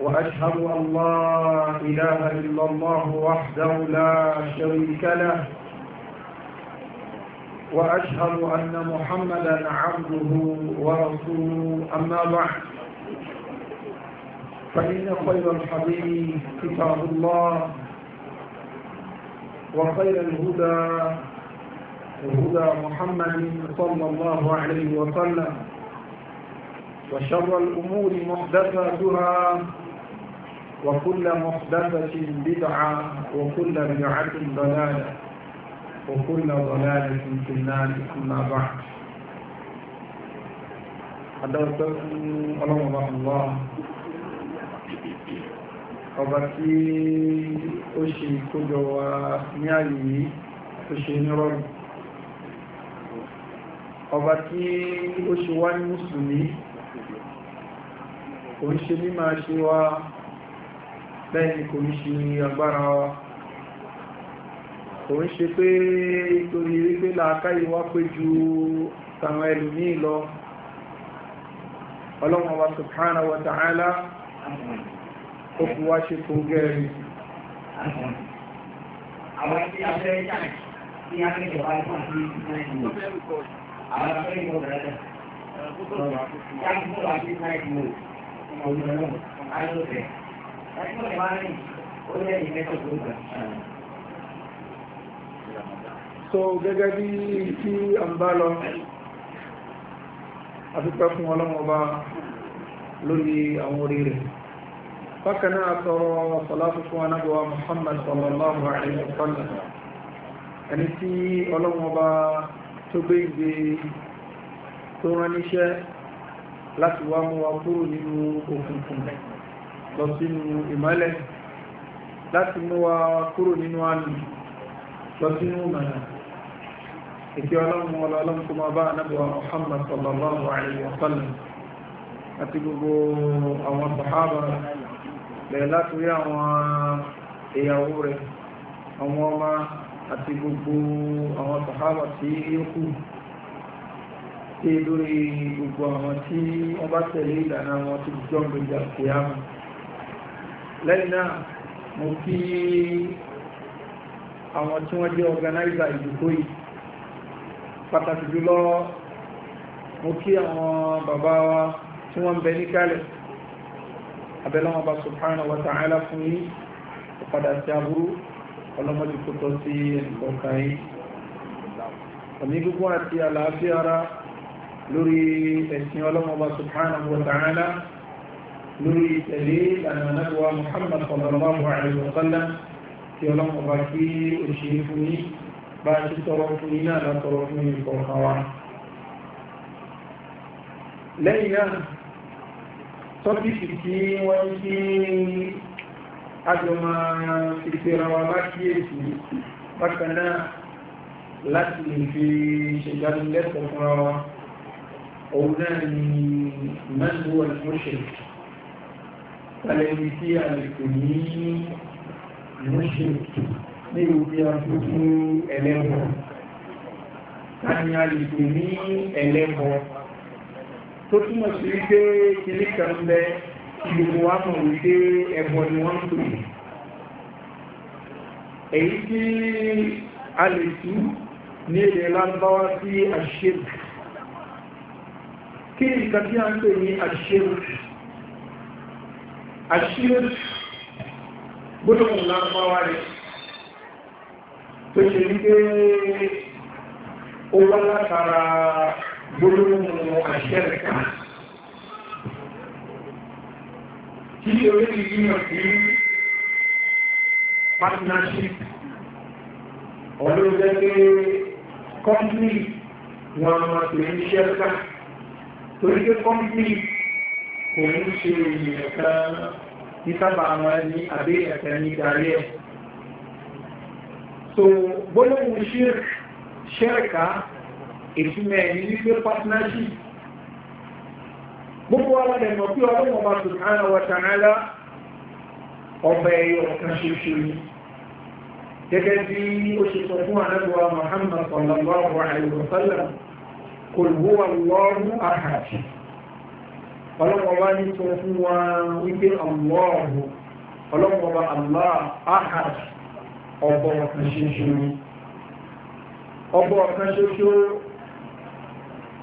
وأشهد أن لا إله إلا الله وحده لا شريك له وأشهد أن محمدا عبده ورسوله أما بعد فإن خير الحديث كتاب الله وخير الهدى هدى محمد صلى الله عليه وسلم وشر الأمور محدثاتها وكل محدثة بدعة وكل بدعة ضلالة وكل ضلالة في النار أما بعد أدعوكم الله الله ọba tí ó ṣe ìkójọ wa ní ààyè yìí tó ṣe ní rọrùn ọba tí ó ṣe wá ní mùsùlùmí kò ṣe ní máa ṣe wá lẹ́yìn kò ní ṣe agbára wa kò ń ṣe pé torí wípé làákàyè wá pé ju tàwọn ẹlòmíì lọ ọlọ́run wa subhanahu wa ta'ala ó fi ṣe kò gẹ́rì àwọn tí àti àwọn akẹ́kọ̀ọ́ bẹ̀rẹ̀ Ìyá ń so gẹ́gẹ́ bí tí a ń bá lọ àfikẹ́ fún ọlọ́mọba lórí àwọn orí rẹ̀ bákanáà tọrọ sọláfí fún anábọ̀wà Muhammad sallallahu alaihi wasallam ẹni tí ọlọ́mọba tó gbé ìgbé tó rán níṣẹ́ láti wá mú kúrò nínú òkùnkùn rẹ̀ lọ sínú ìmọ́lẹ̀ láti mú wa kúrò nínú àánú lọ sínú mọ̀nà ìkí ọlọ́run ọlọ́run kó máa bá anábọ̀ Muhammad sallallahu alaihi wa sallam àti gbogbo àwọn sàhábà bẹ̀rẹ̀ láti rí àwọn ìyàwó rẹ̀ àwọn ọmọ àti gbogbo àwọn sàhábà tí ó kù tí lórí gbogbo àwọn tí wọ́n bá tẹ̀lé ìlànà wọn ti jọ́ gbogbo àkíyàmù lẹ́yìn náà mo kí àwọn tí wọ́n jẹ́ organizer ìdìbò yìí pàtàkì jùlọ mo kí àwọn bàbá wa tí wọ́n ń bẹ níkàlẹ̀ abẹ́lọ́wọ́n bá subhanahu wa ta'ala fún yí padà sí aburú ọlọ́mọdé kò tọ́ sí ẹnìkọ̀ọ̀kan yìí ọ̀ní gbogbo àti àlàáfíà ara lórí ẹ̀sìn ọlọ́mọba subhanahu wa ta'ala lórí tẹ̀lé ìlànà anábíwá Muhammad sallallahu alaihi wa sallam tí ọlọ́pàá bá kí òṣèré fún yí bá ti tọrọ fún yí náà látọrọ fún yí kọ̀ọ̀kan wa lẹ́yìn náà tọ́pìkì tí wọ́n kí ajọmọ ìfẹ́rawa bá kí èsì bákan náà láti fi ṣèjáde lẹ́tọ̀ọ́ fúnra wa náà ni mẹ́sùn wọ̀n mọ́ṣẹ̀lẹ̀ ẹni tí a lè pè ní ìmúṣe ní ìwé aṣọ fún ẹlẹ́bọ̀ ta ni a lè pè ní ẹlẹ́bọ̀ tó túnmọ̀ sí wípé kìlí kan bẹ gbogbo wa mọ̀ wípé ẹbọ ni wọ́n ń pè èyí tí a lè tú ní èdè lábáwá sí àṣírk kí nǹkan tí ń pè ní àṣírk àṣírí gbólóhùn lágbáwá rẹ̀ tó ṣe wípé ó wá látara gbólóhùn àṣẹ́rẹ̀ká tí orí yíyàn sí partnership ọlọ́jẹ́ pé company wọn máa pè ní ṣẹ́rẹ̀ká torí pé company kò ń ṣe ènìyàn kan ní sábà wọn ní àbí ẹ̀kẹ́ ní darí ẹ̀ so gbólóhùn ṣẹ́ẹ̀ká ìtumẹ̀ ní wípé partnership gbogbo wa lọ́dẹ̀ mọ̀ bí ọlọ́run ọba subhanahu wa ta'ala ọba ẹ̀yọ kan ṣoṣo ni gẹ́gẹ́ bí ó ṣe sọ fún àdágbà Muhammad sallallahu alaihi wa sallam qul huwa ọlọ́wọ́ wá ní tó fún wa wípé ọlọ́ọ̀hù ọlọ́wọ́ bá allah ahad ọbọ̀ ọ̀kan ṣoṣo ọbọ̀ ọ̀kan ṣoṣo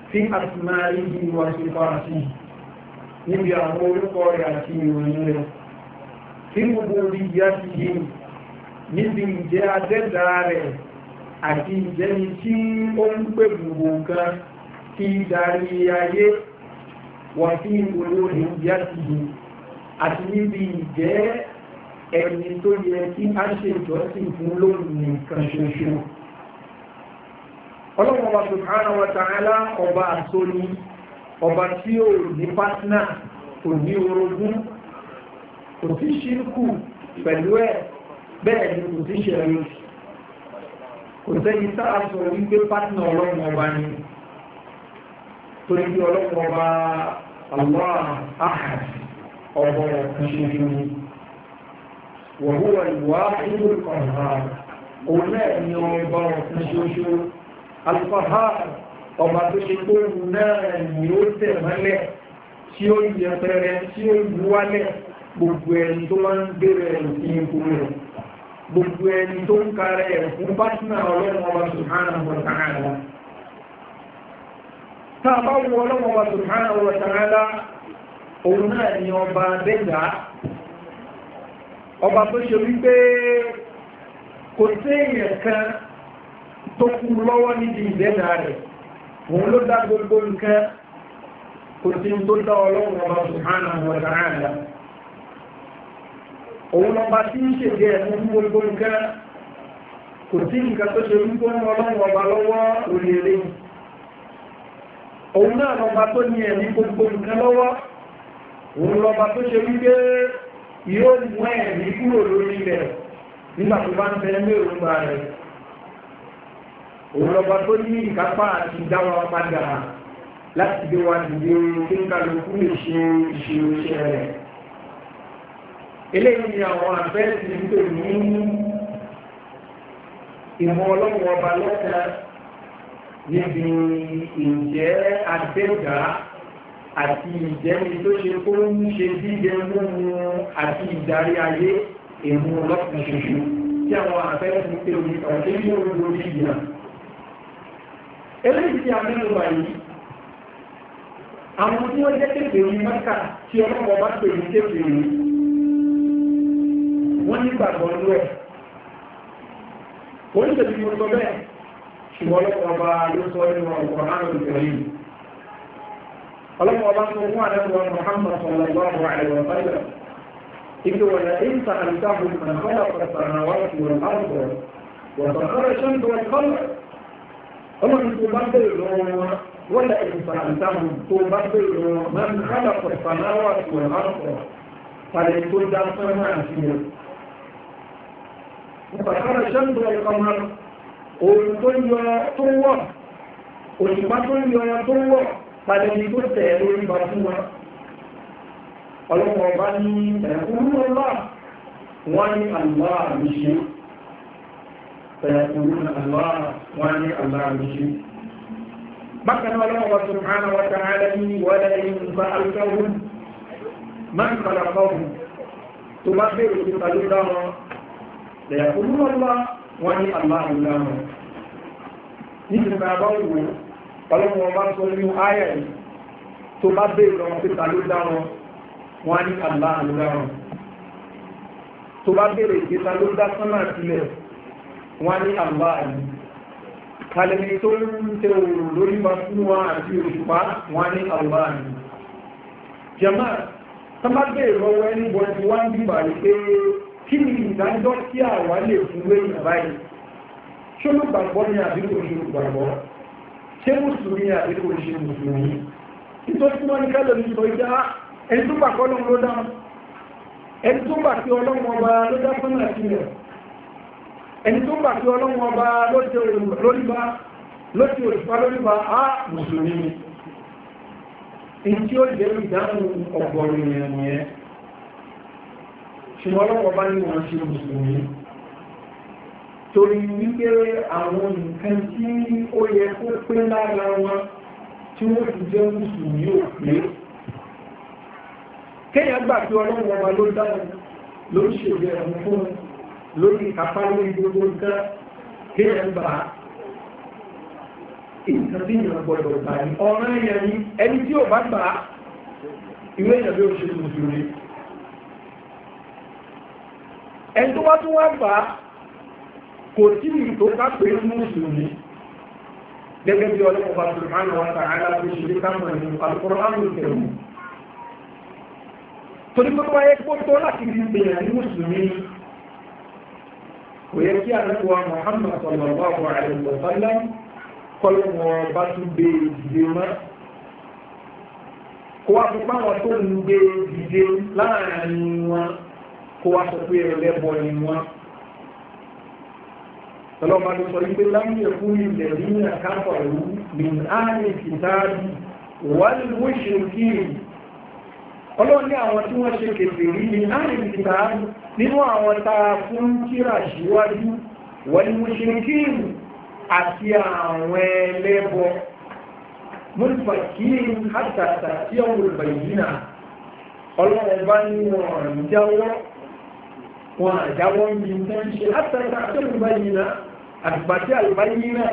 fi àtìmáyé yìí wá sí fàásì níbi àwọn orúkọ rẹ̀ àti ìròyìn rẹ̀ tí gbogbo orí yá sí yìí wà sí ìwòrò ìyá ti yìí àti níbi ìjẹ́ ẹni tó yẹ kí a ṣe ìjọsìn fún lónìí nìkan ṣoṣo ọlọ́wọ́ wa subhanahu wa ta'ala ọba àsóní ọba tí ó ní pátínà kò ní orogún kò sí ṣírkù pẹ̀lú ẹ̀ bẹ́ẹ̀ ni kò sí ṣẹ̀rí kò sẹ́yìn sáà sọ wípé pátínà ọlọ́run ọba ni torí bí ọlọ́run ọba Allah ahad ọmọ ọ̀kan ṣoṣo ni wọ̀húwà ìwà ìlú ọ̀hà òun náà ni ọba ọ̀kan ṣoṣo alfaha ọba tó ṣe pé òun náà ni ó tẹ̀ mọ́lẹ̀ tí ó yẹ pẹrẹ tí ó wálẹ̀ gbogbo ẹni tó wá ń bèèrè táà bá wọ ọlọ́wọ́ wa subhanahu wa ta'ala òun náà ni ọba bẹ́gbà ọba tó ṣe wípé kò sí èèyàn kan tó kú lọ́wọ́ níbi ìbẹ́gbà rẹ̀ òun ló dá gbogbo nǹkan kò sí tó dá ọlọ́wọ́ wa subhanahu wa ta'ala òun ọba tí ń ṣe jẹ́ ẹ̀mú fún gbogbo nǹkan òun náà lọba tó ní ẹ̀mí gbogbo nǹkan lọ́wọ́ òun lọba tó ṣe wípé yóò mú ẹ̀mí kúrò lórí rẹ̀ nígbà tó bá ń bẹ ní òrùngbà rẹ̀ òun lọba tó ní ìkápá àti dáwà padà láti gbé wa dìde kí kálukú lè ṣe ìṣirò iṣẹ́ rẹ̀ eléyìí ni àwọn àfẹ́sì ń pè ní ìmọ̀ ọlọ́run ọba lọ́kàn níbi ìjẹ́ àtẹ́gbà àti ìjẹ́mi tó ṣe kó ń ṣe díjẹ múmu àti ìdarí ayé èmú lọ́pùn ṣoṣo tí àwọn àfẹ́lẹ́ ti pé omi ọ̀tẹ́ ní orí orí ìyà eléyìí tí a mẹ́rin wà yìí àwọn tí wọ́n jẹ́ kéfèé ní mẹ́ta tí ọlọ́pọ̀ bá pè ní kéfèé wọ́n nígbàgbọ́ lú ẹ̀ oníṣẹ́ ti mọ̀ sọ bẹ́ẹ̀ ṣùgbọ́n ọba ló sọ nínú Al-Qur'an Al-Karim ọlọ́pàá ọba tó fún àdáwọ̀ Muhammad sallallahu alaihi wa sallam ibi wọ̀nyà ìsà àlùsáhùn man khalaqa as-samawati wal-arda wa sakhara ash-shamsa wal-qamar ọlọ́run tó bá bẹ̀rẹ̀ lọ́wọ́ wọn wọ́n lẹ́ ìsà àlùsáhùn tó bá bẹ̀rẹ̀ lọ́wọ́ man khalaqa as-samawati wal-arda tàbí tó dá sọ́mọ́ àti yẹn. wa sakhara ash-shamsa wal-qamar òun tó yọ tó wọ̀ òṣùpá tó yọ ọyọ tó wọ̀ padà ní tó tẹ̀ lórí bá fún wa ọlọ́pọ̀ ọba ní ẹ̀kúrú ọlá wọ́n ní àlọ́ àmìṣe ẹ̀kúrú àlọ́ wọ́n ní àlọ́ àmìṣe bákan ọlọ́pọ̀ subhanahu wa ta'ala ní wọ́lẹ̀ ìgbà alkahun wọ́n ní aláàrùn láàmù nítorí bá bá wù ọlọ́run wọn bá sọ nínú ayẹ̀ tó bá bèèrè wọn pé ta ló dá wọn wọ́n ní aláàrùn láàmù tó bá bèèrè pé ta ló dá sánmà sílẹ̀ wọ́n ní aláàrùn kalẹ̀mí tó ń ma fún wa ẹni bọ́ ti wá ń bíbà rí pé kí ni ìdájọ́ tí àwa lè fún lẹ́yìn báyìí ṣé ló gbàgbọ́ ní àbíkò ṣe gbàgbọ́ ṣé mùsùlùmí àbíkò ṣe mùsùlùmí nítorí tí wọ́n ní kálọ̀ ní sọ ìjà ah, ẹni tó bà dá ẹni tó bà kí ọlọ́wọ́ ọba ló dá fún àti rẹ̀ ẹni tó bà kí ọlọ́wọ́ ọba lóríba ló ti òṣùpá lóríba á mùsùlùmí ni èyí tí ó jẹ́ ìdáhùn ọ̀gbọ̀n ṣùgbọ́n lọ́pọ̀ bá tí ọlọ́run ọba ló dáhùn ló ń ṣèlú fún lórí ìkápá lórí gbogbo nǹkan kéèyàn gbà á nǹkan tí ìyàn ẹ̀yàn ni ẹni tí ò bá gbà ìwé ìyàn bí ó ẹni tó bá tún wá gbà kò tí ì tó ká pé mùsùlùmí gẹ́gẹ́ bí ọlọ́pọ̀ bá tún hàn wá tààlà tó ṣe lé kámọ̀ ní alukọ̀rọ̀ àmì ìtẹ̀wò torí pé kò yẹ kí àdúgbò Muhammad sallallahu alaihi wa sallam kọlọ̀ wọn bá tún gbé ìdílé mọ́ kó wá fún pàwọn tó ń gbé ìdílé láàárín wọn kó wá sọ pé ẹlẹ́bọ ni wọ́n ọlọ́mà ló sọ wípé láyé fún ilẹ̀ ní àkápọ̀lú ní ààrẹ kìtàbí wàlúwìṣìnkì ọlọ́ni àwọn tí wọ́n ṣe kèfèrí ní ààrẹ kìtàbí nínú àwọn tàà fún kíra síwájú wàlúwìṣìnkì àti àwọn ẹlẹ́bọ múlùfàkìrì hátàtà tí ọmọ ìbàyìí náà ọlọ́run bá ní wọn jáwọ́ wọn àjáwọ́ ní wọ́n ṣe látàrí àtẹ́lùbáyìnà àgbàtí àlùbáyìnà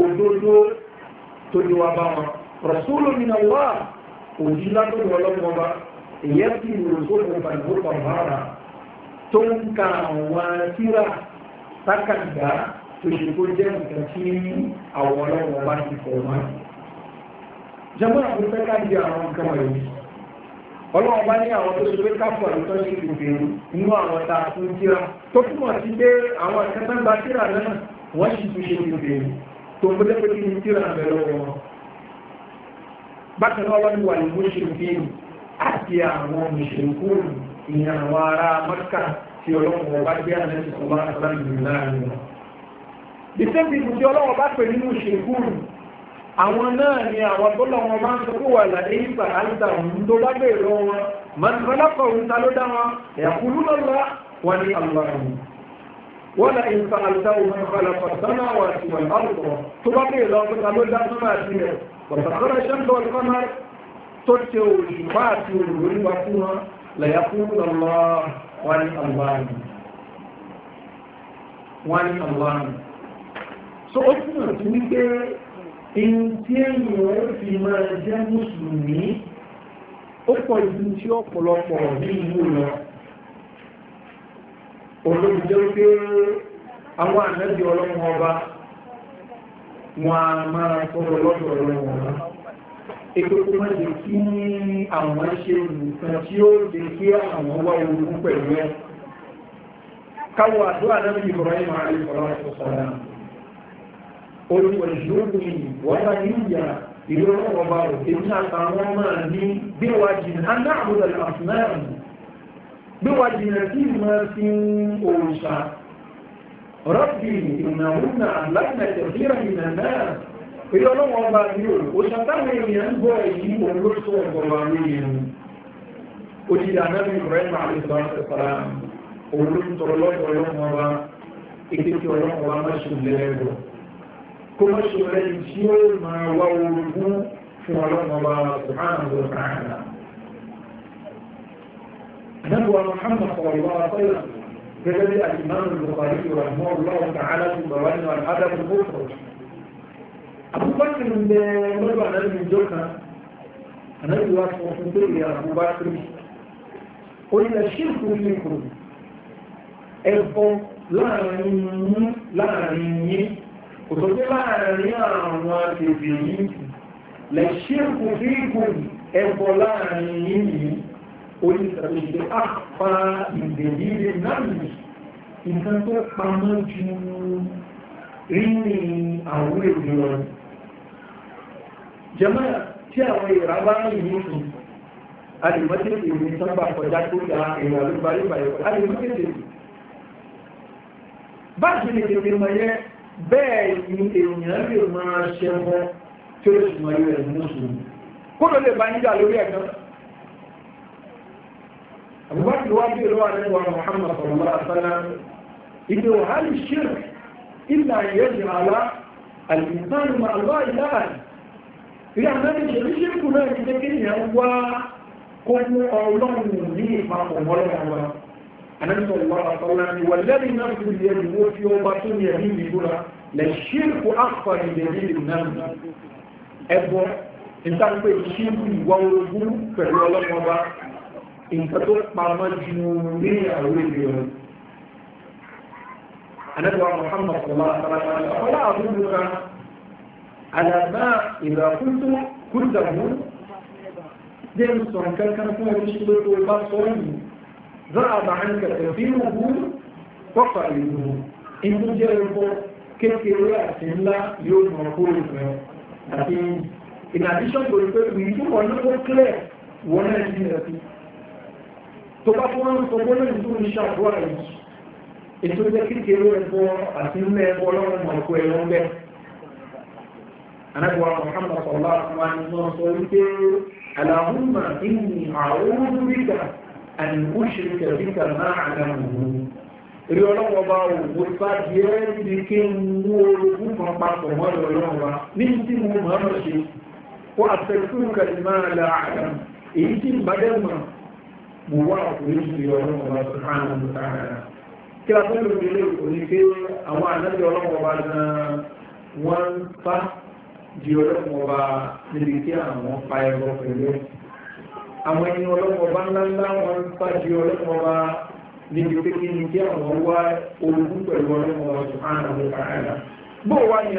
òdodo tó ní wa bá wọn rọ̀súlù ní àwọ́ òjì látọ̀rọ̀ ọlọ́pọ̀ bá èyẹ́ tí ìrọ̀sọ́pọ̀ pàdébọ́pọ̀ bára tó ń ka àwọn síra tákàndá tó ṣe kó jẹ́ nǹkan tí àwọn ọlọ́pọ̀ bá ti fọ̀ wọn jẹ́mọ́ àwọn fẹ́ ká di àwọn nǹkan wọ̀nyí ọlọ́run bá ní àwọn tó ṣe pé káfọ̀ àti tọ́jú ìgbìmọ̀ inú àwọn ta fún kíra tó túmọ̀ sí pé àwọn akẹ́kọ̀ọ́ gba kíra náà wọ́n sì tún ṣe ìgbìmọ̀ tó ń bẹ́lẹ́ pé kí ni kíra bẹ̀ lọ́wọ́ wọn. bákan náà wọ́n wà ní mọ́ṣẹ́ ìgbìmọ̀ àti àwọn mùsùlùmí ìyẹn àwọn ará mọ́kà tí ọlọ́run ọba gbé àlẹ́ àwọn náà ni àwọn tó lọ wọn máa ń sọ́kú wà láyé ìgbà àìsà òun tó bá bèèrè wọn mọ́tàlápọ̀ òun ta ló dá wọn ẹ̀kúrú lọ́la wọn ni àlọ́run wọ́n la ìsà àìsà òun ìfàlàpọ̀ sọ́nà wà sí wọn lárúkọ tó bá bèèrè lọ fún ta ló dá sọ́nà àti rẹ̀ in tí èyàn ó fi máa jẹ́ mùsùlùmí ó pọ̀ ìlú tí ọ̀pọ̀lọpọ̀ ní ìlú lọ olóòjẹ́ pé àwọn ànábì ọlọ́run ọba wọn a máa sọ̀rọ̀ lọ́dọ̀ ọlọ́run ọba ètò tó máa lè kí àwọn ṣe nǹkan tí ó lè kí àwọn wá ogun pẹ̀lú ẹ káwọ àdúrà náà bí ìbọ̀rọ̀ ìmọ̀ àríwọ̀ ọ̀sọ̀rọ̀ olùwẹ̀lúmi wọ́n níyà ìlú ọba òkèmí àtàwọn ọmọ ní gbéwàjì aná àbúrò àfúnáàrùn gbéwàjì rẹ̀ sí ìmọ̀ sí òòṣà rọ́bì ìrìnàwónà aláìmẹ̀tẹ̀ fíra ìrìnà ìlú ọlọ́wọ́ ọba ní òòṣà táwọn èèyàn ń bọ́ èyí olóṣù ọ̀gọ̀rọ̀ àríyìn òjìdá náà ní ìrẹ́mà àlẹ́sọ̀rọ̀ olóṣù tọrọlọ́gbọ̀rọ̀ ọba ètò kó mọ́ ṣe rẹ̀ tí ó máa wá orogún fún ọlọ́mọba subhanahu wa ta'ala نبوى محمد صلى الله عليه وسلم كذلك الإمام البخاري رحمه الله تعالى في بوان والأدب المفرد أبو بكر من مروى أنا من جوكا أنا يواصل وصنطير يا أبو بكر قل الشرك منكم ẹ̀fọ́ láàrin yín láàrin yín òtòjé láàrin àwọn àtẹ̀bẹ̀ yìí lẹ́ṣẹ́kù fíìkù ẹ̀bọ̀ láàrin yìí oríṣàlẹ̀ àpá ìdèlíre náà nǹkan tó pamọ́ ju rírìn àwọn èdè wọn jẹmọ́ tí àwọn ìràbá yìí fún alìmọ́tẹ̀lẹ̀ ìrìn sábà kọjá tó ga ìràlúgbàlúgbà ẹ̀kọ́ alìmọ́tẹ̀lẹ̀ bá ṣe lè tètè mọ̀ yẹ́ bẹ́ẹ̀ ni èèyàn lè máa ṣe wọn tí ó sì mọ̀ ilé rẹ̀ mùsùlùmí kódò lè bá níjà lórí ẹ̀kan àbúgbàtí wá bí ìlú àníwà Muhammad sọ̀rọ̀lá àtàlá ìgbè wàhálì ṣírk ìlà ìyẹ́jì àlá alìsánù ma àlọ́ ìlàáàdì أنزل الله صلى والذي نفذ اليد هو في وبطن يمين بيقول للشرك أخطر دليل النمل أبو أنت في الشرك وولوجو في الولا مبا أنت تقول ما ما جنوني أولي أنا دعا محمد صلى الله عليه وسلم فلا أقول على ما إذا كنت كنت أقول دعني صلى الله عليه وسلم كان كنت أقول شيء ذهب عنك كثيره وقليله إن جربوا kékeré àti ńlá yóò mọ̀ kúrò rẹ̀ àti in addition to the fact we do want to clear wọ́n náà ní ẹ̀fí tó bá fún wọn sọ gbọ́nà ìlú ní ṣàdúrà yìí ètò jẹ́ kékeré ẹ̀fọ́ àti ńlá ẹ̀fọ́ lọ́wọ́ mọ̀ kú ẹ̀rọ ńbẹ́ anábíwá Muhammad sọ̀lá wa ni wọ́n sọ wípé alahumma inni a'udhu bika أن أشرك بك ما أعلمه rí ọlọ́wọ́ bá òwò bá jẹ́ ní kí n mú orogún kan papọ̀ mọ́ ọlọ́wọ́ wa ní tí mo máa mọ̀ ṣe kó àtẹ̀kùn kàlí máa la àdàm èyí tí n bá dẹ́mọ̀ mo wá ọkùnrin sí ọlọ́wọ́ wa tó hàn án tààrà kí a tó lòdì lè kò ní pé àwọn àdájọ ọlọ́wọ́ wa gan wọ́n ń pa di ọlọ́wọ́ wa níbi tí àwọn pa ẹ̀rọ pẹ̀lú àwọn ẹni ọlọ́pọ̀ bá ńlá ńlá wọn pàdé ọlọ́pọ̀ bá níbi pé kí ni kí àwọn wá olùkú pẹ̀lú ọlọ́pọ̀ wọn tó hàn àwọn kàrà bó wá ní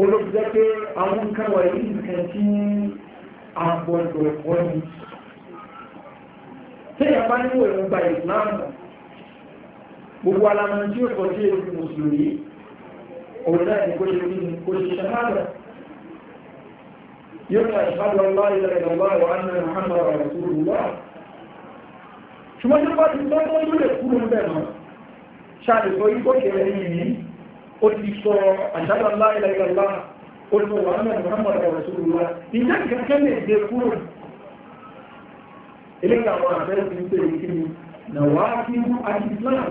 olóògbé pé àwọn nǹkan wà yìí tí a gbọ́dọ̀ wọ́n ni tẹ́yà bá níwò ẹ̀rùn gba ìsìláàmù gbogbo alamọ̀ tí ó kọjú èdè mùsùlùmí ni yóò ní àṣìbájú ọlá ilẹ̀ ìlọ́lá ìwọ̀n ní Muhammad Rasulullah ṣùgbọ́n yóò bá ti tọ́ tó lè kúrò ń bẹ̀ mọ́ ṣàlùsọ ìgbókèrè yìí ó ti sọ àṣìbájú ọlá ilẹ̀ ìlọ́lá olùwà ní Muhammad Rasulullah ìjẹ́ kẹ́kẹ́ lè dé kúrò ilé àwọn àbẹ́rẹ́ ti ń pè ní kíni na wá kí mú àti Islam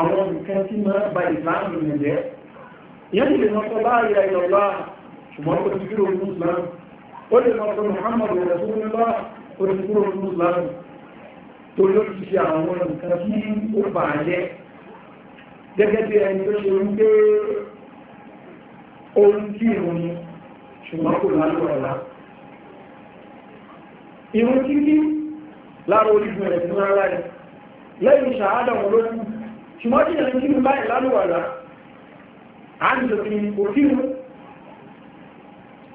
àwọn nǹkan tí máa ba Islam nìyẹn jẹ́ ìyẹn láàrin ìlọ́lá ṣùgbọ́n ó ti kúrò ní Islam ó lè mọ̀ fún muhammadu rasulullah oníkúrò muslim tó ló ti ṣe àwọn nǹkan tí ó bà jẹ́ gẹ́gẹ́ bí ẹni tó ṣe ń gbé ohun tí ìrùn ṣùgbọ́n kò lálọ́ ọ̀la ìrùn kíkí lára orígun ẹ̀rẹ̀ fún ara rẹ̀ tí ìrùn kíkí báyìí lálọ́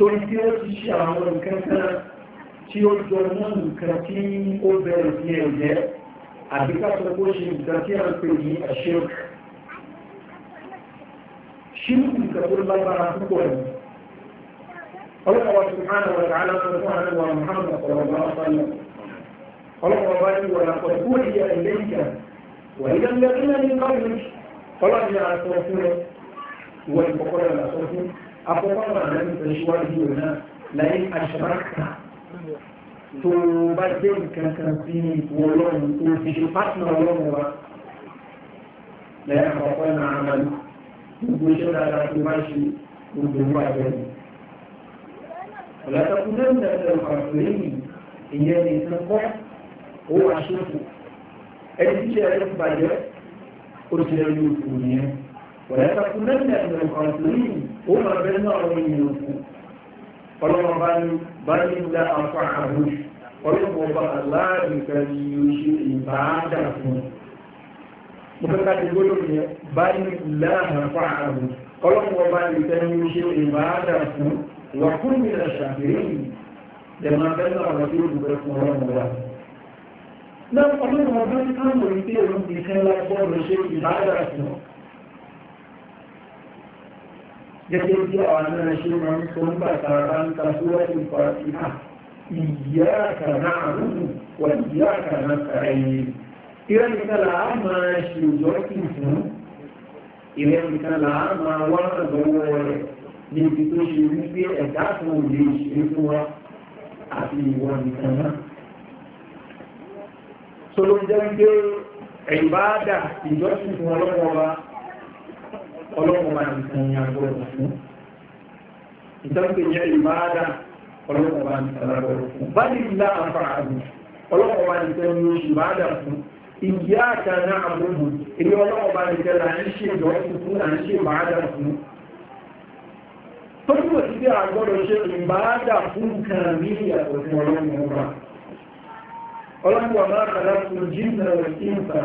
torí tí ó ti ṣe àwọn nǹkan kan tí ó jọ mọ́ nǹkan tí ó bẹ̀rẹ̀ sí ẹ̀jẹ̀ àti káàkiri kó ṣe nǹkan tí a ń pè ní àṣírk ṣírk nǹkan tó lágbára púpọ̀ ni ọlọ́pàá subhanahu wa ta'ala sọ fún àwọn ọmọ Muhammad sallallahu alaihi wa sallam ọlọ́pàá bá ní wọ̀nà pẹ̀lú ìyá ilé ìjà wà ní lẹ́gbẹ̀ẹ́ ní kọ́ọ̀lù ọlọ́pàá sọ àkọ́kọ́ náà lẹ́nu tó ṣíwájú rẹ̀ náà lẹ́yìn àṣàràkà tó bá gbé nǹkan kan sí ipò ọlọ́run tó fi ṣe pátánà ọlọ́run wa lẹ́yìn àkọ́kọ́ náà àmàlù gbogbo iṣẹ́ dáadáa tó bá ṣe gbogbo wà bẹ́ẹ̀ ọ̀làtàkùn náà ń dàgbà ọ̀pàpẹ̀lẹ́ yìí ìyẹn nìkan kọ́ ó wà ṣòfò ẹni tí ṣe ẹ̀rọ bàjẹ́ ó ó máa bẹ́ náà wọ́n ènìyàn kú ọlọ́wọ́ bá ní bá ní ilẹ̀ afọ́ àrùn ọlọ́wọ́ bá aláàrùkà ní oṣù ìbáadà fún mo fẹ́ ká ti gbọ́dọ̀ yẹn bá ní ilẹ̀ afọ́ àrùn ọlọ́wọ́ bá ní ilẹ̀ oṣù ìbáadà fún wàkúnmìnà ṣàfihàn jẹ̀mọ́ fún ọlọ́wọ́ bá Lọ́pọ̀lọpọ̀ gẹ́gẹ́ bí àwọn ṣe máa ń sọ nígbà tààrà ń ta súwọ́sì fàtíhà ìyáka na àrùn wà ìyáka na tààyè ìrẹ́ nìkan là á máa ṣe òjọ́kì fún di nìkan là á máa wá àgbọ̀wọ́ rẹ̀ ní ibi tó ṣe wípé ẹ̀dá kan ò ọlọ́run bá nìkan ní fún ìtọ́jú yẹ ìbáadà ọlọ́run bá nìkan fún bá ní ìlà àǹfààní ọlọ́run bá nìkan ní fún ìyá àtàná àbúrò èyí ọlọ́run bá nìkan ń ṣe ìdọ́kùn fún là ń fún tó túbọ̀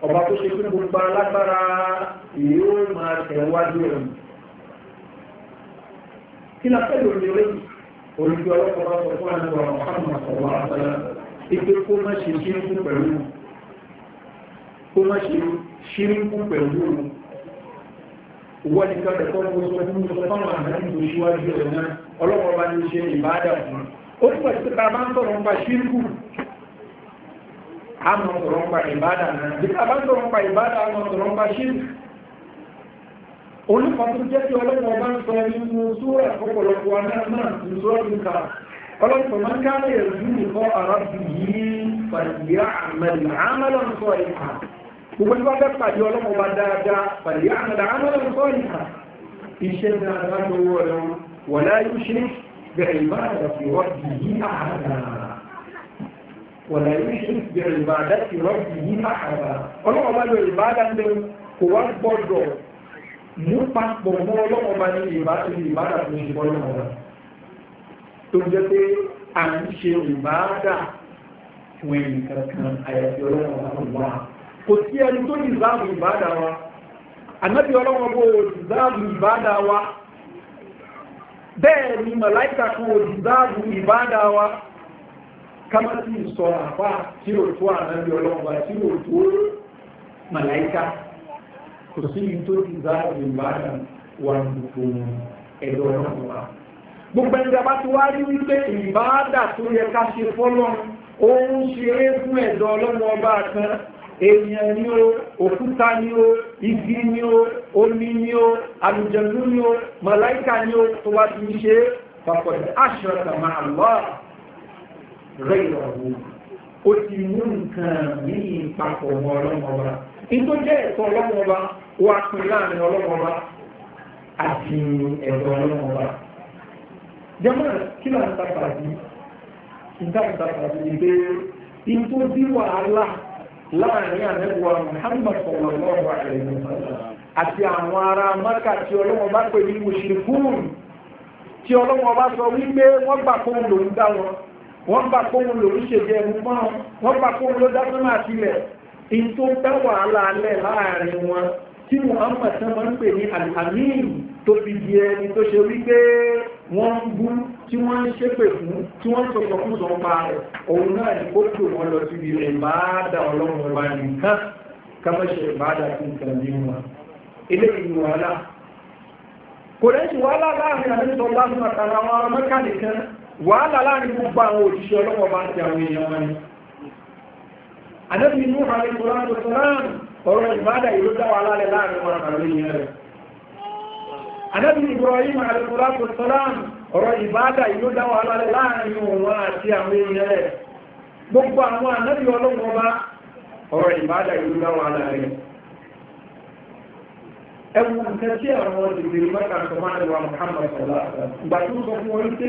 ọba tó ṣe fún gbogbo alágbára yóò máa tẹ̀wájú rẹ̀ kí la fẹ́ lórí rẹ̀ olùdó ọlọ́pàá sọ fún àwọn ọmọ ọmọ àtàlà ipe kó má ṣe ṣírúkú pẹ̀lú kó má ṣe ṣírúkú pẹ̀lú wọ́n ni ká ẹ̀kọ́ ní oṣù ọdún sọ fáwọn àdáyìn tó ṣíwájú rẹ̀ náà ọlọ́pàá bá ní ṣe ìbádà fún ó pẹ̀lú ta bá ń sọ̀rọ̀ ń bá ṣírúkú a mọ̀ sọ̀rọ̀ ń pa ìbádà náà bí a bá sọ̀rọ̀ ń pa ìbádà a mọ̀ sọ̀rọ̀ ń pa ṣírí olùkọ́tún jẹ́ kí ọlọ́pàá bá ń sọ nínú súra ọ̀pọ̀lọpọ̀ náà náà ní súra ní ká ọlọ́pàá máa ń káàlẹ̀ ẹ̀rù nìkọ́ arábì yìí pàdìyà àmàlì àmàlà ń sọ ìkà gbogbo tí wọ́n fẹ́ pàdé ọlọ́pàá dáadáa pàdìyà àmàlì àmàlà ń sọ ìkà iṣẹ́ dáadáa lọ́wọ́ ẹ̀rọ wọ̀nà ìlú ìṣúlùfẹ́ ìbàdá ti rọ́bì ní àhàbà ọlọ́wọ́ bá lọ ìbàdá ń lẹ́nu kò wá gbọ́dọ̀ mú papọ̀ mọ́ ọlọ́wọ́ bá ní ìbàdá tó ń ṣe bọ́lọ́ ọ̀rọ̀ tó jẹ́ pé à ń ṣe ìbàdá fún ẹ̀yìn kankan àyàfi ọlọ́wọ́ wa kò sí ẹni tó ní ìzáàbù ìbàdá wa ànábì ọlọ́wọ́ bó ìzáàbù ìbàdá wa bẹ́ẹ̀ ni màláìkà kan ò ìzáàbù ìbàdá wa Kamati sọ àbá tí ò tó ànábì ọlọ́ọ̀bá tí ò tó màláìká kò sí ní tó ti zá ìbára wà gbogbo ẹ̀dọ̀ ọlọ́ọ̀bá gbogbo ẹ̀dọ̀ bá ti wá rí wípé ìbáàdà tó yẹ ká ṣe fọ́lọ́ ó ń fún ẹ̀dọ̀ ọlọ́ọ̀bá kan èèyàn ni ó òkúta ni ó igi ni ó omi ni ó àlùjànnú ni ó màláìká ni ó tó wá ti ṣe papọ̀ àṣọ àtàmà àlọ́ọ̀ rẹ́yìn ọ̀hún ó ti mú nǹkan míì papọ̀ mọ́ ọlọ́mọba nígbó jẹ́ ẹ̀tọ́ ọlọ́mọba wà pín láàrin ọlọ́mọba àti ẹ̀tọ́ ọlọ́mọba jẹ́mọ́ kí là ń tàbàdì ìdáǹtàbàdì ni pé nígbó bí wàhálà láàrin àmẹ́wà Muhammad sallallahu àti àwọn ará tí ọlọ́mọba tí sọ wípé wọ́n gbà fóun wọ́n bá kóhun lòrí ṣe jẹ́ ẹnu mọ́ wọ́n bá kóhun ló dákún máa sílẹ̀ in tó bá wàhálà alẹ́ láàrin wọn tí Muhammad tán máa ń pè ní alhamim tó fi di ẹni tó ṣe wípé wọ́n ń bú tí wọ́n ń ṣépè fún tí wọ́n ń sọ̀tọ̀ fún sọ̀pa rẹ̀ òun náà ni ó pè wọ́n lọ síbi rẹ̀ máa dá ń mọ̀tàrà wàhálà láàrin gbogbo àwọn òṣìṣẹ́ ọlọ́wọ́ bá ti àwọn èèyàn wọn ni anábì inú àrẹ ìkùránù sọ́rán ọ̀rọ̀ ìbádà ìlú dáwà lálẹ́ láàrin wọn àwọn èèyàn rẹ̀ anábì Ibrahim àrẹ ìkùránù sọ́rán ọ̀rọ̀ ìbádà ìlú dáwà àwọn èèyàn rẹ̀ gbogbo àwọn anábì ọlọ́wọ́ bá sọ fún wọn pé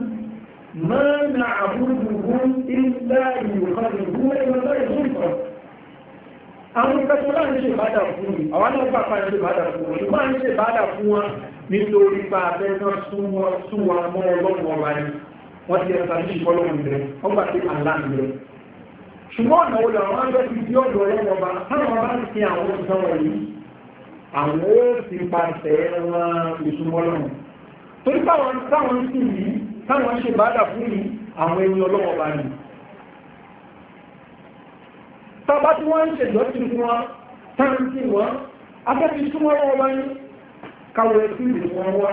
ما نعبدهم إلا يقربون إلى الله زلفى àwọn ìfẹ́sọ́lá ń ṣe ìbádà fún mi àwọn alágbàpá ń ṣe ìbádà fún wọn ìgbà ń ṣe ìbádà fún wọn nítorí pa abẹ́nà súnwà mọ́ ọlọ́run ọba ni wọ́n ti ẹ̀ta ní ìfọ́lọ́run rẹ̀ wọ́n gbà pé àlá ń rẹ̀ ṣùgbọ́n ọ̀nà olè àwọn abẹ́ ti di ọ̀dọ̀ ọlọ́run táwọn bá ń fi àwọn ìtàn táwọn ṣe bádà fún ní àwọn ẹni ọlọ́wọ́ bá ní tàbá tí wọ́n ń ṣe ìjọ́sìn fún wọn táǹtì wọn afẹ́fẹ́ súnmọ́ wọn wá ní káwọ ẹtí ìlú wọn wá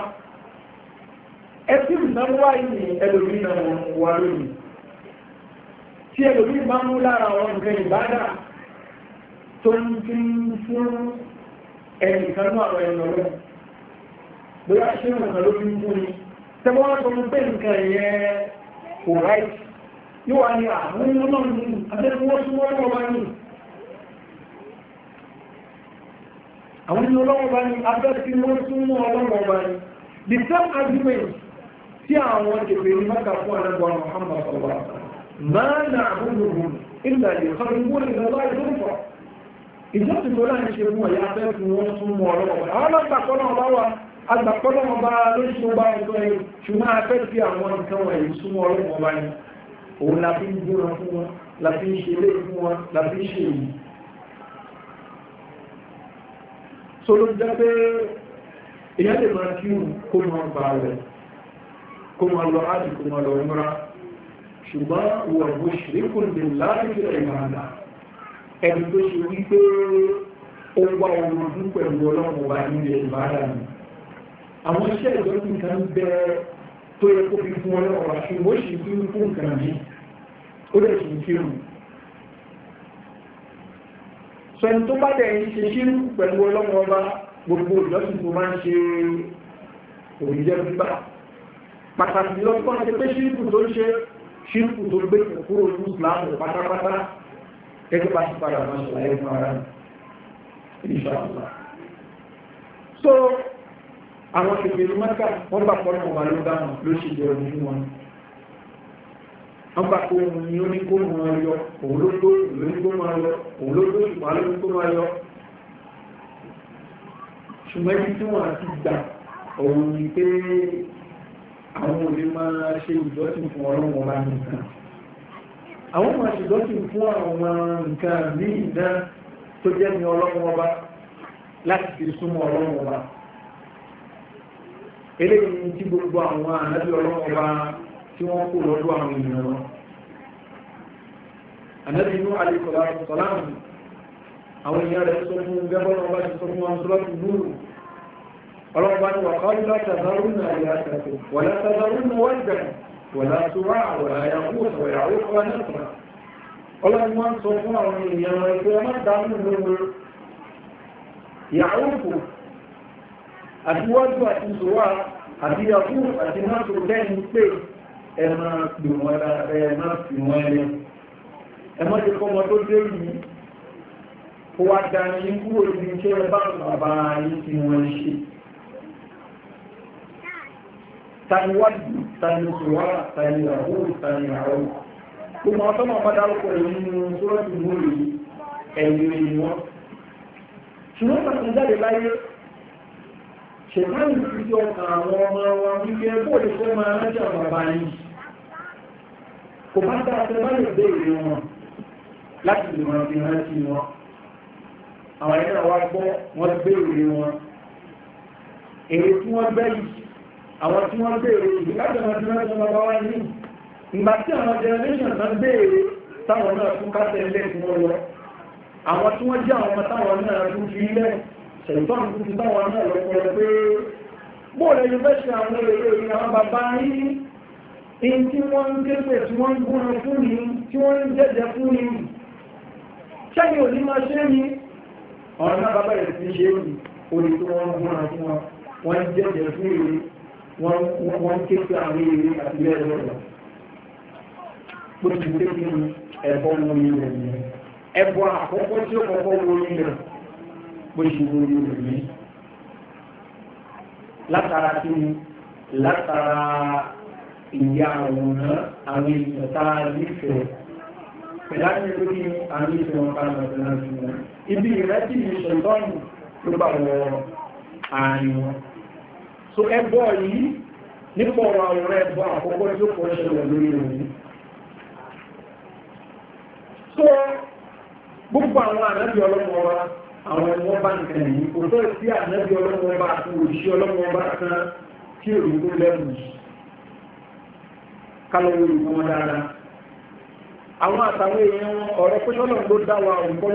ẹtí ìnáwó wá ní ẹlòmí náà wà lónìí tí ẹlòmí máa mú lára àwọn nǹkan ìbádà tó ń fi fún ẹnìkan àwọn ẹ̀yàn lọ́wọ́ bóyá ṣé nǹkan ló fi ń fún ni tẹ́wọ́ wọ́n tó ń pè nǹkan ẹ̀yẹ kò ráì yóò wá ní àwọn ah, ọmọ náà ní abẹ́rẹ́wọ́ tí wọ́n lọ́wọ́ bá ní àwọn ní ọlọ́wọ́ bá ní abẹ́rẹ́ tí wọ́n tún mú ọlọ́wọ́ bá ní the same argument tí àwọn ìpè ní mọ́ta fún àlẹ́gbọ́ Muhammad máa nà àbúrò ìgbà lè sọ ní wọ́n ìgbà agbàpọ́lọ́ ọba lórí ọba ẹ̀kọ́ ẹ̀ ṣùgbọ́n afẹ́ fi àwọn nǹkan wọ̀nyí súnmọ́ ọlọ́run ọba ni òun la fi ń gbóra fún wọn la fi ń ṣe ilé fún wọn la fi ń ṣe èyí tó ló jẹ́ pé èyàn lè máa kí òun kó máa gba rẹ̀ kó máa lọ ájì kó máa lọ múra ṣùgbọ́n wọ̀n bó ṣe kò lè láàrín ìrìnàdà ẹni tó àwọn iṣẹ́ ìjọ́sìn kan bẹ tó yẹ kó fi fún ọlọ́ ọ̀rọ̀ ṣùgbọ́n ṣì fi ń fún nǹkan mi ó dẹ̀ ṣì ń fi rùn sọ̀rọ̀ tó bá dẹ̀ ń ṣe ṣírù pẹ̀lú ọlọ́mọ ọba gbogbo ìjọ́sìn tó máa ń ṣe òrìjẹ́ gbígbà pàtàkì lọ́pọ̀ ṣe pé ṣírù tó ṣe ṣírù tó gbé kúrò ní ìsìlámù pátápátá gẹ́gẹ́ bá ti padà máa ṣàlàyé fún ara ìṣàlá so àwọn kèfèrè mẹ́ta wọ́n bá pọ́lọ̀ ọba ló dá wọn ló ṣe jẹun ní wọn wọ́n bá kó ohun ni ó ní kó máa yọ òun ló tó ìlú ní kó máa yọ òun ló tó ìpá ló ní kó máa yọ ṣùgbọ́n ibi tí wọ́n ti gbà òun ni pé àwọn òní máa ṣe ìjọsìn fún ọlọ́run ọba nìkan àwọn máa ṣe ìjọsìn fún àwọn nǹkan ní ìdá tó jẹ́ ní ọlọ́run ọba láti fi súnmọ́ ọlọ́run ọba eléyìí tí gbogbo àwọn ànábì ọlọ́wọ́ bá tí wọ́n kó lọ́dọ̀ àwọn ènìyàn lọ. ànábì inú alìkọ̀lá sọ̀láàmù àwọn èèyàn rẹ̀ sọ fún gẹ́gbọ́n bá ti sọ fún wọn sọ́lọ́tù lúrù ọlọ́wọ́ bá ní wàkọ́lù látàzárùnà ìyàtàkù wà látàzárùnà wọ́ìdà wà látúwà kọ́ àti wọ́dù àti ìṣòwà àti yàkú àti mọ́tò lẹ́yìn pé ẹ máa fi wọ́n ẹlẹ́ ẹ má ti kọ́mọ tó dé yìí kó wá dání kúrò ní iṣẹ́ ẹ bá bàbá yìí tí wọ́n ṣe tani wájú tani ìṣòwà tani yàkú tani àwọn gbogbo àwọn tọ́mọ̀ bá dárúkọ ẹ̀yìn nínú sọ́rọ̀ ìmúlò ẹ̀yìn ìwọ̀n ṣùgbọ́n tàbí jáde láyé ṣèmáyì fi jọ àwọn ọmọ wọn wípé ẹgbẹ́ òṣìṣẹ́ máa rájà bàbá yìí kò bá dá ṣe bá lè béèrè wọn láti lè wọn fi rántí wọn àwọn ẹ̀yà wa gbọ́ wọn béèrè wọn èrè tí wọ́n bẹ́ yìí àwọn tí wọ́n béèrè yìí láti wọn fi rántí wọn bá wá ní ìgbà tí àwọn generation náà béèrè táwọn náà tún kásẹ̀ lẹ́kùn wọn lọ àwọn tí wọ́n jẹ́ àwọn táwọn náà tún fi lẹ́kùn ṣèǹtọ́n tó ti báwọn náà lọ́pọ̀ pé bóòlẹ̀ yóò fẹ́ ṣe àwọn èrè ìrìn àwọn bàbá yìí in tí wọ́n ń kéfè tí wọ́n ń gúnra fún ni tí wọ́n ń jẹ́jẹ́ fún ni ṣẹ́yìn òní máa ṣe ni ọ̀rọ̀ náà bàbá yẹn ti ṣe ni orí tí wọ́n ń gúnra fún wọn wọ́n ń jẹ́jẹ́ fún èrè wọ́n ń kéfè àwọn èrè àti bẹ́ẹ̀ lọ́rọ̀ bó ti gbé ní ẹ̀bọ́ wọn ní rẹ̀ ẹ̀bọ́ àkọ́kọ́ tí ó kọ́kọ́ wọn ní rẹ̀ bó ṣe wo Yorùbá látara kí ni látara ìyá àwòrán àwọn èèyàn tá a nífẹ̀ẹ́ pẹ̀láti lórí àwọn ìfẹ́ wọn kára lọ́dún náà sí wọn ibi ìrẹ́tì ìṣẹ̀lọ́nù ló bá wọ ààrin wọn so ẹgbọ́ yìí nípa ọ̀rọ̀ àwọn ẹgbọ́ àkọ́kọ́ so gbogbo àwọn àrẹ́bí ọlọ́mọ wa àwọn ẹgbọ́n bá nìkan yìí kò tọ́ sí ànábì ọlọ́wọ́ bá kan òṣìṣẹ́ ọlọ́wọ́ bá kan tí ò ní lẹ́nu kálọ̀wọ́ olùkọ́ wọn dáadáa àwọn àtàwọn èèyàn ọ̀rọ̀ pé ṣọ́lọ̀ ló dá wa òun kọ́ ló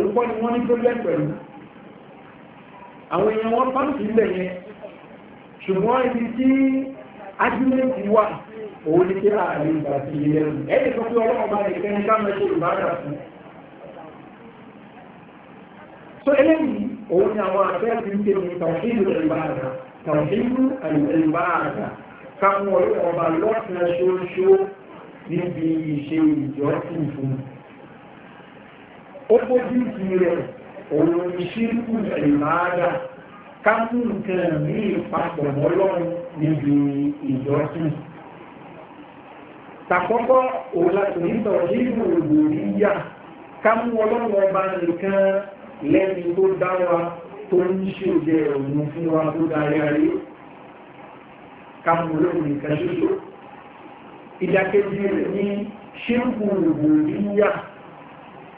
ni wọ́n ní tó lẹ́ pẹ̀lú àwọn èèyàn wọn bá ń òun ní kí ààrin ìgbà ti ilé rùn ẹni tó fi ọlọ́pàá nìkan ní káàmẹ́ ṣe ìbára fún so eléyìí òun ni àwọn àfẹ́ ti ń tẹ̀lé tàwíìlú ìbára tàwíìlú ìbára káwọn ọlọ́pàá lọ́sàn ṣoṣo níbi ìṣe ìjọsìn fún ó bójú ní ìpapọ̀ mọ́lọ́run níbi ìjọsìn tàkọ́kọ́ òun láti ní tọ̀jú ìròyìnbòríyà ká mú ọlọ́run ọba nìkan lẹ́ni tó dá wa tó ń ṣe òjẹ́ òun fún wa tó darí ayé ká mú ọlọ́run nìkan ṣoṣo ìdákejì rẹ̀ ní ṣírùkù ìròyìnbòríyà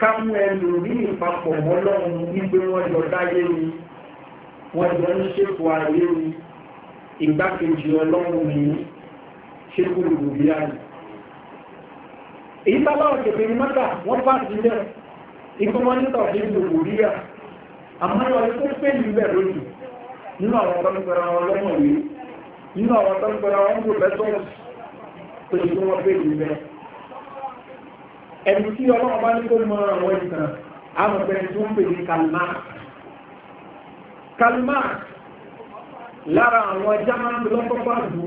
ká mú ẹlò ní ìpapọ̀ mọ́lọ́run nígbé wọ́n jọ dáyé ni wọ́n jọ ń ṣèpò ayé ni ìgbákejì ọlọ́run ni ṣírùkù ìròyìnbòríyà ni èyí tábáwọ̀ kẹfẹ́ ní mọ́ta wọ́n bá ti lẹ́ ikú wọn ní tọ̀dé ní òwúríyà àmọ́ ìwà ikú pé ní ibẹ̀ lójú nínú àwọn ọ̀tọ́ nípẹ̀rẹ̀ àwọn ọlọ́mọ̀ yìí nínú àwọn ọ̀tọ́ nípẹ̀rẹ̀ àwọn ọmọ lẹ́tọ́ọ̀sì tó ṣe fún wọn pé ní ibẹ̀ ẹni tí ń lọ́pọ̀pọ̀ àdúgbò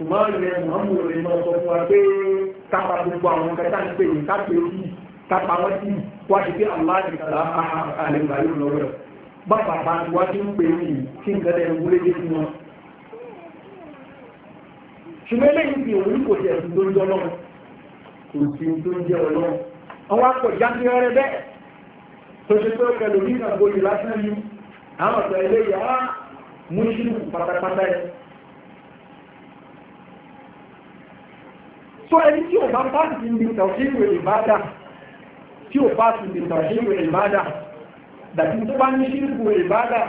ṣùgbọ́n ilẹ̀ mọ̀mú rẹ̀ mọ̀ sọ fún wa pé kápá gbogbo àwọn kẹta ń pè ní kápẹ́ yìí kápá wọn sí wá sí pé aláàbì kàlá àlẹ́gbà yóò lọ rẹ̀ bá bàbá wa ti ń pè ní kí nǹkan dẹ̀ ń wúlé dé fún wọn. ṣùgbọ́n eléyìí fi òun kò jẹ́ ẹ̀sìn tó ń jọ lọ́wọ́ kò sí tó ń jẹ́ ọlọ́wọ́ àwọn akọ̀já ti rẹ̀ bẹ́ẹ̀ tó ṣe pé kẹlòmínà gboyè lásán yìí àwọn ọ̀sẹ̀ eléyìí yìí ah, tó ẹni tí ò bá bá ti ní tàwíwẹ̀ ìbádà tí ò bá ti ní tàwíwẹ̀ ìbádà dàbí tó bá ní ṣírùkù ìbádà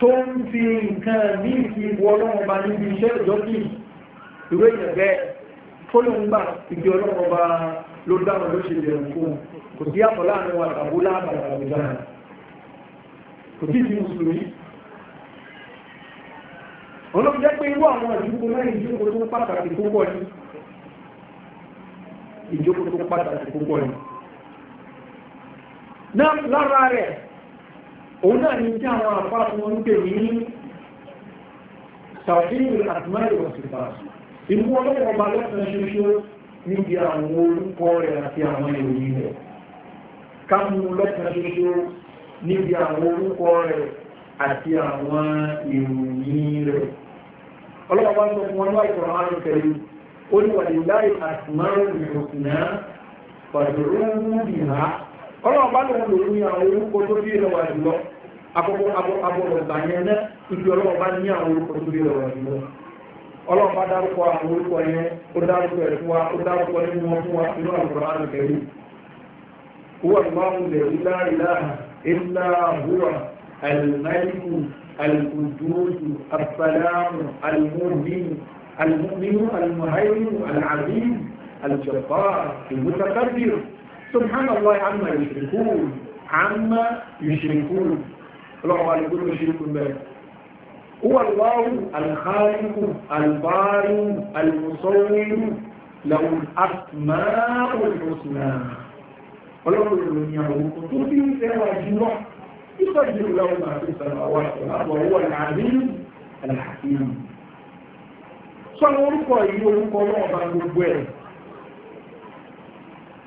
tó ń fi nǹkan ní ìfi ìwọ ọlọ́run bá níbi iṣẹ́ ìjọ́sìn ìwé ìyẹ̀bẹ́ fólóńgbà ìgbé ọlọ́run bá ló dáhùn ló ṣe lèrò fún kò sí àpọ̀ láàrin wa tàbó láàrin àwùjọ náà kò sí ti mùsùlùmí olóòjẹ́ pé irú àwọn ìdúkò náà ìdúkò tó pàtàkì púpọ̀ ní ìjókòó tó pàtàkì púpọ̀ ni. náà lára rẹ̀ òun náà ní kí àwọn àpá tí wọ́n ń pè ní sàfihàn àtìmáyé òsìkà ìmú ọlọ́wọ́ ọba lọ́sàn ṣoṣo níbi àwọn orúkọ rẹ̀ àti àwọn ìròyìn rẹ̀ ká mú lọ́sàn ṣoṣo níbi àwọn orúkọ rẹ̀ àti àwọn ìròyìn rẹ̀ ọlọ́wọ́ bá sọ fún ọlọ́wọ́ ìkọ̀rọ̀ àrùn kẹrin قل ولله الأسماء الحسنى فادعوه بها ọlọ́run bá lòun lòun ní àwọn orúkọ tó bí lọ́wọ́ jùlọ abọ́bọ̀ ìgbàyẹn náà ibi ọlọ́run bá ní àwọn orúkọ tó bí lọ́wọ́ jùlọ ọlọ́run bá dárúkọ àwọn orúkọ yẹn ó dárúkọ ẹ̀ fún wa ó dárúkọ nínú المؤمن المهيمن العزيز الجبار المتكبر سبحان الله عما يشركون عما يشركون الله يقول يشركون به هو الله الخالق البارئ المصور له الأسماء الحسنى ولو لم àwọn òkùn سوى bí ń له ما في السماوات والارض وهو العليم الحكيم sọ́nà orúkọ yìí orúkọ náà bá gbogbo ẹ̀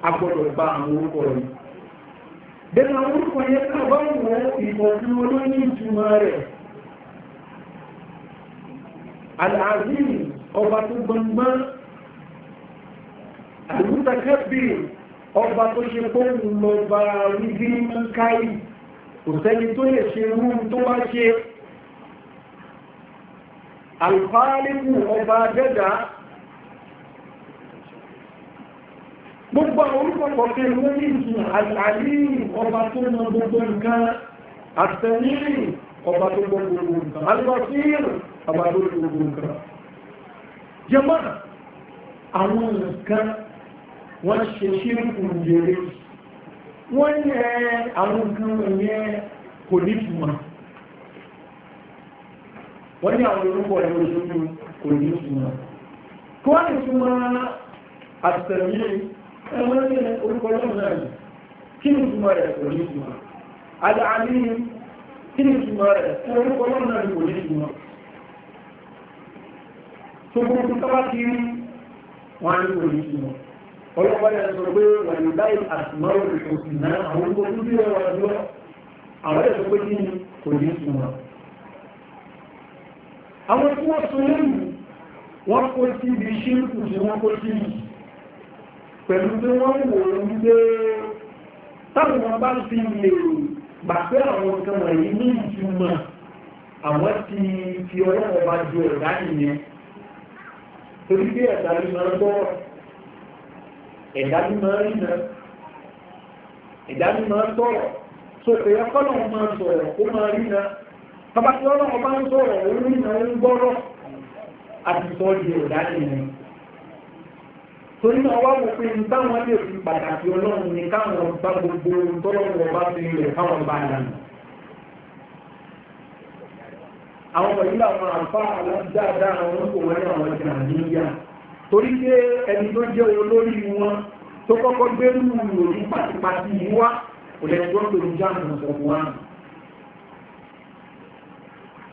agbọ́dọ̀ bá àwọn orúkọ yìí bẹ́ẹ̀ àwọn orúkọ yẹn ká bá wọ ìbọ̀dún olóyìn ìtumọ̀ rẹ̀ aláàzín ọba tó gbọngbọ́n àlùtàkẹ́bì ọba tó ṣe kóhùn lọ bá rí bí mọ́ káyì kò sẹ́ni tó lè alfáàlìkù ọba dẹ́dà gbogbo àwọn orúkọ̀kọ̀ pé lórí ìtù àlàyé ọba tó mọ gbogbo nǹkan àtẹ̀lẹ́rì ọba tó mọ gbogbo nǹkan alùpàfíìr ọba tó mọ gbogbo nǹkan jẹmọ́ wọ́n yẹ àwọn nǹkan wọ̀nyẹ kò ní túmọ̀ wọ́n ní àwọn orúkọ ẹ̀rọ ìṣojú kò ní ìṣúná kí wọ́n lè súnmọ́ àtìsẹ̀lẹ̀ yìí ẹ̀wọ́n ní orúkọ lọ́wọ́ náà yìí kí ni ìṣúná rẹ̀ kò ní ìṣúná àdáàlì kí ni ìṣúná rẹ̀ orúkọ lọ́wọ́ náà ọlọ́pàá yẹn sọ pé wà ní báyìí àtìmọ́rò ìṣòsì náà àwọn orúkọ tó bí wọ́n wà lọ àwọn ẹ̀sọ́ pé kí ni kò ní ìṣúná àwọn tí wọ́n tún lẹ́yìn wọ́n kó sí ibi ṣírùkù tí wọ́n kó sí yìí pẹ̀lú tí wọ́n wò ó ń gbé táwọn wọn bá fi lè gbà pé àwọn nǹkan wọ̀nyí ní ìtumọ̀ àwọn ti fi ọlọ́wọ́ bá ju ẹ̀dá nìyẹn torí pé ẹ̀dá ló máa ń gbọ́rọ̀ ẹ̀dá ló máa ń rìnà ẹ̀dá ló máa ń so èèyàn kọ́ máa sọ̀rọ̀ ó máa rìnà tọba tí ọlọ́run bá ń sọ̀rọ̀ òun nínú ń gbọ́rọ̀ àti sọ́ọ̀dì ẹ̀dá nìyẹn torí náà wá wò pé ní táwọn lè fi pàtàkì ọlọ́run ní káwọn bá gbogbo tọ́lọ́run ọba fi rẹ̀ káwọn bá dànù àwọn ọmọ ìlú àwọn àǹfà aládáadáa àwọn kò wọ́n náà wọ́n jà torí pé ẹni tó jẹ́ olórí wọn tó kọ́kọ́ gbérù ìròyìn pàtìpàtì yìí wá kò lòdì jáàmù ọ̀pọ̀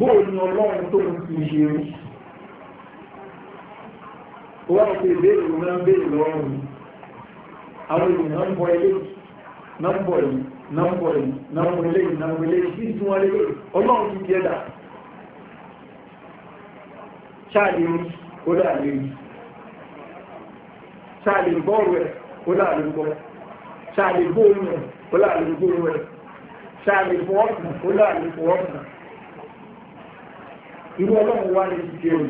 bóò ni ọlọ́run tó ń fi ṣe rí wọ́n fi ìbéèrè náà ń béèrè lọ́rùn àwọn èèyàn náà ń bọ ilé náà ń bọ yìí náà ń bọ yìí náà ń bọ ilé yìí náà ń bọ ilé yìí sí ìtún wọn lélẹ̀ ọlọ́run ti irú ọlọ́run wá ní ti ẹ̀rù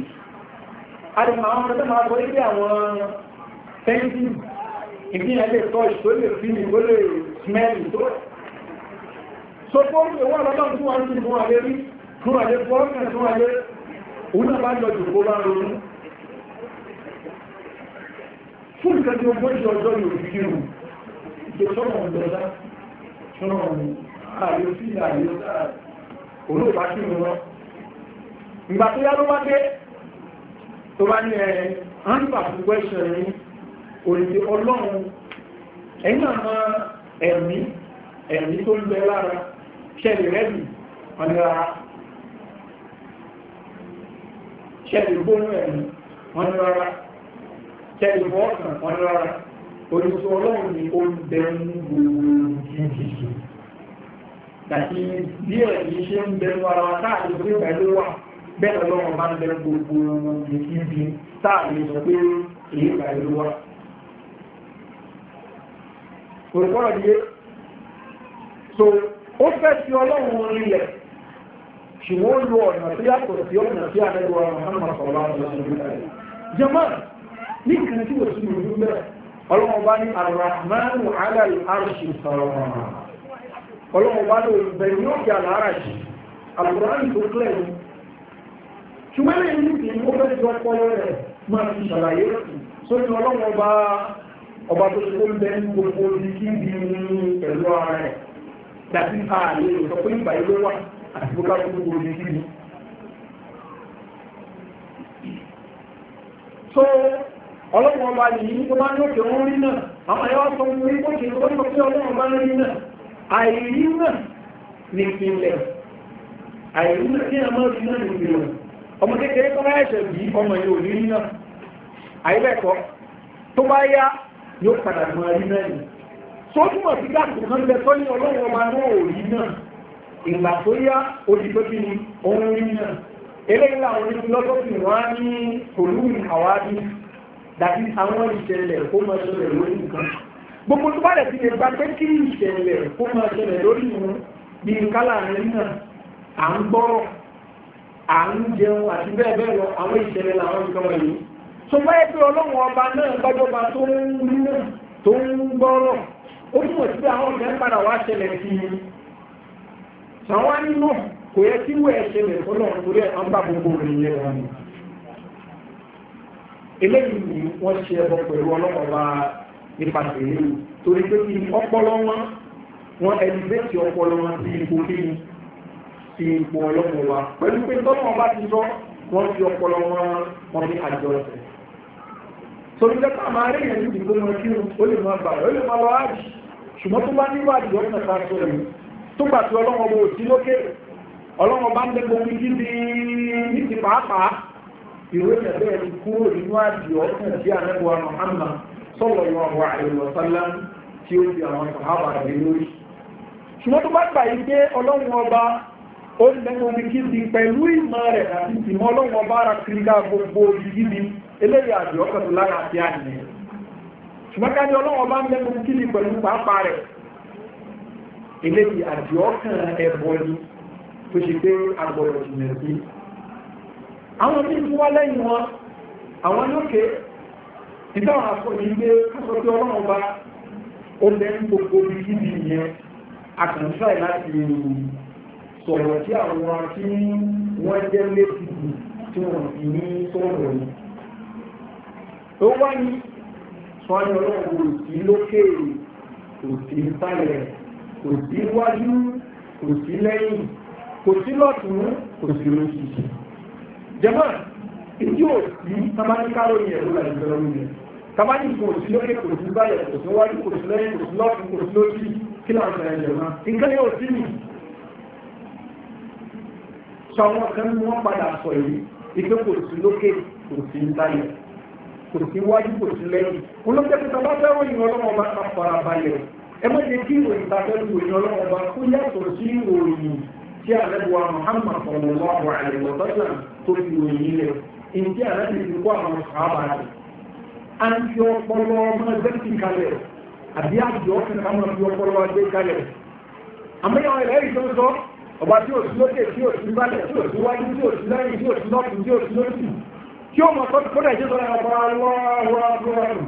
adìmọ̀ àwọn ọmọdé máa gbọ́ ilé àwọn fẹ́ńtì ìgbìyàn lè tọ́ ìṣó lè fi ìwó lè smẹ́lì tó so tó ń wọ́n lọ́dọ̀ tún wọ́n tún wọ́n lé rí tún wọ́n lé fọ́ọ̀kẹ́ tún wọ́n lé òun náà bá lọ jù kó bá ronú fún ìkẹ́ tí ó gbọ́ ìṣọ́ ọjọ́ yóò fi kírù ìgbésọ́nà ọ̀dọ́dá ṣọ́nà ọ̀rọ̀ àyè sí àyè olóòbá kírù náà ìgbà tó yá ló bá dé tó bá ní ẹ̀ ánìbà fún wẹ́ṣẹ̀ rí òrìṣẹ́ ọlọ́run ẹ̀yìn àmọ́ ẹ̀mí ẹ̀mí tó ń bẹ lára ṣẹlẹ̀ ọ̀nà ṣẹlẹ̀ ọlọ́run ni ó ń bẹ ní gbogbo díẹ̀ yìí ṣe ń bẹ̀rù ara káàkiri pẹ̀lú wà bẹ́ẹ̀ lọ́wọ́ bá ń bẹ gbogbo ìkíbi táà lè sọ pé èyí ìgbà ìlú wa òrùkọ́rọ̀ yé so ó fẹ́ fi ọlọ́run rinlẹ̀ ṣùgbọ́n ó lo ọ̀nà tí yàtọ̀ sí ọ̀nà tí àdẹ́gbọ́ ọmọ sọ̀rọ̀ jẹmọ́ ní kìnnà ṣùgbọ́n lè ní kí ó fẹ́ jọ ọpọlọ rẹ̀ máa fi ṣàlàyé rẹ̀ sórí ọlọ́wọ́ bá ọba tó ṣe ń bẹ ní gbogbo ibi kí bí ní pẹ̀lú ara rẹ̀ dàbí ààrẹ ìsọ pé ìgbà ilé wà àti bó káàkiri gbogbo ibi kí ni. so ọlọ́wọ́ bá yìí tó bá ní òkè wọn náà àwọn ẹ̀yọ́ sọ fún mi ọmọ kékeré tó máa ẹ̀ṣẹ̀ bí ọmọ yìí ní rí àìbẹ̀kọ́ tó bá yá yóò padà mọ rí náà ni tó túmọ̀ sí gáàsì kan lẹ tó ní ọlọ́run ọba náà ò rí náà ìgbà tó yá odi tó kí ni òun rí náà eléyìí làwọn onígun lọ́sọ̀tì wọn á ní òlú àwárí dàbí àwọn ìṣẹ̀lẹ̀ kó máa ṣẹlẹ̀ lórí nǹkan gbogbo tó bá rẹ̀ ti lè gba pé kí ìṣẹ̀lẹ̀ kó máa ṣẹlẹ̀ lórí nǹkan bí nǹkan láàrin náà à ń gbọ́rọ̀ à ń jẹun àti bẹ́ẹ̀ bẹ́ẹ̀ lọ àwọn ìṣẹ̀lẹ̀ làwọn nǹkan wọ̀nyí tó bá yẹ pé ọlọ́run ọba náà gbọ́jọba tó ń rí náà tó ń gbọ́rọ̀ ó túmọ̀ sí pé àwọn ọ̀gá padà wá ṣẹlẹ̀ sí i sàwọn á nínú kò yẹ kí wọ́n ṣẹlẹ̀ ọlọ́run torí ẹ̀ ń bá gbogbo rẹ̀ yẹ wọn ni eléyìí ni wọ́n ṣe ẹbọ pẹ̀lú nípasẹ̀ torí pé kí ọpọlọ wọn wọn ẹni sí ipò ọlọ́pọ̀ wa pẹ̀lú pé tọ́lọ́wọ́ bá ti sọ wọ́n fi ọpọlọ wọn wọn ní àjọ ọ̀sẹ̀ torí dẹ́pà máa rí ìyẹn níbi tó mọ kí ó lè máa bà ó lè máa lọ áàjì ṣùgbọ́n tó bá nílò àjọ ọ̀sẹ̀ ká sọ rẹ̀ tó gbà tí ọlọ́wọ́ bó sí lókè ọlọ́wọ́ bá ń dẹ́ gbogbo kí ní ní pàápàá ìwé ìṣẹ̀lẹ̀ ẹni kúrò nínú àjọ ọ̀sẹ̀ sí àmẹ́wàá Muhammad sallallahu alaihi wa sallam tí ó fi àwọn sàhábà rẹ̀ lórí ṣùgbọ́n ó ń lẹ́nu omi kí ti pẹ̀lú ìmọ̀ rẹ̀ àti ìmọ̀ ọlọ́wọ́ bára kìrìkà gbogbo ìdíbi eléyìí àjò ọkọ̀ tó lára àti àjẹ́ ṣùgbọ́n ká ní ọlọ́wọ́ bá ń lẹ́nu omi kí ti pẹ̀lú pàápàá rẹ̀ eléyìí àjò ọkàn ẹ̀bọ ni tó ṣe pé agbọ̀rọ̀ sọ̀rọ̀ tí àwọn tí wọ́n jẹ́ létìkù tí wọ́n fi ní sọ̀rọ̀ yìí ó wá ní sọ́yìn ọlọ́run kò sí sálẹ̀ kò wájú kò lẹ́yìn kò sí lọ́tún kò sí lóṣù jẹ́mọ́ ìdí ò sí tamánikáró ní kò sí lókè kò sí báyẹ̀ kò sí wájú kò sí lẹ́yìn kò sí lọ́tún kò sí lóṣù kí láwọn ẹ̀rọ náà nǹkan yóò sí nìyí sọ wọn kan ní wọ́n padà sọ èyí ìpé kò sí lókè kò sí ńláyẹ̀ kò sí wájú kò sí lẹ́yìn olóńgbé tó bá fẹ́ ròyìn ọlọ́wọ́ bá ká fara balẹ̀ ẹ má jẹ́ kí ìròyìn bá fẹ́ ròyìn ọlọ́wọ́ bá kó yàtọ̀ sí ìròyìn tí àrẹ́bùwà Muhammad sallallahu alaihi wa sallam tó fi ròyìn lẹ̀ ìdí àrẹ́bì ti kó àwọn sábà rẹ̀ a ń fi ọpọlọ ọmọ ẹgbẹ́ ti kalẹ̀ àbí àjọ ọkùnrin kan máa fi ọpọlọ ẹgbẹ́ kalẹ̀ àmọ́ ìyàwó ẹ̀rẹ́ ìjọ ọba tí ò sí lókè tí ò sí wálẹ̀ tí ò sí wájú tí ò sí lẹ́yìn tí ò sí lọ́kùn tí ò sí lókì tí ó mọ̀ tó kó dẹ̀ jẹ́ sọ́ra ọba lọ́wọ́rọ́rùn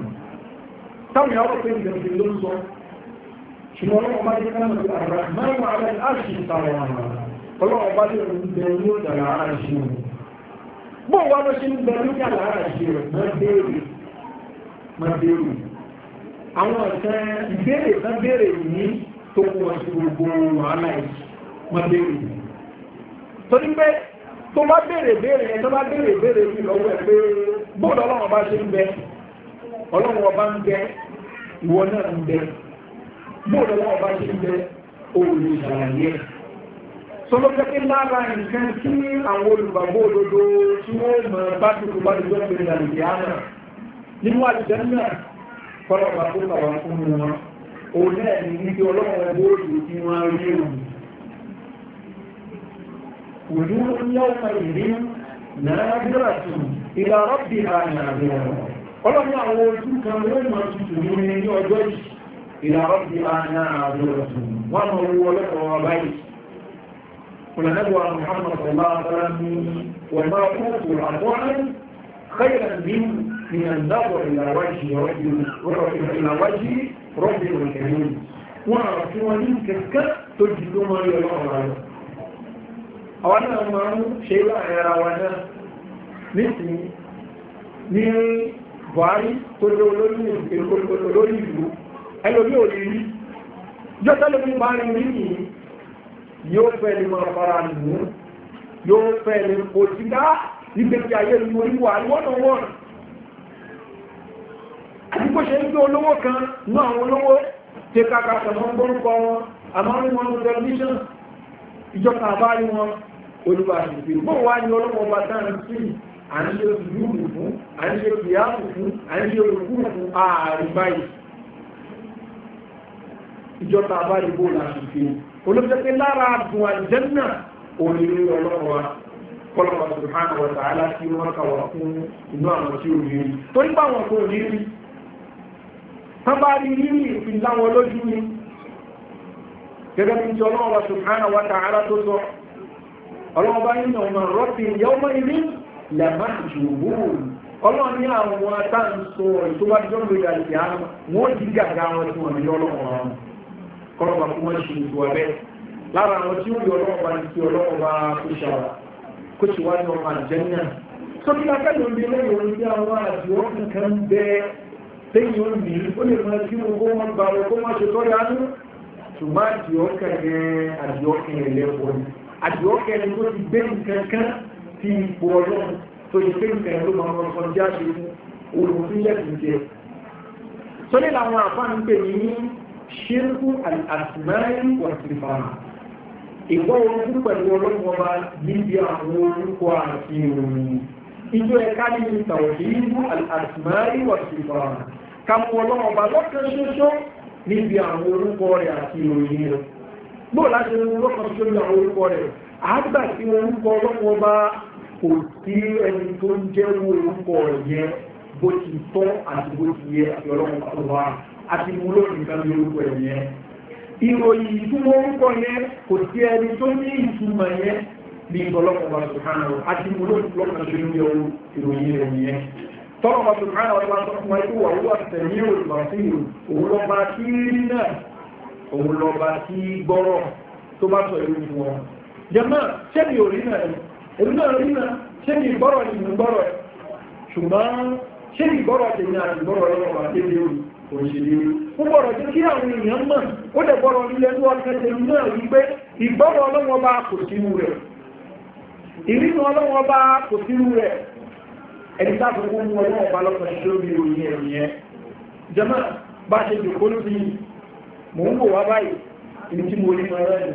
táwọn ìyàwó pé ìgbẹ̀rẹ̀ ló ń sọ ṣùgbọ́n ọlọ́wọ́ bá jẹ́ kánà lórí àrà mẹ́rin wà lẹ́yìn àṣì ìtàwọn ọlọ́wọ́ bá jẹ́ ìgbẹ̀ ló dàrà ara rẹ̀ bó wá ló ṣe ń bẹ lórí àlà ara ṣe rẹ̀ mọ́ béèrè àwọn ọ̀sẹ̀ ìbéèrè kan béèrè yìí tó kún wọn sí gbogbo wàhálà yìí mọ́ léwu torí pé tó bá béèrè béèrè yẹn tó bá béèrè béèrè yìí lọ́wọ́ ẹ̀ pé bóòdù ọlọ́run bá ṣe ń bẹ ọlọ́run ọba ń bẹ ìwọ náà ń bẹ bóòdù ọlọ́run bá ṣe ń bẹ òun ìṣàlàyé ẹ̀ sọlọ́pẹ́kẹ́ lára nǹkan tí àwọn olùgbàgbọ́ òdodo tí wọ́n mọ̀ bá tuntun bá dùjọ́ pé ìrìnàlùkì àmà nínú àjẹ́ náà kọ́lọ̀ bá tó kàwà fún wọn òun náà ní ibi ọlọ́run ẹgbẹ́ òdò tí wọ́n rí òun وجوه يومئذ نادرة إلى ربها نادرة ولم àwọn كم يوم ló من يعجز إلى ربها نادرة wọ́n mọ̀ owó ọlọ́pọ̀ báyìí ولنبوى محمد صلى الله عليه وسلم وما أوتوا الأطوال خيرا من من النظر إلى وجه إلى وجه ربهم الكريم وعرفوا من منك تجدوا ما يرى الله àwọn náà máa ń ṣe láàrin ara wa náà nísìnyí ní buhari tó lé olórí ìlú ẹlòmí ò lè rí jọ́tà lómi bá rí rí yìí yóò fẹ́ ní máa fara nù yóò fẹ́ ní kò sí dá ìgbésí ayé ní orí wà àti bó ṣe ń gbé olówó kan ní àwọn olówó tẹ kàkà sọ̀rọ̀ ń gbórúkọ wọn àmọ́ wọn tẹlifíṣàn ìjọba olúwa ṣùgbọ́n bóun wá ní ọlọ́wọ́ bá dáhùn sí à ń ṣe lúùlù fún à ń ṣe kìyàmù fún à ń ṣe olùkú fún ààrùn báyìí ìjọba àbáríbó làṣùfin olóògbé lára àdùn àjẹ́nà òní ọlọ́wọ́ kọlọ̀wọ̀ subhanahu wa ta'ala tí wọ́n kàwà fún inú àwọn tí ó rí torí bá wọn kò rí rí tán bá rí rí rí ìfìláwọn lójú ni gẹ́gẹ́ bí ti ọlọ́wọ́ subhanahu wa ta'ala ọlọ́run bá nínú ọmọ rọ́bì yọ́mọ ilé lẹ́mà jùbú ọlọ́run ní àwọn atáǹsọ ìtọ́wájọ́ lórí àti àmà wọ́n ti gàgà wọn tí wọ́n yọ ọlọ́run ọ̀run kọ́lọ́ba fún wọn ṣe ìgbò abẹ́ lára àwọn tí ó yọ ọlọ́run bá ti ọlọ́run bá kó ṣàwà kó ṣe wá ní ọmọ àjẹ́nà sókè akẹ́lẹ́ òbí lẹ́yìn orí bí àwọn àdìọ́ kankan bẹ́ẹ̀ lẹ́yìn àdìọ́kẹ́ ẹni tó ti gbé nǹkan kan ti ipò ọlọ́run tó ti gbé nǹkan ló máa rọrùn kọjá ṣe olùkọ́ tó yẹ kì í jẹ. sọ́lé làwọn àfáà ń pè ní ṣírkù àtìmáyé wà sí fàmà ìgbọ́ orúkú pẹ̀lú ọlọ́run ọba níbi àwọn orúkọ àti ìròyìn ìjọ ẹ̀ka ní ìtàwọ̀dínú àtìmáyé wà sí fàmà kàmù ọlọ́run ọba lọ́kàn ṣoṣo níbi àwọn orúkọ rẹ̀ àti ìròyìn rẹ̀ bóò láti rí lọ́kàn tó ní àwọn orúkọ rẹ̀ àgbà tí orúkọ ọlọ́pọ̀ bá kò sí ẹni tó ń jẹ́ orúkọ yẹ bó ti tọ́ àti bó ti yẹ àti ọlọ́pọ̀ àtọwà àti mú lórí nǹkan bí orúkọ yẹ ìròyìn ìtumọ̀ orúkọ yẹ kò sí ẹni tó ní ìtumọ̀ yẹ bí ọlọ́pọ̀ bá sùhánà àti mú lórí lọ́kàn tó ní ìròyìn rẹ̀ yẹ òun lọ́ba tí gbọ́rọ̀ tó bá sọ ìlú fún wọn jẹ́mọ́ ṣẹ́mi ò rí náà èmi náà rí náà ṣẹ́mi gbọ́rọ̀ ni mo gbọ́rọ̀ ẹ̀ ṣùgbọ́n ṣẹ́mi gbọ́rọ̀ tèmi àti gbọ́rọ̀ lọ́wọ́ àtẹ́lẹ́ orí òṣèlú púpọ̀rọ̀ tí kí àwọn èèyàn mọ̀ ó dẹ̀ gbọ́rọ̀ nílẹ̀ tó ọ̀kẹ́sẹ̀ náà wípé ìgbọ́rọ̀ ọlọ́wọ́ bá kò sínú rẹ̀ ìrìnà ọlọ́wọ́ bá kò sínú rẹ̀ ẹni táàkùnkùn mú ọlọ́wọ́ bá lọ́pọ̀ mo ń wò wá báyìí ní tí mo rí mọ ẹrọ ni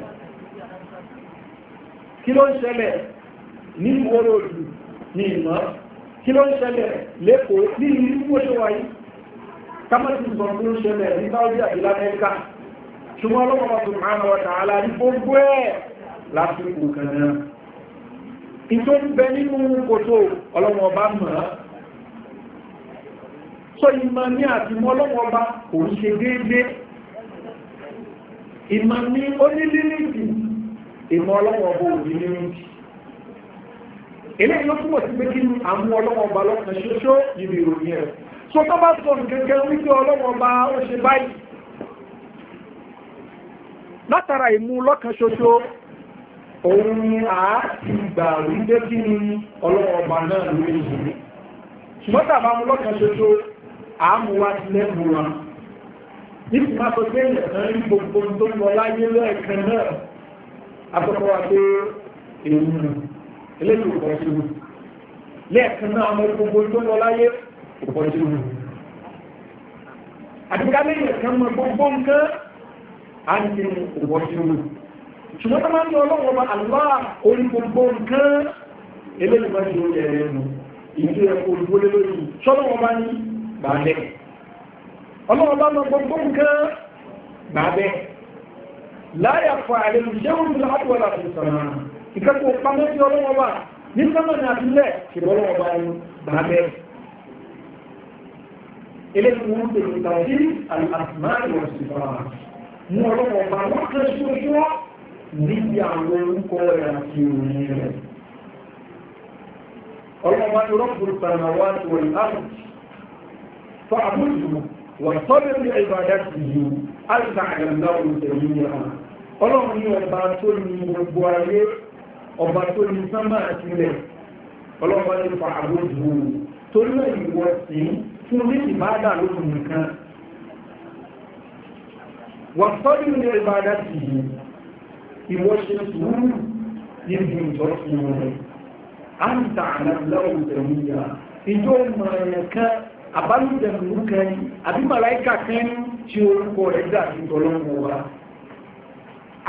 kí ló ń ṣẹlẹ̀ ní ìwòrò òdù ní ìmọ̀ kí ló ń ṣẹlẹ̀ lẹ́kọ̀ọ́ ní ìlú bó ṣe wáyé kámọ́tì sọ tó ń ṣẹlẹ̀ ní Saudi àbílá Amẹ́ríkà ṣùgbọ́n ọlọ́pàá tó máa ń wọ tààlà ní gbogbo ẹ̀ lásìkò kan náà ń bẹ nínú kòtò ọlọ́wọ́ ọba mọ̀ ọ́ sọ ìmọ̀ ní àtìmọ́ ọlọ́wọ́ ọba kò ń ṣe déédéé ìmọ̀ ní onílílìtì ìmọ̀ ọlọ́wọ́ ọba òbí ní oúnjẹ ilé ìlú túnmọ̀ sí pé kí ni àmú ọlọ́wọ́ ọba lọ́kàn ṣoṣo níbi ìròyìn ẹ̀ so tó bá sọ gẹ́gẹ́ wípé ọlọ́wọ́ ọba ó ṣe báyìí látara ìmú lọ́kàn ṣoṣo òun ni a ti gbà wípé kí ni ọlọ́wọ́ ọba náà lórí ìṣòro ṣùgbọ́n tàbá mú lọ́kàn ṣoṣo àmú wa ti lẹ́kùn wa nípa máa sọ pé èèyàn náà rí gbogbo tó ń lọ láyé lẹ́ẹ̀kan náà akọ́kọ́ wa pé èèyàn nù eléyìí ò pọ̀ sí wù lẹ́ẹ̀kan náà ọmọ gbogbo tó ń lọ láyé ò pọ̀ sí wù àdúgbà lẹ́yìn kan mọ gbogbo nǹkan á ń tẹnu ò pọ̀ sí wù ṣùgbọ́n tó máa ń lọ ọlọ́wọ́ ma àlùbá orí nǹkan eléyìí máa ẹ̀rẹ́ nù ìdí ẹ̀kọ́ olùgbólélórí ṣọ́lọ́wọ́ bá ní bàálẹ̀ ọlọ́run bá mọ̀ gbogbo nǹkan bàbẹ́ láyà fà àlejò jẹun ní àdúrà fún sàmà ìkẹ́kọ̀ọ́ pamọ́ sí ọlọ́run wà ní sọ́mọ̀ ní àbílẹ̀ ìrọ̀lọ́run bá ń bàbẹ́ eléyìí wọn pè ní tàbí àlùmá ìwọ̀sìfà mú ọlọ́run bá wọn kẹ́ ṣoṣo níbi àwọn orúkọ rẹ̀ àti òní rẹ̀ ọlọ́run bá ní rọ́pùrù sàmà wá sí wọ̀nyí láàrùn fún àbúrò wọ̀sọ́bẹ̀ ní ìbàdá ti yìí àìsà àgbàlá òṣèlú yàrá ọlọ́run ní ọba tó ní gbogbo ayé ọba tó ní sánmà àtìlẹ̀ ọlọ́run ní fa àgbójú tó náà ìwọ̀ sí fún ní ìbádà lókun nìkan wọ̀sọ́bẹ̀ ní ìbàdá ti yìí ìwọ̀ ṣe sùúrù níbi ìjọsìn rẹ̀ àìsà àgbàlá òṣèlú yàrá ìjọ ìmọ̀ ẹ̀yẹ kan àbálùjẹ̀lú kẹni àbí màláíkà kẹni tí orúkọ rẹ̀ dà sí tọ́lọ́wọ́ wa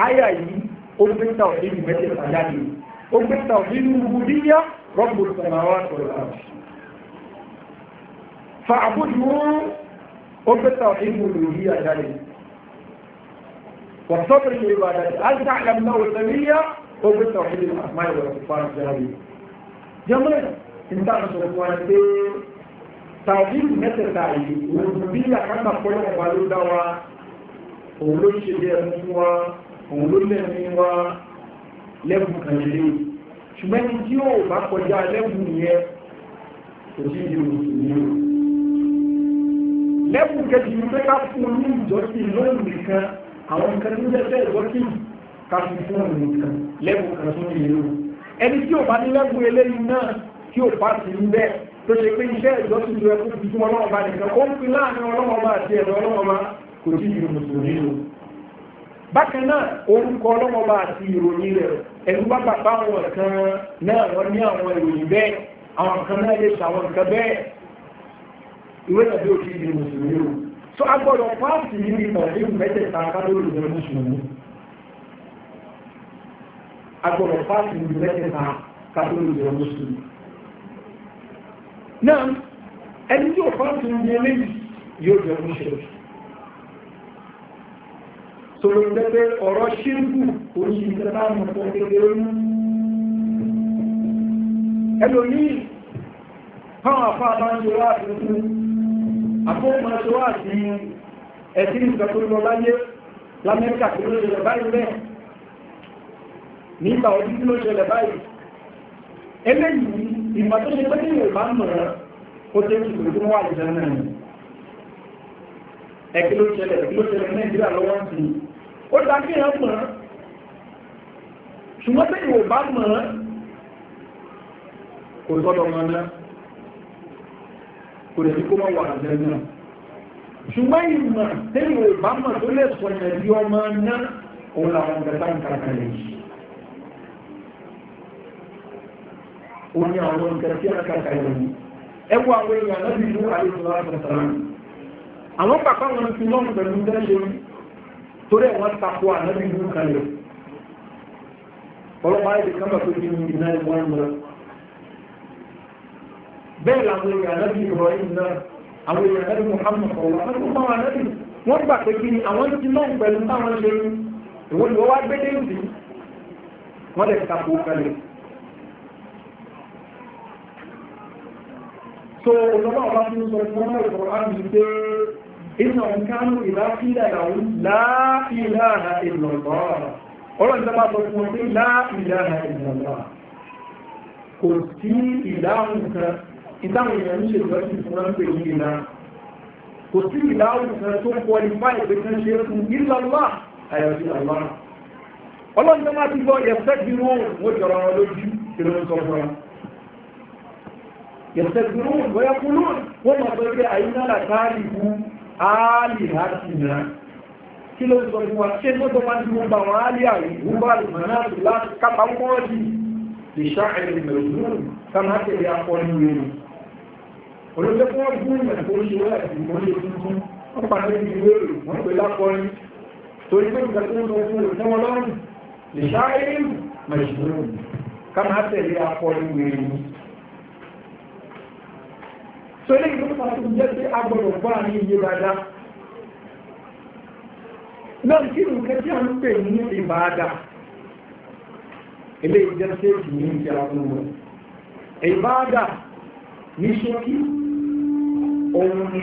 áyà yìí ó gbé ta òdí ní mẹ́tẹ̀ẹ̀ta jáde ó gbé ta òdí ní rúgbùdíyà rọ́pù sàmàwà tọ̀lá fa àbújú ó gbé ta òdí ní rúgbùdíyà jáde والصبر tàbílù mẹ́tẹ̀ẹ̀ta yìí òun bí àkàtà pọ́lọ̀ ọba ló dá wa òun ló ṣe lé ẹnu fún wa òun ló lẹ́nu wa lẹ́bùn kan lè ṣùgbọ́n ní tí ó bá kọjá lẹ́bùn yẹn kò sí ìdí mùsùlùmí o lẹ́bùn kejì ní pé ká fún ní ìjọsìn lóhùn nìkan àwọn nǹkan tó jẹ́ fẹ́ ìjọsìn ká fi fún òun nìkan lẹ́bùn kan tó yẹ lóhùn ẹni tí ò bá ní lẹ́bùn eléyìí náà tí ò bá sì ń bẹ́ẹ̀ tó ṣe pé iṣẹ́ ìjọsìn ìlú ti fún nìkan ó ń láàrin àti kò mùsùlùmí o bákan náà orúkọ ọlọ́mọba àti ìròyìn rẹ̀ ẹ̀rú bá bàbá àwọn kan náà wọ́n ní àwọn ìròyìn bẹ́ẹ̀ àwọn kan náà lè ṣàwọn nǹkan bẹ́ẹ̀ ìwé tàbí òkè ìlú mùsùlùmí o so ìmọ̀ náà ẹni tí ò fọ́ọ̀tù ní eléyìí yóò jẹ́ oníṣẹ́ sọ̀rọ̀ ìdẹ́gbẹ́ ọ̀rọ̀ ṣírùkù oríṣi ìjọba àwọn ọmọ kékeré mú ẹlòmí káwọn afọ́ àbájọwà tuntun àfọ́mọ́sọwà sí ẹ̀sí ìgbàkúrò láyé lamẹ́ríkà tó ló ṣẹlẹ̀ báyìí bẹ́ẹ̀ nígbà ọdún tó ló ṣẹlẹ̀ báyìí eléyìí ìmọ̀ tó ṣe pé ní ìwé bá ń mọ̀ ó tẹ́ kí ìwé tó wà ìjọ náà ni ẹ̀kí ló ṣẹlẹ̀ ẹ̀kí ló ṣẹlẹ̀ nàìjíríà lọ́wọ́ sí i ó dá kí èèyàn mọ̀ ṣùgbọ́n tẹ́ ìwé bá mọ̀ kò sọ́dọ̀ mọ̀ náà kò rẹ̀ sí kó mọ̀ wà ìjọ náà ṣùgbọ́n ìmọ̀ tẹ́ ìwé bá mọ̀ tó lè sọ ìrìn ọmọ náà òun làwọn ìgbẹ̀ta ìkàkàlẹ̀ yìí ó ní nke nǹkan tí a kàkà Ewu ẹ wo àwọn èèyàn láti mú àlejò àtàtàrà àwọn pàpà wọn ti lọ́nà pẹ̀lú dẹ́ṣe torí ẹ̀wọ̀n tako ànábì mú kalẹ̀ ọlọ́pàá èdè kábà tó ti mú iná ìwọ̀n mọ́ bẹ́ẹ̀ làwọn èèyàn láti ìrọ̀yìn náà àwọn èèyàn láti Muhammad ọ̀wọ́ àwọn ànábì gbà pé kí ni àwọn ti lọ́nà pẹ̀lú táwọn ṣe ìwọ́n ni wá gbé ìdí lè tó ọlọ́wọ́ bá tí ó sọ fún ọmọ ìfọ̀rán ní pé iná ọ̀nkánú ìlàáfíà làwọn láàfíìláà ìlọ̀lọ́ ọ̀rọ̀ ìjọba sọ fún ọdún láàfíìláà ìlọ̀lọ́ kò sí ìdáhùn kan ìdáhùn ìyẹn ń ṣe ìjọsìn fún wọn pè ní ìlà tó ń kọ ìfá ìpè ṣe fún ìlọ́lá àyọ̀dí àlá ọlọ́run máa ti gbọ́ yẹ bí wọ́n wọ́n jọra wọn lójú ìrọ̀lọ́sọ̀rọ̀ يستكبرون ويقولون وما بقي أين لتاركوا آلهتنا kí ló sọ fún wa ṣe mọ́ tó máa ń mú bá wọn áálí àìwúbá ìmọ̀nàtò láti kápá mọ́ọ̀dì lè ṣáàrin mẹ̀rùn-ún sáà tẹ̀lé akọni rẹ̀ olóògbé fún wọn gún ìmọ̀ tó ṣe wọ́n láti ìmọ̀lé tuntun wọ́n pa lórí ìwé rẹ̀ wọ́n pè lákọni torí so ilé ìgbésí pàtàkì jẹ́ sí agbọ̀dọ̀ bá ní iye dáadáa náà kí ni nǹkan tí a ń pè ní ìbáadà ilé ìjẹ́ sí èkì ní ìjẹ́ àkúnwọ̀ ìbáadà ní ṣókí ohun ni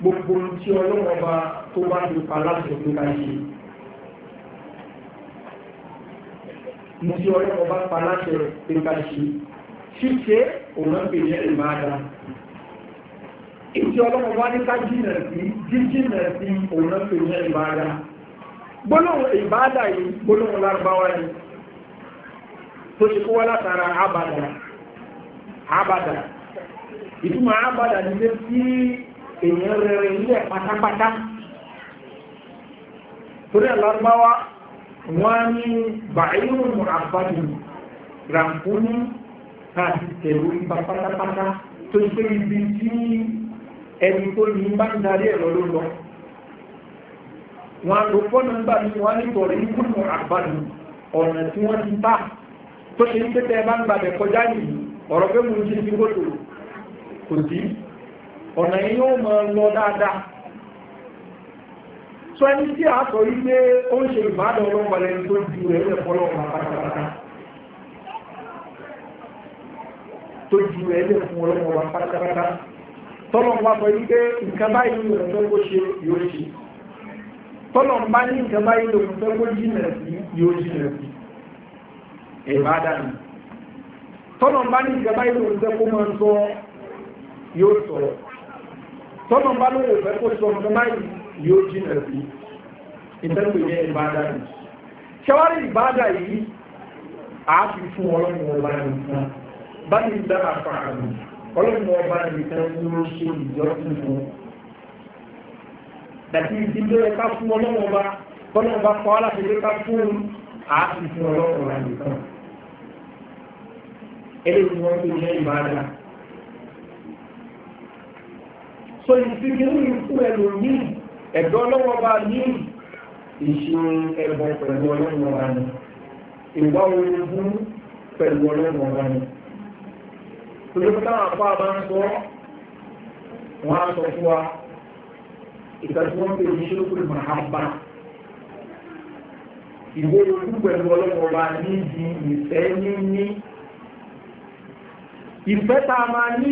gbogbo tí ọlọ́wọ́ bá tó bá ti pa láti ọdún ká ṣe mo ti ọlọ́wọ́ bá pa láti ọdún ká ṣe ṣíṣe òun ń pè ní ìbáadà èyí ọlọ́run wá ní ká jìnà sí jíjìnà sí òun náà tó ní ìbáadà gbólóhùn ìbáadà yìí gbólóhùn lárúbáwá ni tó ṣe kó wá látara abàdà abàdà ìtumọ̀ abàdà ni pé tí èèyàn rẹ̀rẹ̀ ilẹ̀ pátápátá torí àlárúbáwá wọ́n ní bàírùn àbájú ràǹkú ní àti tẹ̀lú ìbá pátápátá tó ṣe ibi tí ẹni tó ní bá ń darí ẹ̀rọ ló lọ wọn lò fọ́ nọ́mbà ní wọn ní tọ̀rọ̀ ikúnnù àgbàdù ọ̀nà tí wọ́n ti bá tó ṣe ń tẹ́tẹ́ bá ń gbàbẹ̀ kọjá yìí ọ̀rọ̀ pé mo ń ṣe ti gbọ́dọ̀ kò sí ọ̀nà yìí yóò mọ lọ dáadáa sọ ẹni tí a sọ yìí pé ó ń ṣe ìbádọ́ ọlọ́wọ́ lẹ́ni tó ju rẹ̀ lẹ̀ fọ́lọ́ pátápátá tó pátápátá tọ́lọ̀n bá pẹ̀lú pé nǹkan báyìí ló fẹ́ kó ṣe yóò ṣe tọ́lọ̀n bá ní nǹkan báyìí ló fẹ́ kó jìnà sí yóò jìnà sí ẹ̀bá dànù tọ́lọ̀n bá ní nǹkan báyìí ló fẹ́ kó máa sọ yóò sọ tọ́lọ̀n bá ló fẹ́ kó sọ nǹkan báyìí yóò jìnà sí ìtẹ́kùn yẹn ẹ̀bá dànù ṣẹwárí ìbádà yìí àá fi fún ọlọ́run ọba nìkan bá ní ìdára fún àgbà ọlọ́run ọba nìkan ní ó ṣe ìjọsìn fún dàbí ìdílé ẹ̀ka fún ọlọ́run ọba bọ́lá ọba kọ́ aláṣẹ́lẹ́ ká fún àásì fún ọlọ́run ọba nìkan eléyìí ni wọ́n tó jẹ́ ìbáradà so ìfikirú ikú ẹlòmíì ẹ̀dọ́ ọlọ́run ọba ní ìṣe ẹ̀bọ̀ pẹ̀lú ọlọ́run ọba ní ìwà orin fún pẹ̀lú ọlọ́run ọba ní tó lè pátá àpá bá ń sọ wọ́n á sọ fún wa ìtàjú wọn pè ní ṣílùkùn mahabba ìwé ojú pẹ̀lú ọlọ́pọ̀ bá ní di ìfẹ́ níní ìfẹ́ tá a máa ní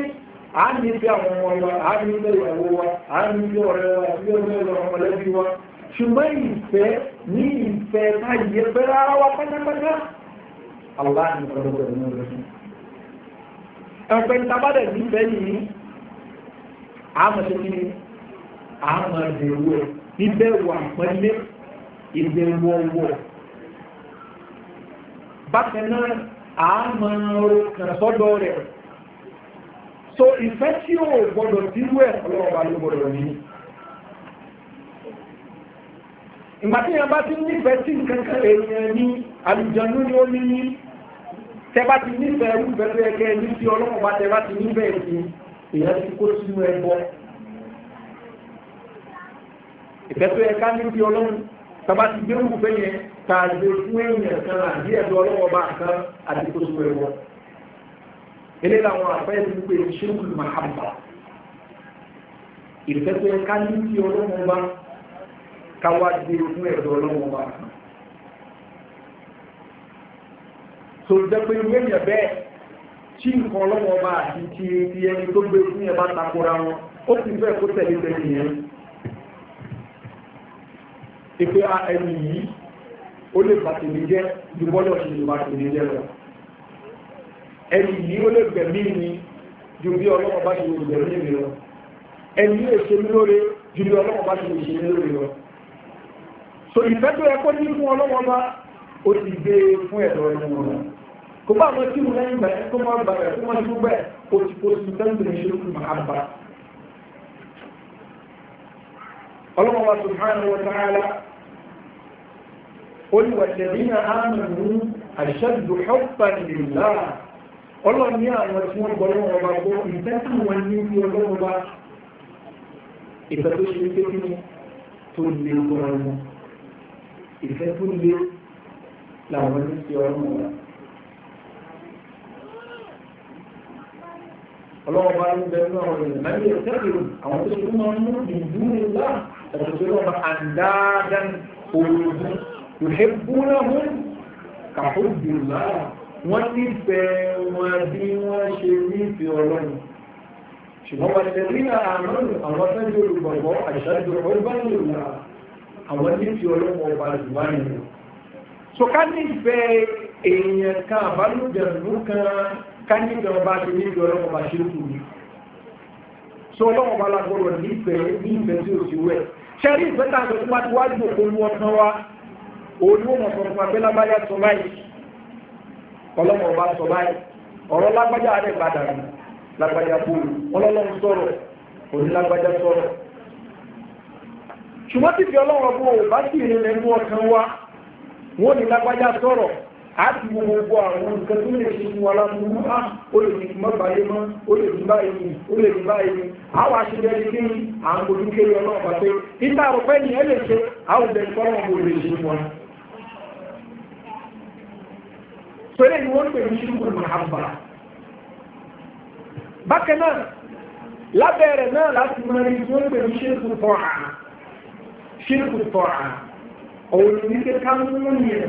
a ní bí àwọn ọmọ wa a ní bí ìyàwó wa a ní bí ọ̀rẹ́ wa bí ọ̀rẹ́ wa ọmọlẹ́bí wa ṣùgbọ́n ìfẹ́ ní ìfẹ́ tá ìyẹ́fẹ́ rárá wa pátápátá Allah ni ọlọ́pọ̀ ìrìnà ẹ̀pẹ́ ìtàbádẹ̀ ní ìfẹ́ yìí àmọ̀ṣẹ́ ní àmọ̀dẹ̀wọ̀ níbẹ̀wò àpẹ́lẹ́ ìbẹ̀wò ọwọ́ bákan náà rẹ̀ so ìfẹ́ tí ó gbọ́dọ̀ tí wẹ́ ọlọ́ọ̀bá ló gbọ́dọ̀ ní ìgbà tí yẹn bá ní tẹ́bá ti nífẹ̀ẹ́ ẹrú bẹ̀rẹ̀ ẹ̀kẹ́ ní tí ọlọ́pàá bá tẹ́bá ti nífẹ̀ẹ́ sí èyàn ti kó sínú ẹbọ ìfẹ́tọ́ ẹ̀ká ní tí ọlọ́run tẹ́bá ti gbé wù fẹ́ yẹn tààgbé fún èèyàn kan àbí ẹ̀dọ́ ọlọ́pàá bá kan àti kó sínú ẹbọ eléyìí làwọn àfẹ́ ti pè ní ṣéwùlù màhàbà ìfẹ́tọ́ ẹ̀ká ní tó jẹ́ pé ìwé yẹn bẹ́ẹ̀ tí nǹkan ọlọ́wọ́ ọba àti ti ti ẹni tó gbé fún yẹn bá takora wọn ó sì fẹ́ kó tẹ̀lé tẹ̀lé yẹn ìpè ẹni yìí ó lè bàtìlì jẹ́ ju bọ́lọ̀ ṣe lè bàtìlì jẹ́ lọ ẹni yìí ó lè gbẹ̀mí ni ju bí ọlọ́wọ́ bá ṣe lè gbẹ̀mí mi lọ ẹni yìí lè ṣe lóore ju bí ọlọ́wọ́ bá ṣe lè ṣe mí lóore lọ so ìfẹ́ tó yẹ kó ní fún ọlọ́wọ́ bá ó ti gbé fún ẹ̀dọ́ ẹni wọn kò bá àwọn tí mo lẹ́yìn gbà ẹ́ kó máa gbà ẹ́ kó máa dúró bẹ́ẹ̀ pòtìpòtì tẹ́lifíṣẹ́ ṣe kù máa bá. ọlọ́mọ wa subhanahu wa ta'ala ó ní wàlẹ́dínà ámìnú àṣẹ́dù hubban lillah ọlọ́run ní àwọn tí wọ́n gbọ́ lọ́wọ́ ọba kó ìfẹ́ tí wọ́n ní ní ọlọ́wọ́ bá ìfẹ́ tó ṣe pé kí tó lè gbọ́ra wọn ìfẹ́ tó lè làwọn ní sí ọlọ́wọ́ ọlọ́wọ́ bá ń bẹ náà rẹ̀ mẹ́rin ìtẹ́kìrì àwọn tó tó máa ń mú ìlú ńlá ẹ̀sùn tó lọ́wọ́ àndáadán olùdó ìhẹ́bú náà mú kàfóòdù lára wọ́n ti fẹ́ wọn bí wọ́n ṣe ní ìfì ọlọ́run ṣùgbọ́n wọn ṣe rí àmọ́nù àwọn fẹ́jọ́ olùgbọ̀gbọ́ àṣàjọ ọlọ́run àwọn ní ìfì ọlọ́run ọba ká nífẹ̀ẹ́ ọba ṣe nífẹ̀ẹ́ ọlọ́wọ́ bá ṣe kù ní so ọlọ́wọ́ bá lágbọ́rọ̀ nífẹ̀ẹ́ nífẹ̀ẹ́ tí ó ti wẹ̀ ṣẹ́rí ìfẹ́ta àjọ tí wá ti wájú òkúrú ọkàn wa olú ọmọ sọ fún abẹ́ lágbájá sọ báyìí ọlọ́wọ́ bá sọ báyìí ṣùgbọ́n tí fi ọlọ́wọ́ bó o bá sì rìn lẹ́nu ọkàn wa wọ́n ní lágbájá sọ̀rọ̀ àti gbogbo àwọn nǹkan tó lè ṣe wà lásìkò á ó lè fi mọ́ báyé mọ́ ó lè fi báyé mi ó lè fi báyé mi àwọn àṣìṣe ẹni kí àwọn ọlọ́run bá pé ni ẹ lè ṣe àwọn ìbẹ̀rù fọ́lọ́run lè ṣe wọn. ni wọ́n pè ní ṣùgbọ́n bákan náà lábẹ́rẹ̀ náà láti mọ wọ́n pè ní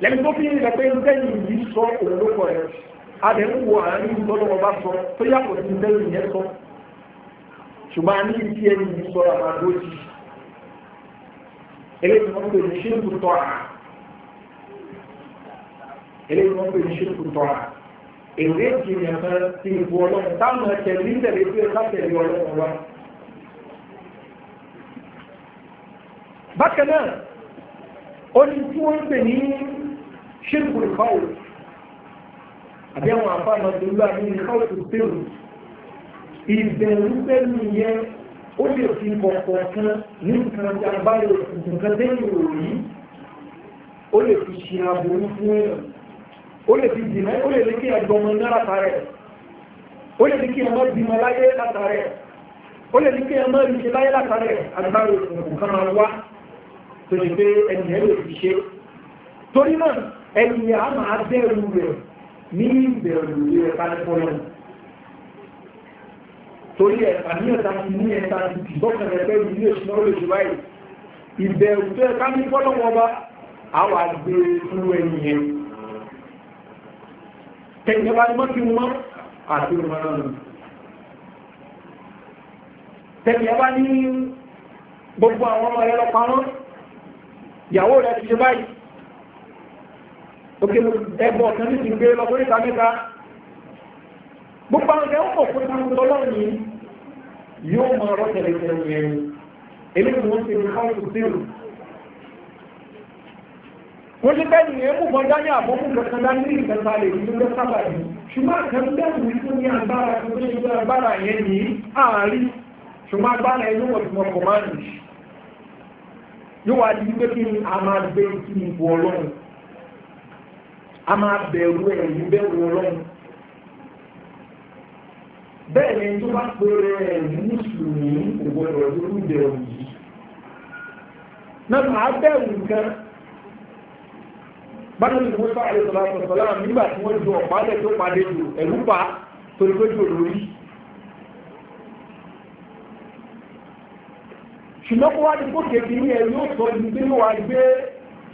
lẹ́nu tó fi ń rẹ̀ pé lẹ́yìn yìí sọ òlòlókọ̀ rẹ̀ adé ń wo àárín ìgbọ́dọ̀ ọba sọ tó yàtọ̀ sí lẹ́yìn yẹn sọ ṣùgbọ́n a ní ibi ẹni yìí sọ àwọn agbójì eléyìí wọ́n pè ní ṣírùkù tọ́ à eléyìí wọ́n pè ní ṣírùkù tọ́ à èrè ìjìnlẹ̀ kan ti ìbò ọlọ́run táwọn ẹ̀tẹ̀ ní ìtẹ̀lé bákan náà ó ní tí wọ́n pè ní ṣírkù ìkọ́wò àbí àwọn àfáàmà tó lọ àbí ìkọ́wò tó tẹ̀lù ìbẹ̀rù pẹ̀lú yẹn ó lè fi kọ̀ọ̀kọ̀ kan ní nǹkan tí a bá lè nǹkan tẹ́lù rí ó lè fi ṣe àbòrú fún èèyàn ó lè fi dìmọ́ ó lè lékè àgbọmọ náà látàrẹ̀ ó lè lékè ọmọ bímọ láyé látàrẹ̀ ó lè lékè ọmọ ìṣe láyé látàrẹ̀ agbára òkùnkùn kan máa wá tó lè gbé ẹnìyẹn lè fi ṣe torí náà ẹni a máa bẹ̀rù rẹ̀ ní ìbẹ̀rù rẹ̀ kálẹ́kọ́lọ́ torí ẹ̀ àníyànta ti ní ẹta ti bọ́kànlẹ̀ pẹ̀lú ilé ìṣúná ó lè ṣe báyìí ìbẹ̀rù tó ẹ ká ní fọ́lọ́wọ́ bá àwà gbé e fún ẹni yẹn tẹ̀yìn bá mọ́ kí mọ́ àti ìrànlọ́nà tẹ̀yìn bá ní gbogbo àwọn ọmọ rẹ̀ lọ parọ́ ìyàwó rẹ̀ ti ṣe báyìí òkè ẹgbọ́ ọ̀kan ní ìgbé lọ sórí ìta mẹ́ta gbogbo àwọn ẹgbẹ́ ọkọ̀ fún ni wọ́n ti rí káwọn tó sírù wọ́n ti bẹ́ẹ̀ nìyẹn mú bọ́ dání àbọ̀mú kankan dání ní ìgbẹ́ta lè ní ló sábà yìí ṣùgbọ́n kan bẹ́ẹ̀ mú ikú ní agbára tó ní ìgbẹ́ agbára yẹn ní àárín ṣùgbọ́n agbára ẹni wọ̀ tí wọ́n kọ̀ máa nì a máa bẹ̀rù ẹ̀rù bẹ̀rù ọlọ́run bẹ́ẹ̀ ni tó bá pèrè ẹ̀rù mùsùlùmí ògbọ́dọ̀ lórí bẹ̀rù yìí náà máa bẹ̀rù nǹkan bákan ní wọ́n sáré sọ̀rọ̀ àtọ̀sọ̀lá nígbà tí wọ́n ju ọ̀pá lẹ̀ tó padé jù ẹ̀rù pa torí pé jù lórí ṣùgbọ́n kó wá ní kó kékeré ẹ̀ yóò sọ ibi tí wọ́n wá gbé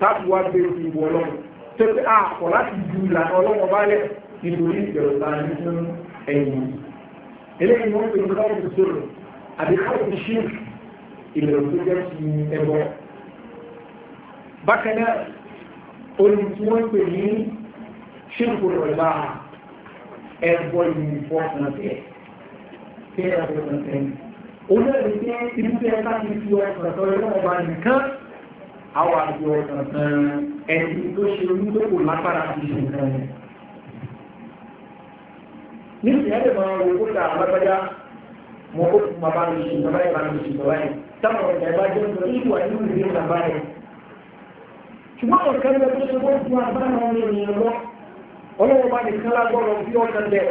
táàbù wá gbé sí ìwọ ọlọ́run tó pé àpọ̀ láti ju ìlànà ọlọ́run bálẹ̀ nítorí ìbẹ̀rù tààrí fún ẹ̀yìn eléyìí wọ́n pè ní káwọn sọ̀rọ̀ àbí káwọn ṣe ìbẹ̀rù tó jẹ́ ti ẹbọ bákan náà olùkú tí wọ́n pè ní ṣírkù rọ̀lá ẹbọ ìlú fọ́ọ̀tàntẹ̀ kí ẹ̀rọ fọ́ọ̀tàntẹ̀ olóòrùn tí ibi tẹ́ ká ti fi ọkọ̀ ọ̀tọ̀ ẹlọ́wọ́ bá nìkan àwọn àjọ ọ̀tàn ẹni tó ṣe onígbòkò lápára ti ṣe nǹkan rẹ̀. nítorí ẹ̀rẹ̀ máa wo kó ta alágbájá mọ ó fún bàbá mi ṣe bàbá yẹn bá mi ṣe bàbá yẹn táwọn ọ̀tàn ẹ̀bá jẹ́ nípa ìlú àti ìlú ìlú bàbá yẹn. ṣùgbọ́n àwọn kan lọ tó ṣe wọ́n fún agbára wọn ènìyàn lọ ọlọ́wọ́ bá nìkan lágbọ́rọ̀ bí ọ̀tàn dẹ̀.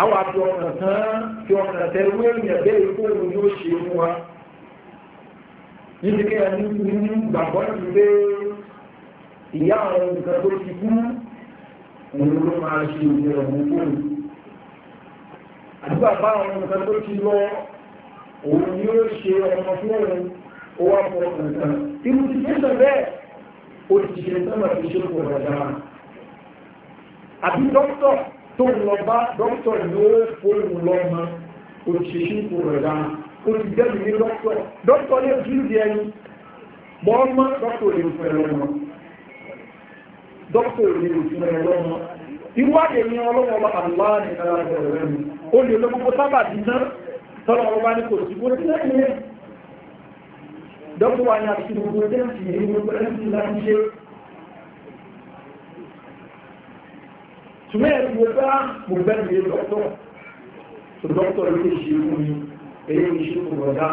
àwọn àjọ ọ̀tàn kan níbi kí ẹni ní gbàgbọ́ ti pé ìyá àwọn nǹkan tó ti kú òun ló máa ṣe ìwé ọ̀hún fún un àdúgbà bá àwọn nǹkan tó ti lọ òun ni ó ṣe ọmọ fún òun ó wá pọ̀ nǹkan irú ti fẹ́ bẹ́ẹ̀ ó ti ṣe sọ́mọ̀ tó ṣe pọ̀ dáadáa àbí dókítọ̀ tó ń lọ bá dókítọ̀ ni ó fóun lọ́mọ ó ti ṣe pọ̀ dáadáa ó ti jẹ́ ìlú dọ́kítọ̀ dọ́kítọ̀ ní ojú ìdí ẹni mọ́ mọ́ dọ́kítọ̀ lè fún ẹ̀rọ mọ́ dọ́kítọ̀ lè fún ẹ̀rọ mọ́ irú àyè ní ọlọ́wọ́ bá àlùwá ní ara rẹ̀ mi ó lè lọ gbogbo sábà dínà tọ́lọ́ ọba ní kò sí gbogbo ní dọ́kítọ̀ wa ní àti gbogbo ẹgbẹ́ sì ní gbogbo ẹgbẹ́ láti ṣe tùmẹ́ẹ̀ẹ́ gbogbo èyí ni ṣùkú rọ̀dá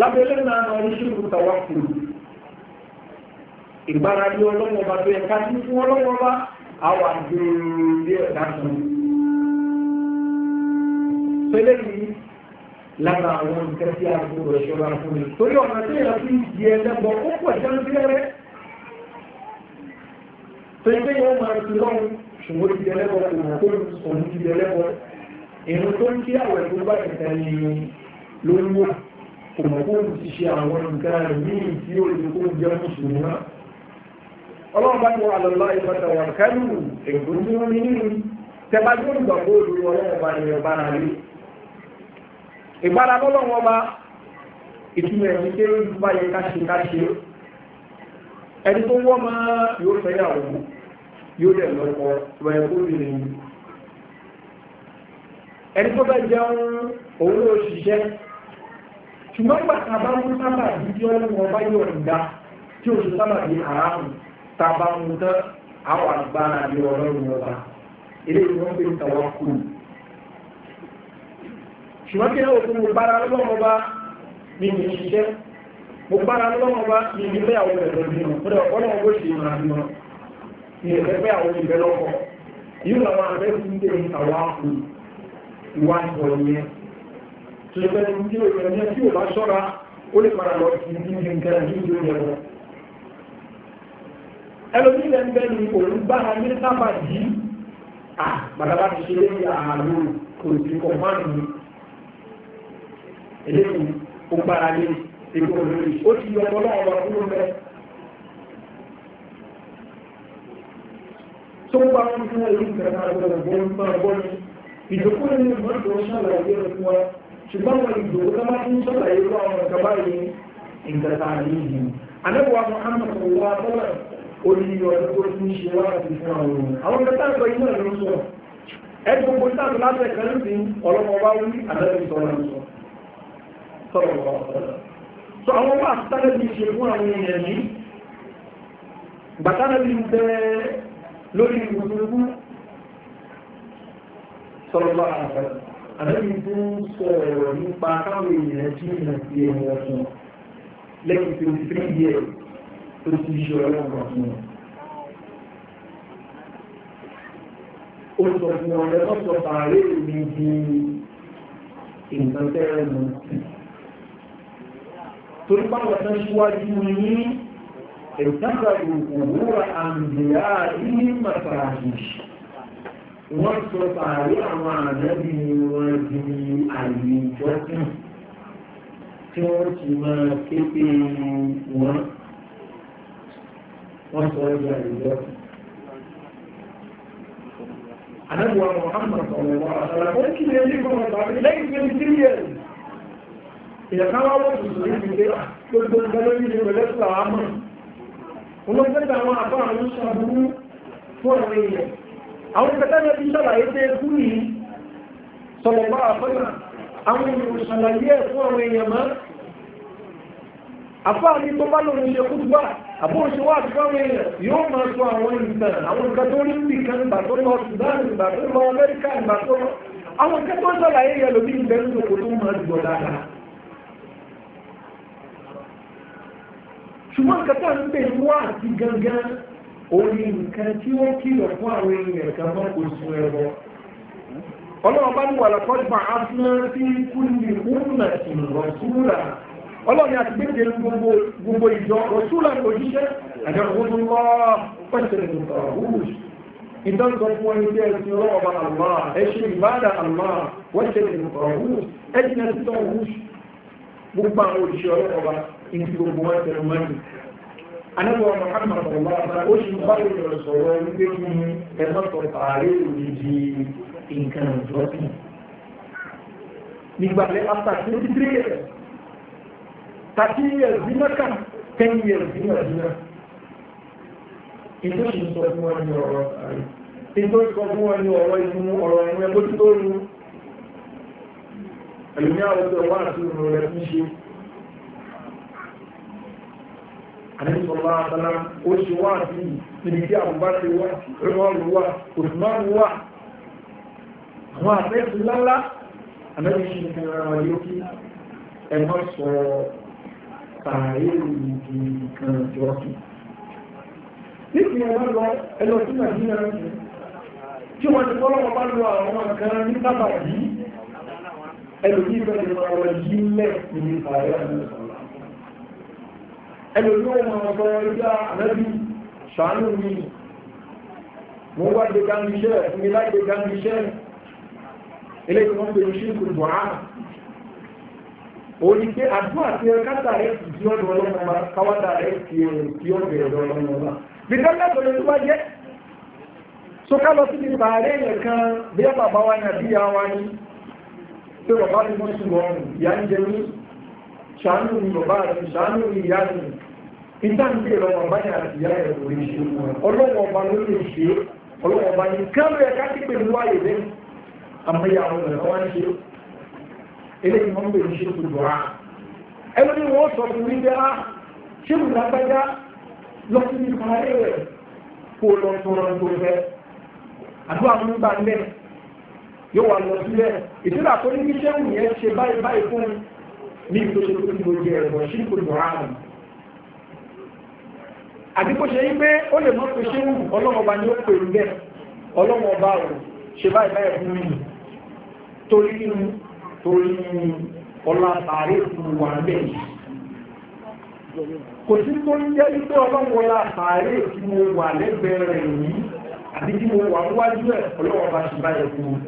lábẹ́lẹ́ náà lọ ní ṣùkú tàwa kùrù ìgbára ní ọlọ́wọ́ bá bẹ́ẹ̀ ká sí fún ọlọ́wọ́ bá àwọn àgbèrè ẹ̀dá kan pẹ́lẹ́ yìí lára àwọn nǹkan tí a gbọ́dọ̀ ṣọ́ra fún mi torí ọ̀nà tí èèyàn fi di ẹlẹ́gbọ́n ṣùgbọ́n ti di ẹlẹ́gbọ́n kò mọ̀ èrò tó ń kí àwẹ̀ tó bá ìta ni ló ń wò kò mọ̀ kó ń ti ṣe àwọn nǹkan rẹ̀ ní ìdí olùkó jẹ́ mùsùlùmí náà ọlọ́run bá ní wọn àlọ́lá ìfọ́tà wọn kẹ́lù ègbò tí wọ́n ní nínú tẹ́bá tó ẹni tó bẹ́ jẹun òun ló ṣiṣẹ́ ṣùgbọ́n gbàtà bá mú sábà bí tí wọ́n wọ́n bá yọ̀ ǹda tí oṣù sábà bí àráàmù tá a bá mú tán àwọn àgbára bí ọlọ́run ọba ilé ìwọ́n pè tàwọn kù ṣùgbọ́n kí náà mo bára lọ́wọ́ bá mi ní ṣiṣẹ́ mo bára lọ́wọ́ bá mi ní bẹ́ àwọn ẹ̀rọ bí wọn fúnra ọlọ́run bó ṣe ìrìn àbí wọn ní ẹ̀fẹ́ àwọn ìbẹ́lọ́kọ̀ yìí làwọn àbẹ́ fún ìwà ìwọ̀nyẹn tó ṣe pẹ́lú tí ó yẹ tí ó bá ṣọ́ra ó lè padà lọ sí ní nǹkan ní ìlú rẹ̀ lọ ẹlòmí ilẹ̀ ń bẹ́ ni òun bá a ní sábà yìí à bàbá ti ṣe lé ààrùn kò sí kọ̀mánì ni eléyìí ó gbára lé epo lórí ó ti yọ ọmọ náà wà fún un bẹ́ẹ̀ tó bá ń fún ẹ̀yìn kẹta lọ́wọ́ bọ́ọ̀lù ìjòkó nínú ìmọ̀tò ṣàlàyé rẹ̀ fún wa ṣùgbọ́n wọn ìjòkó tó máa ń ṣàlàyé rú àwọn nǹkan báyìí nǹkan tá a ní ìlú anábọ̀wá muhammad wa sọ́lá olùyọ ọdún tó ń ṣe wá àti fún àwọn ohun àwọn nǹkan tá a sọ yìí náà ló ń sọ ẹ gbogbo sáàtù láti ẹ̀ka ló ti ọlọ́mọ bá wí àdáyé fún sọ́lọ́lá àgbà àdébí tó ń sọ̀rọ̀ nípa káwọn èèyàn tí ìrìnà sí ẹ̀mí ọ̀sán lẹ́yìn tó ti fi yẹ tó ti ṣe ọlọ́run ọ̀sán ó sọ fún ọ̀rẹ́ tó sọ wọ́n sọ pàrí àwọn ànábì wọn di àyè ìjọsìn tí wọ́n ti máa képe wọn wọ́n sọ ọjà ìjọsìn. Ànábì wa Muhammad sọ̀rọ̀ wa àṣàlà ó kí lè ní kọ́mọ̀ tàbí lẹ́yìn twenty three years. Ìyàká wá wọ́n tuntun ní ìdílé gbogbo nǹkan lórí ilé pẹ̀lẹ́ fúlàwá mọ̀. Wọ́n mọ̀ sẹ́ta àwọn àbá àwọn ìṣàbùrú fún àwọn èèyàn àwọn ìpẹtẹ́lẹ̀ bí sàlàyé pé kúrú yìí sọ̀rọ̀ bá àfọ́nà àwọn ènìyàn sàlàyé ẹ̀ fún àwọn èèyàn mọ́ àfáà ní tó bá lòun ilé kúrúgbà àbóòṣe wà àti fáwọn èèyàn yóò máa sọ àwọn ìtàn àwọn nǹkan tó rí sí kan ìgbà tó lọ Sudan ìgbà tó lọ Amẹ́ríkà ìgbà tó lọ àwọn nǹkan orí nǹkan tí ó kìlọ̀ fún àwọn èèyàn kan mọ́ oṣù ẹ̀rọ ọlọ́run bá ní wà lọ́kọ́lùfà áfúnà sí kúlì kúrùnà sí rọ̀súlà ọlọ́run àti gbèdé gbogbo ìjọ rọ̀súlà òjíṣẹ́ àjọ̀gbọ́nlọ́ pẹ̀sẹ̀lẹ̀ ìtọ̀rọ̀húrùs ìdánsọ fún ẹni tí ẹni ọlọ́run bá àlá ẹṣin ìbádà àlá pẹ̀sẹ̀lẹ̀ ìtọ̀rọ̀húrùs ẹjìnà anábọ̀ Muhammad ọ̀rọ̀lọ́pàá ó ṣe bá ìrọ̀lọ́ sọ̀rọ̀ wípé kí ẹgbọ́tọ̀ tààrí òní di nǹkan ìjọsìn nígbàlẹ̀ after twenty three years thirty years bí mẹ́ka ten years bí nàìjíríà ètò ìṣe sọ fún wọn ní ọ̀rọ̀ ààrẹ ètò ìṣọ fún wọn ní ọ̀rọ̀ ìṣúnú ọ̀rọ̀ ẹ̀wọ̀n ẹgbẹ́ tó rú ẹlòmíà ọ̀sẹ̀ wà àti ìrọ̀lẹ́ fún ṣe àníṣọ́lá àtàlá ó ṣe wá àti ibi tí àbúbáṣe wá rọ́ọ̀lù wá òṣùmọ́rù wá àwọn àfẹ́sù lálá àmẹ́bíṣì ìkànnà yóò kí ẹmọ́ sọ tààrí ìkan jọ́kì nítorí ẹ̀wọ́n lọ ẹlọ sí nàìjíríà tí wọ́n ti fọ́lọ́wọ́ bá lọ àwọn kan ẹlòmíwọ̀n máa sọ ẹgbẹ́ ànábì ṣàánú mi mo wá dé gánú iṣẹ́ mi láì dé gánú iṣẹ́ ilé tí wọ́n pèrè ṣírkù bọ̀á o ní pé àdúrà tí ẹ̀ka tààrẹ́ ti mọ́ sí wọn ìyá ń jẹ mí ṣàánú mi bàbá mi ṣàánú ìtàǹdì ìrọ̀mọ̀ báyà ìyá ẹ̀ lórí ṣe ọlọ́wọ́ ọba ló lè ṣe ọlọ́wọ́ ọba ní kẹ́rù ẹ̀ká sí pé mú ààyè lẹ́nu àmọ́yà àwọn ọ̀rẹ́ wọn ṣe eléyìí wọ́n bèèrè ṣe kò dùn á ẹnu ni wọ́n sọ fún mi bẹ́ á ṣé mo dá bá dá lọ sí ipa ayé rẹ̀ kó lọ tọrọ tó fẹ́ àdúrà mú bá ń bẹ̀ yóò wà lọ sílẹ̀ ìtura tó ní kí sẹ́wù yẹn ṣe báyìí báyìí fún mi ní ìtòsí tó ti mo jẹ ẹ̀rọ ṣe kò dùn á àbí kó ṣe yí pé ó lè mọ́ pé ṣé wù ọlọ́mọba ni ó pè ń bẹ́ ọlọ́mọba ò ṣe báyìí báyìí fún mi torí nínú torí ọlá tààrí fún wa bẹ́ẹ̀ kò sí tó ń jẹ́ wípé ọlọ́mọlá tààrí tí mo wà lẹ́gbẹ̀ẹ́ rẹ̀ yìí àbí tí mo wà níwájú ẹ̀ ọlọ́mọba ṣe báyìí fún mi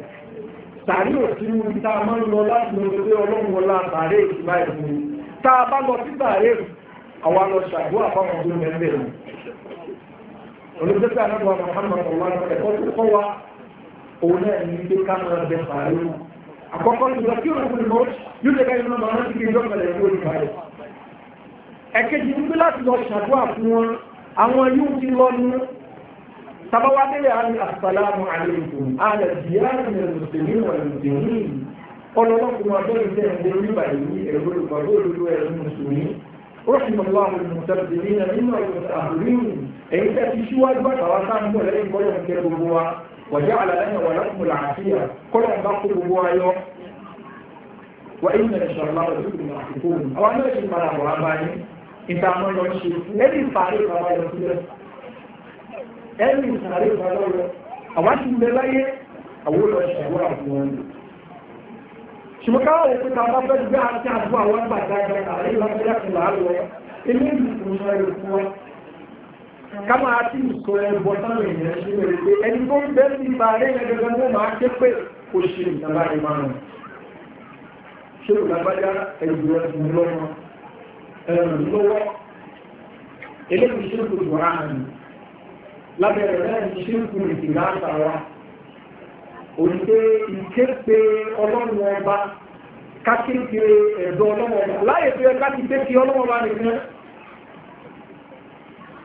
tààrí òsì ní ibi tá a lọ láti lọ sí ọlọ́run ọlá tààrí ìsìnláì fún mi tá bá lọ sí àwọn lọ fáwọn tó ń olùdókítà náà wà Muhammad ọ̀wá ẹ̀kọ́ tó kọ́ wa òun náà ní pé ká máa bẹ fàárẹ̀ wọn. àkọ́kọ́ ìgbà tí òun kùn mọ́ yóò lè ká ìlú náà máa ti fi ìjọba lẹ̀ lórí láti lọ ṣàdúrà fún wọn àwọn yóò ti lọ ní tabawa délé àmì asàlámù àlejò àlẹ díárì ní mùsùlùmí wà mùsùlùmí ọlọ́lọ́kùnrin رحم الله المتقدمين منا والمتأخرين إن تشوى البشر وكان مولين كل من كربوا وجعل لنا ولكم العافية كل من بقوا يوم وإن إن شاء الله رزقكم راحتكم أو أنا شيء ما راح أباني إن تعمل لهم شيء أي فارق ما يصير أي فارق ما يصير أواشي بلاي أول أشياء ṣùgbọ́n káwọn òkú ta bá fẹ́ gbé àti àbú àwọn àgbàdá ìgbàdá ìlàkùnlá lọ ilé ìdùnnú ẹrù fún wa ká máa tí ìsọ ẹbọ sáwọn èèyàn ṣe rẹ̀ pé ẹni tó ń bẹ́ sí ibà rẹ̀ yẹn gẹ́gẹ́ mọ́ máa ké pé kò ṣe ìjọba ìmọ̀ràn ṣé olùdágbájá ẹ̀rù ẹ̀sùn lọ́wọ́ lọ́wọ́ orite ike pe ọlọ́run ọba ẹ̀dọ́ ọba láyé tó yẹ káti pé kí ọlọ́run ọba nìkan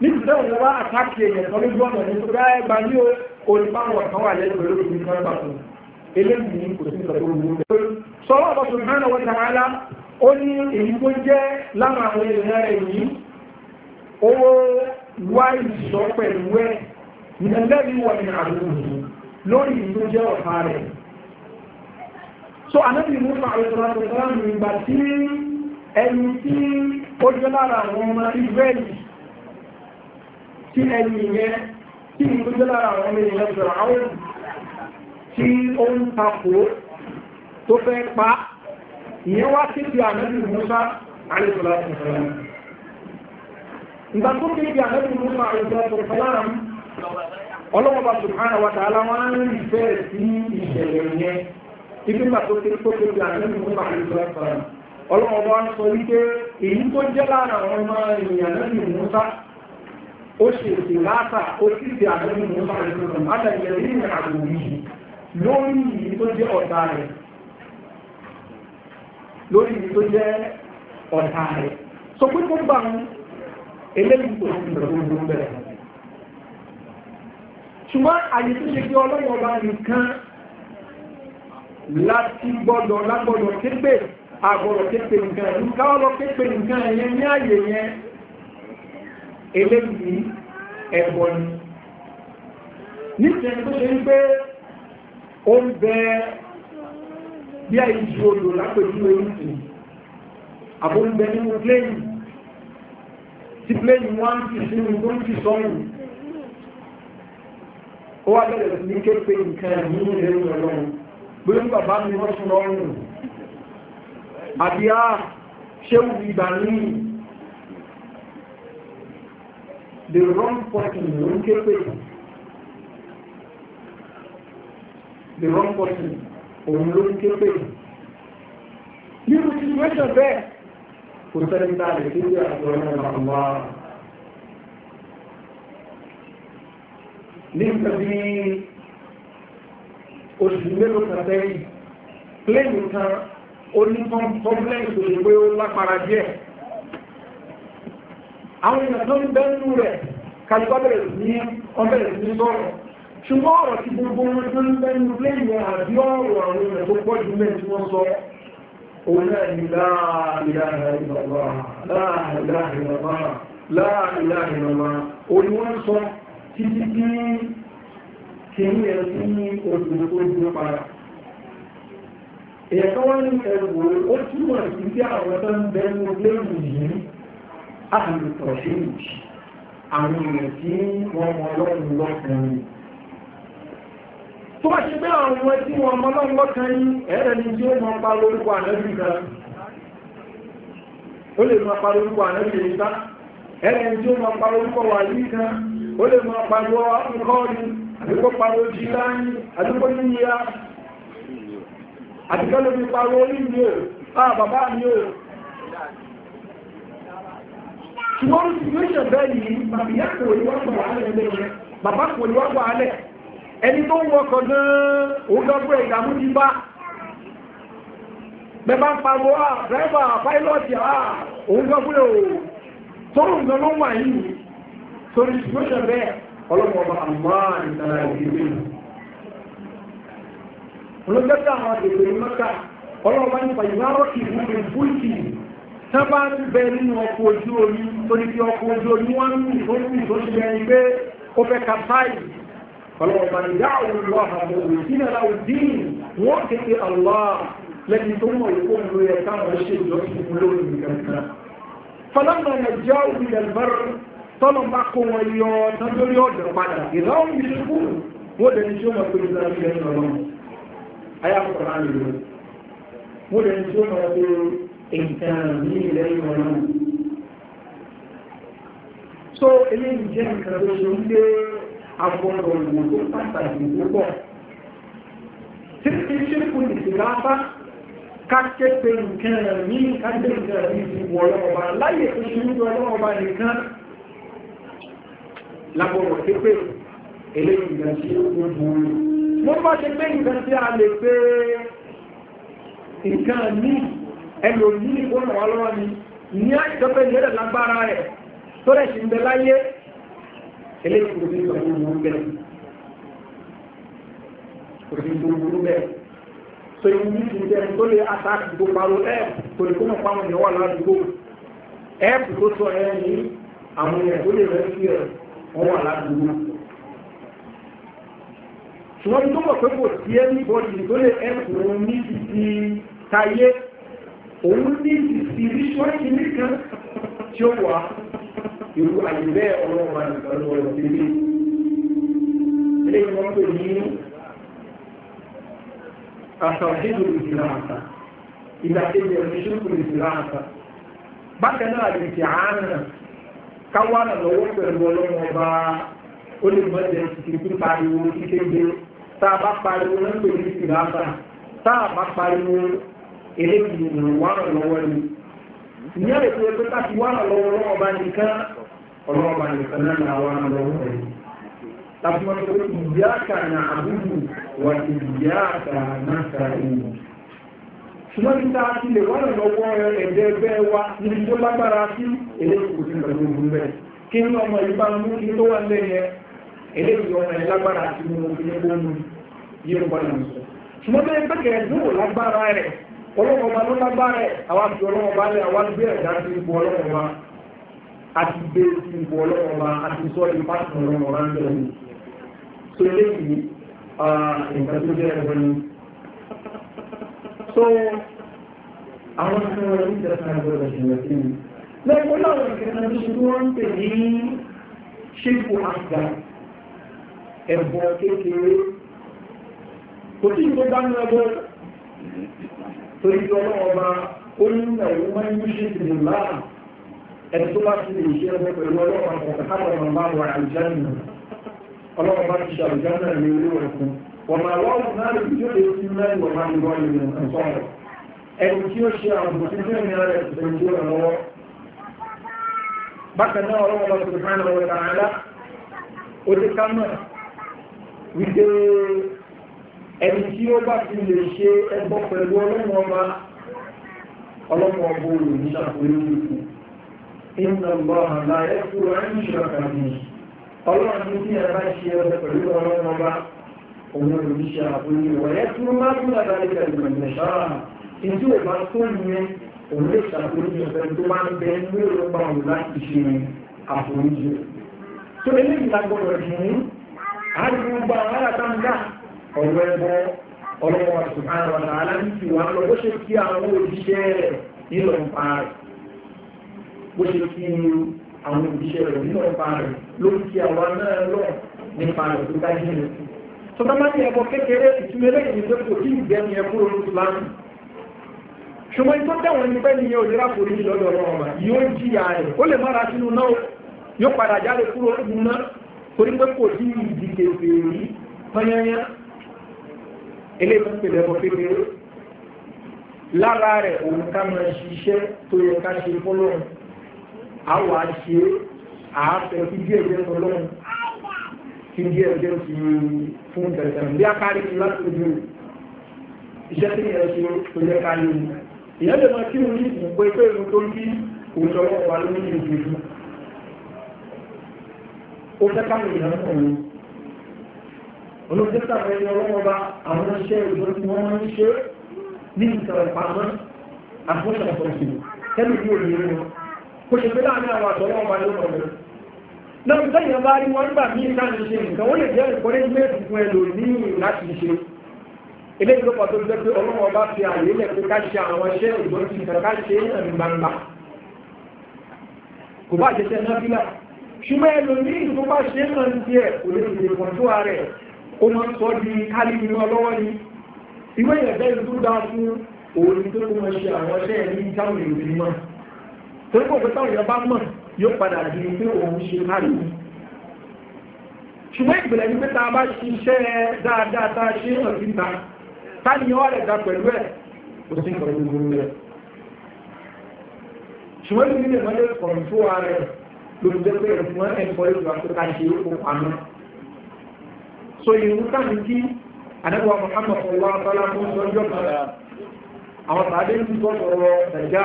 níbi tẹ́ òun wá àtàkì èèyàn kan lójú ọ̀nà ní tó dáa gba ní olùpáwọ̀ kan wà lẹ́yìn pẹ̀lú kan eléyìí ní kò sí rẹ̀. sọ́wọ́ ó ní èyí tó jẹ́ láwọn àwọn èèyàn rẹ̀ yìí ó wá pẹ̀lú ẹ̀ lórí ìlú jẹ́ ọ̀tá rẹ̀ so anábì musa alẹ́sọ̀rọ̀sọ̀rọ̀ ìgbà tí ẹni tí ó jẹ́ lára àwọn ọmọ israeli tí ẹni yẹn tí ìlú jẹ́ lára àwọn ọmọ ènìyàn sọ̀rọ̀ àwọn tí ó ń takò tó fẹ́ pa ìyẹn wá sí ti anábì musa alẹ́sọ̀rọ̀sọ̀rọ̀ ìgbà tó kéèkì anábì musa alẹ́sọ̀rọ̀sọ̀rọ̀ ọlọ́wọ́ba subhanahu wa ta'ala wọ́n ń rí bẹ́ẹ̀ sí ìṣẹ̀lẹ̀ yẹn ibi pàtó kiri kó kiri àtẹ́lẹ̀ fún àkíyèsí ọ̀sán ọlọ́wọ́ba ń sọ wípé èyí tó jẹ́ lára àwọn ọmọ ènìyàn lẹ́yìn Musa ó ṣe èsì láta ó sì ti àtẹ́lẹ̀ Musa àkíyèsí àtẹ̀yẹ lẹ́yìn àgbò yìí lórí ìyí tó jẹ́ ọ̀tá rẹ̀ lórí ìyí tó jẹ́ ọ̀tá rẹ̀ sọ pé tó gbà ń eléyìí kò sí ìrọ̀lú bẹ̀rẹ̀ ṣùgbọ́n àyè tó ṣe kí ọlọ́wọ́ ọba nìkan láti gbọ́dọ̀ lágbọ́dọ̀ képe àgbọ̀dọ̀ képe nǹkan ẹ̀yìn káwọ́lọ́ képe nǹkan ẹ̀yẹn ní àyè yẹn eléyìí ẹ̀bọ ni nítorí tó ṣe ń pé ó ń bẹ bí àyè ju odò lápẹ̀jú oríṣi àbó ń bẹ nínú pléyìn tí pléyìn wọ́n ti sínú tó ń ti sọ́yìn ó wá bẹ̀rẹ̀ sí ní képe nǹkan ní ìrìn ọlọ́run bí ó bàbá mi the wrong person ló ń képe the wrong person òun ló ń képe nínú situation bẹ́ẹ̀ kò sẹ́ni tá a lè képe àti ọlọ́run àwọn ní nǹkan bí oṣù mélòó kan sẹ́yìn pléènì kan ó ní kọ́mpléǹsì tó ṣe pé ó lápara díẹ̀ àwọn èèyàn tó ń bẹ́ẹ̀nù rẹ̀ kàlùkọ́ bẹ̀rẹ̀ sí wọ́n bẹ̀rẹ̀ sí sọ̀rọ̀ ṣùgbọ́n ọ̀rọ̀ tí gbogbo wọn tó ń bẹ́ẹ̀nù pléènì àbí ọ̀rọ̀ àwọn èèyàn tó pọ̀ jù mẹ́rin tí wọ́n sọ òun náà ni láàrín ìlànà ìlànà láàrín ìlànà láàrín ìlànà títí tí kìí ẹ̀ sí òṣèlú padà ẹ̀kọ́ wọ́n ní ẹ̀wò ó túnmọ̀ sí tí àwọn tó ń bẹ ní ilé ìyí àlùtọ̀ sí ìjì àwọn tí wọ́n mọ lọ́rùn tó bá ṣe pé àwọn tí wọ́n mọ lọ́rùn ni tí ó mọ pa lórúkọ kan ó lè mọ pa lórúkọ ni ó lè mọ́ pariwo nkọ́ni àdúgbò pariwo jíláyìn àdúgbò níyà àdúgbò lóbi pariwo orílẹ̀ o ah bàbá mi o ṣùgbọ́n bàbá yà bàbá kò ní alẹ́ ẹni tó ń gbọ́gbọ́ ti bá bẹ́bá ń pariwo ah driver pilot ah òun gbọ́gbọ́ o tó ń torí ṣíṣọ́ṣọ́ bẹ́ẹ̀ ọlọ́pọ̀ ọba àmọ́ràn ìtara ìdílé olójọ́ta àwọn ètò ìmọ́ta ọlọ́ọ̀bá nípa ìwárọ́kì ìwúrin búlkì tán bá ń bẹ nínú ọkọ̀ ojú omi torí pé ọkọ̀ ojú omi wọ́n ń rìn tó ń rìn tó ṣe ẹni pé ó fẹ́ ka báyìí ọlọ́ọ̀bá ní yá òun lọ àbọ̀ òun sí náà tọ́lọ̀ kó wọn yọ ọ̀tọ́ ọ̀dọ̀ padà ìlọ́run ìṣẹ́kù wọ́n lè tí ó mọ̀ pé ìlànà ìṣẹ́ ń lọ́wọ́ ayáfọ̀rọ̀ àlùlọ wọ́n lè tí ó mọ̀ pé ìtàn ní ilẹ̀ ìwọ̀n so ilé ìjẹ́ nǹkan tó ṣe ń lé agbọ́nrọ̀ ìwò tó pàtàkì púpọ̀ tí kí ṣẹ́kù ìsìlápá kákẹ́ pé nǹkan ní kájẹ́ nǹkan ní ìwọ̀n ọba láyé ìṣẹ́ ń nìkan lábọ̀wọ̀ tí pé eléyìí ìgbà tí ó burú mo bá ṣe pé ìgbà tí a lè pé nǹkan ní ẹlò ní ìwọ̀n wà lọ́wọ́ ni ní àìjọpẹ́ ìlẹ́rẹ̀ lágbára rẹ̀ tó rẹ̀ sì ń bẹ láyé eléyìí kò sí ìgbà tí mo ń bẹ̀rẹ̀ kò sí burúkú bẹ́ẹ̀ so ìwú ní wọ́n wà ládùúgbò ṣùgbọ́n tó mọ̀ pé kò sí ẹni bọ́dì tó lè ẹkùnrin ní ìsì tayé òun ní ìsì ríṣọ́ ìní kan tí ó wà ìlú àyẹ̀bẹ́ ọlọ́wà ìgbàlọ́ ìdílé ilé wọn pè ní àṣàwọ̀déjò ìsìláàtà ìlàkejì ẹ̀mí ṣúkú ìsìláàtà bákan náà lè ti àárín káwá nà lọ́wọ́ pẹ̀lú ọlọ́run ọba ó lè mọ́ jẹ́ ìsìnkú pariwo kékeré tá a bá pariwo lọ́pẹ̀ ní ìsìláàbà tá a bá pariwo eléyìí ní wà nà lọ́wọ́ ni ìyá rẹ̀ tó yẹ pé ká ti wà ṣùgbọ́n ní ta ti lè wọ́n lọ́wọ́ ẹ̀dẹ́ ẹgbẹ́ wa níbi tó lágbára sí eléyìí kò sí pẹ̀lú ogun bẹ́ẹ̀ kí ní ọmọ yìí bá mú ní tó wà lẹ́yẹ eléyìí ọmọ yìí lágbára sí mú ní gbónú yíò bá nà sọ ṣùgbọ́n bẹ́ẹ̀ pẹ̀kẹ̀ ẹ̀dùn ò lágbára rẹ̀ ọlọ́wọ́ bá ló lágbára ẹ̀ àwa fi ọlọ́wọ́ bá lẹ̀ àwa gbé so àwọn ọmọ rẹ̀ ń tẹ́lẹ̀ kan gbọ́dọ̀ ṣẹlẹ̀ sí mi lẹ́kọ́ láwọn ìkẹta tó ṣe wọ́n ń pè ní ṣíkù àgbà ẹ̀bọ̀ kékeré kò tí ìgbé bá ń lọ́gbọ́ tó ìjọ ọlọ́ọba ó ní ìlú máa ń ṣe ti lè láà ẹni tó bá ti lè ṣe ẹgbẹ́ pẹ̀lú ọlọ́ọba kọ̀ọ̀kan káàkiri ọmọ bá wà àlùjáde ọlọ́ọba ti ṣe àlùjáde ní ilé wọ̀mọ̀ àwọn náà lè tí ó lè fi mẹ́rin wọ̀mọ̀ àgbọ̀ ìlú ìsọ̀rọ̀ ẹni tí ó ṣe àwọn òṣìṣẹ́ tí ó ní ara ẹ̀sìn tí ó rẹ̀ lọ́wọ́ bákan náà ọlọ́wọ́ lọ sí ìfẹ́ lọ́wọ́ tààlà ó dé ká mọ̀ wípé ẹni tí ó bá ti lè ṣe ẹgbọ́ pẹ̀lú ọlọ́wọ́ ọba ọlọ́wọ́ ọba olù ní ṣàkóyè ìlú ìnà ọgbà àlàyé fúra ẹni ṣàkàdì ọlọ́run ní ẹ̀rá ṣe ẹgbẹ́ pẹ̀lú ọlọ́wọ́ ọba òun ló ṣe àbúrú ìwọ̀yẹ́ tí ó máa ń gbà láti ẹ̀rùn ìṣára ìjú ò bá tó yẹn òun lè ṣàbúrú ìṣẹ̀fẹ́ tó máa ń bẹ ní òrùpa òun láti ṣe àforíjì tó eléyìí lágbọ́dọ̀ jù ní àdúgbò aláàtàǹdà ọ̀rọ̀ ẹbọ ọlọ́wọ́ subhanahu wa ta'ala ń fi wà lọ bó ṣe kí àwọn òjíṣẹ́ rẹ̀ nílò ń rẹ̀ ló ń kí àwọn náà lọ nípa rẹ̀ tó dájú rẹ̀ sọdọ́mọ́ ní ẹbọ kékeré ìtumẹ́lẹ̀ ìdókò tí ìgbẹ́ni ẹkúrò ní ìsìlámù ṣùgbọ́n tó tẹ́wọ̀n ní pẹ́ni yóò lera kò ní lọ́dọ̀ ọ̀rọ̀ ọ̀mà yóò jìyà rẹ̀ ó lè mọ́ra sínú náà yóò padà jáde kúrò ọdún náà torí pé kò sí ìdìkè fèrè pányányá eléyìí tó lẹ́bọ kékeré lára rẹ̀ òun ká máa ṣiṣẹ́ tó yẹ ká ṣe fọ́lọ́run àwọn àṣe àáfẹ́ fídíò ìjẹ́ fọ́lọ́run kí díẹ̀ jẹ́ ti fún tẹ̀sán bí a kárí láti ojú iṣẹ́ tí ìyẹn ṣe tó jẹ́ ká ní ìyẹn lè máa kí ní ìgbé pé ìlú tó ń bí òjò wà ní ìgbèjú ó fẹ́ ká ìyẹn ọ̀run olóògbé tàbí ẹni ọlọ́wọ́ bá àwọn iṣẹ́ ìjọ tí wọ́n máa ń ṣe ní ìtàn ìpamọ́ náà ń tẹ́yìn bá rí wọ́n gbà mí láti ṣe nǹkan wọ́n lè jẹ́ ìkọ́lé ní ẹ̀sùn ẹlò ní láti ṣe ilé ìjọba tó jẹ́ pé ọlọ́wọ́ bá fi àyè lẹ̀ pé ká ṣe àwọn iṣẹ́ ìgbọ́n ti nǹkan ká ṣe ẹ̀mí gbangba kò bá jẹ́ṣẹ́ náà bílà ṣùgbọ́n ẹlò ní ìlú bá ṣe é náà ti ẹ̀ kò lè ṣe kàn tó ara ẹ̀ ó máa ń sọ di kálí inú ọlọ́wọ́ ni ìwé ìrẹ̀bẹ́ ìlú dáa fún òun tó kó mọ ṣe àwọn iṣẹ́ ẹ̀mí táwọn èèyàn ti mọ̀ torí kò pẹ́ táwọn èèyàn bá mọ̀ yóò padà di pé òun ṣe márì ní ṣùgbọ́n ìgbìlẹ̀ ní pé ta bá ṣiṣẹ́ dáadáa ta ṣe ọ̀sìn ta ta ni wọ́n rẹ̀ ga pẹ̀lú ẹ̀ ó sì kọ̀ gbogbo rẹ̀ ṣùgbọ́n ní ilé mọ́lẹ̀ kọ̀rọ̀ tó wà rẹ̀ lórí jẹ́ pé ẹ̀fún ẹ̀fọ́ ìlú àtúntà ṣe é fún àná so ìrú táàmì kí àdẹ́gbà Muhammad ọlọ́ àtọ́lá tó ń sọ́jọ́ kan àwọn tàbí ń sọ́jọ́ ọ̀rọ̀ ẹ̀já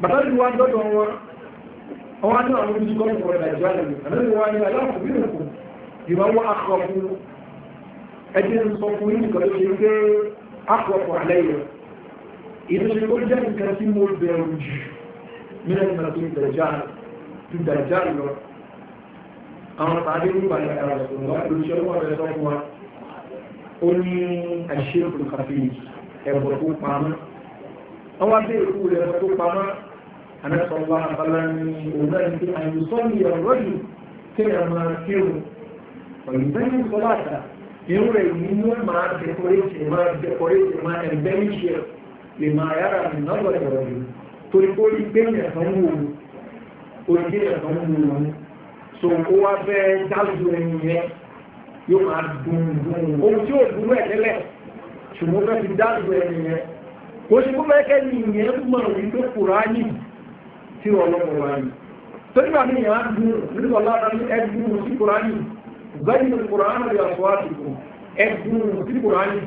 bàtà ìlú wa dọ́dọ̀ wọn àwọn àti àwọn olùdí kọ́ ìfọ̀rọ̀ ìdájọ́ àlejò àlejò wa ni aláàfin bí òkú ìwà wọn akọ fún ẹjẹ ń sọ fún yìí kan tó ṣe pé akọ fún alẹ́ yẹn ìdíje ó jẹ́ nǹkan tí mo bẹ̀rù jù nílẹ̀ ìmọ̀lá tó ìdájọ́ tó ìdájọ́ lọ àwọn tàbí anẹ́sọ̀lá àbálá ní òmìnirin tí a yìí sọ́lì ọ̀rọ̀ yìí tí a máa kírun ọ̀yìnbẹ́yìn sọ́láta irú rẹ̀ yìí mú máa dẹkọrétì máa dẹkọrétì máa ẹ̀bẹ́yìn ṣe lè máa yára mi lọ́dọ̀ ẹ̀rọ yìí torí kó rí pé ẹ̀sán wù ú orí ẹ̀sán wù ú so ó wá fẹ́ dájú ẹyin yẹn yóò máa dùn dùn ohun tí ò dúró ẹ̀ tẹ́lẹ̀ ṣùgbọ́n fẹ́ fi dájú ẹyin yẹn kò sí kó fẹ́ kẹ́ ni ìyẹn mọ̀ wípé Kùránì tí ọlọ́run wá ní torí bá ní ìyàn dúró nígbà lára ní ẹgbùn sí kùránì gbẹ́yìn kùránì rẹ̀ àṣọ àṣìkò ẹgbùn sí kùránì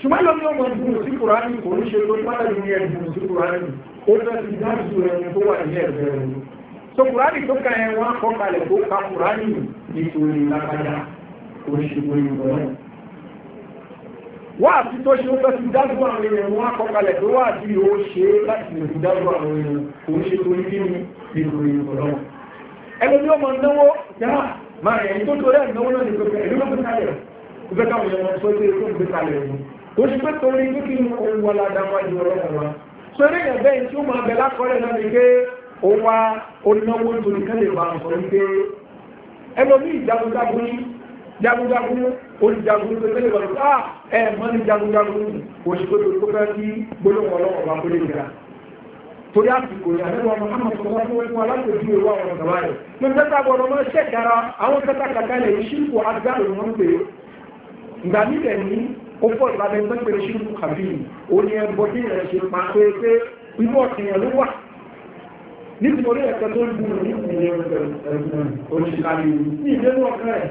ṣùgbọ́n lọ́nà ọmọ ẹgbùn sí kùránì kò ní ṣe lórí pátá ní ẹgbùn sí kùránì ó fẹ́ ti dájú ẹni tó wà ní ẹgbẹ́ rẹ̀ so kùránì tó ka ẹ̀ wọ́n kọ́ kalẹ̀ tó wáàtí tó ṣe ó fẹ́ fi dájú àwọn èèyàn wọn akọ́kalẹ̀ tó wáàtí ó ṣe láti lè fi dájú àwọn èèyàn kò ń ṣe tó ní kí ni ìlú ìlú náà ẹni tí ó mọ̀ náwó yáà máa ẹ̀yìn tó torí àìnáwó náà ní pẹ̀lú ìlú lọ́pẹ́ kalẹ̀ ó fẹ́ káwọn èèyàn tó ṣe tó ń gbé kalẹ̀ ni kò ṣe pé torí pé kí ni òun wà ládàá ju ọ̀rọ̀ kan wa so eré yẹn bẹ́ẹ̀ tí ó máa bẹ lákọ́lẹ̀ náà ni pé ó wá ó náwó nítorí kẹ́lẹ̀ oníjagun tó tẹ́lẹ̀ bọ̀rọ̀ pá ah, ẹ mọ́ ní jagunjagun òṣìṣẹ́ tó fẹ́ kí gbólóhùn ọlọ́wọ́ bá kó lè jẹ́ra torí àsìkò ní àlẹ́ wọn mọ́ sọ́wọ́ tó wọ́n fún alákòójú ìwà ọ̀rọ̀ tàbá rẹ̀ ní tẹ́tà gbọ́dọ̀ mọ́ ṣẹ̀kára àwọn tẹ́tà kàkà lẹ̀ ṣírùkù agbára ló ń pè é ìgbà nílẹ̀ ní ó pọ̀ lábẹ́ tó ń pè ṣírùkù kàbí ó ní ẹbọ tí ìrẹ̀ ṣe pa pé pé ibú ọ̀tìyàn ló wà nítorí ẹ̀kẹ́ tó ń bú ní ìpínlẹ̀ ọ̀gbẹ̀rún oníṣàlẹ̀ ní ìdẹ́nu ọ̀kan rẹ̀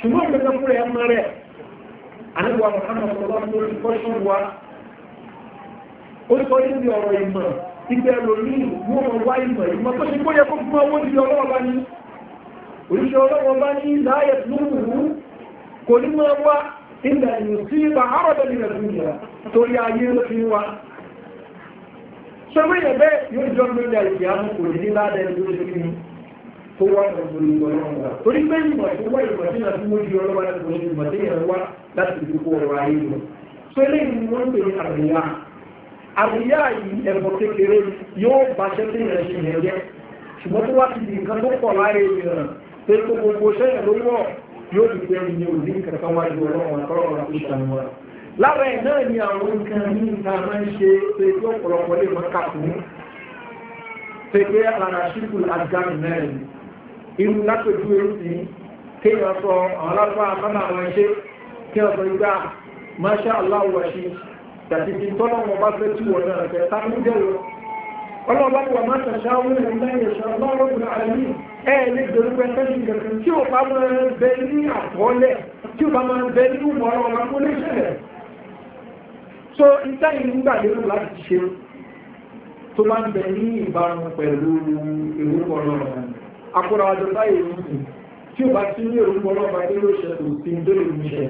ṣùgbọ́n ìgbẹ́gbẹ́ fún rẹ̀ mọ́ rẹ̀ àníwà Muhammad sallallahu alaihi wasallam wa ó sọ níbi ọ̀rọ̀ ìmọ̀ ìgbẹ́ lórí wọ́n mọ̀ wá ìmọ̀ ìmọ̀ tó ṣe kóyẹ kó fún ọwọ́ ìdí ọlọ́wọ́ bá ní oríṣẹ́ ọlọ́wọ́ bá ní láyé lóòrùn kò ní mọ́ wá ilẹ̀ ìlú sí ibà àrọ̀dọ̀ ní nàìjíríà torí ayé tó wá ìgbòrò ìgbòrò ọ̀gá torí pé ìmọ̀ tó wá ìmọ̀ tí náà tí mo di ọlọ́wọ́ láti wọ́n ní ìmọ̀ tí yẹn wá láti ìdókò ọ̀rọ̀ ayé lọ tó lè ní wọ́n ń pè ní àríyá àríyá yìí ẹ̀bọ̀ kékeré yóò bá ṣẹ́ tí yẹn ṣe yẹn jẹ́ ṣùgbọ́n tó wá ti di nǹkan tó pọ̀ láàrẹ̀ ènìyàn pé tó gbogbo sẹ́yìn ló wọ̀ yóò di pé ní òní kankan wá ju ọlọ́wọ́n tọ́rọ̀ àti ìṣàmúra lára ẹ̀ náà ni àwọn nǹkan ní ìta máa ń ṣe pé tí ọ̀pọ̀lọpọ̀ lè máa kà fún irú lápẹ̀jú erúsì kéèyàn sọ àwọn aláfà àmàmà àwọn iṣẹ́ kí ọ̀sọ̀ ìgbà masha Allah wa ṣe tàbí ti tọ́nà wọn bá fẹ́ tí wọ́n náà rẹ̀ tá ní jẹ́rọ ọlọ́ọ̀bá wà má tàṣà wọn ní ilé ìṣọ́ ọlọ́rọ̀kùnrin àlẹ́mí ẹ̀ lè gbèrú pẹ́pẹ́ sí ìgbẹ̀kùn tí ó bá máa ń bẹ ní àkọọ́lẹ̀ tí ó bá máa ń bẹ nínú mọ́rọ̀ ọmọ kó lè ṣẹlẹ̀ so ìta yìí ń gbà lérò láti ṣe tó máa ń bẹ ní ìbámu pẹ̀lú ìrúkọ ọlọ́rọ̀ akúrawájọ báyìí nìyí tí ó bá ti ní orúkọ ọlọ́ọ̀bá ní ló ṣe kò sí ndó lè níṣẹ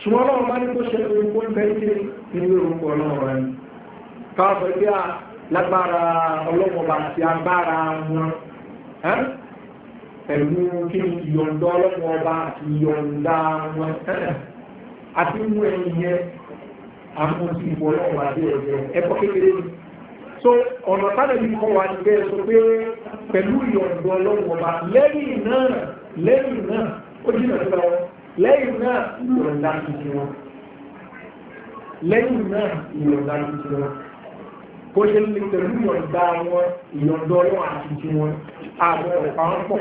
ṣùgbọ́n ọlọ́run bá ní tó ṣe orúkọ ìbẹ́ẹ̀kiri ní orúkọ ọlọ́ọ̀bá ni káàbọ̀ pé a lágbára ọlọ́mọba àti agbára wọn pẹ̀lú kí ni ìyọ̀ǹda ọlọ́mọba àti ìyọ̀ǹda wọn àti mú ẹ̀yìn yẹn àmọ́ sí ìwọ ọlọ́mọba bí so ọ̀nà tánà yìí kọ́ wà nígbẹ́ sọ pé pẹ̀lú ìyọ̀ǹdọ̀ ọlọ́wọ́ bá lẹ́yìn náà lẹ́yìn náà ó jìnà sí lọ lẹ́yìn náà ìyọ̀ǹda tuntun wọn lẹ́yìn náà ìyọ̀ǹda tuntun wọn kó ṣe lè pẹ̀lú ìyọ̀ǹda wọn ìyọ̀ǹdọ̀ ọlọ́wọ́ àti tuntun wọn àwọn ọ̀pá ń pọ̀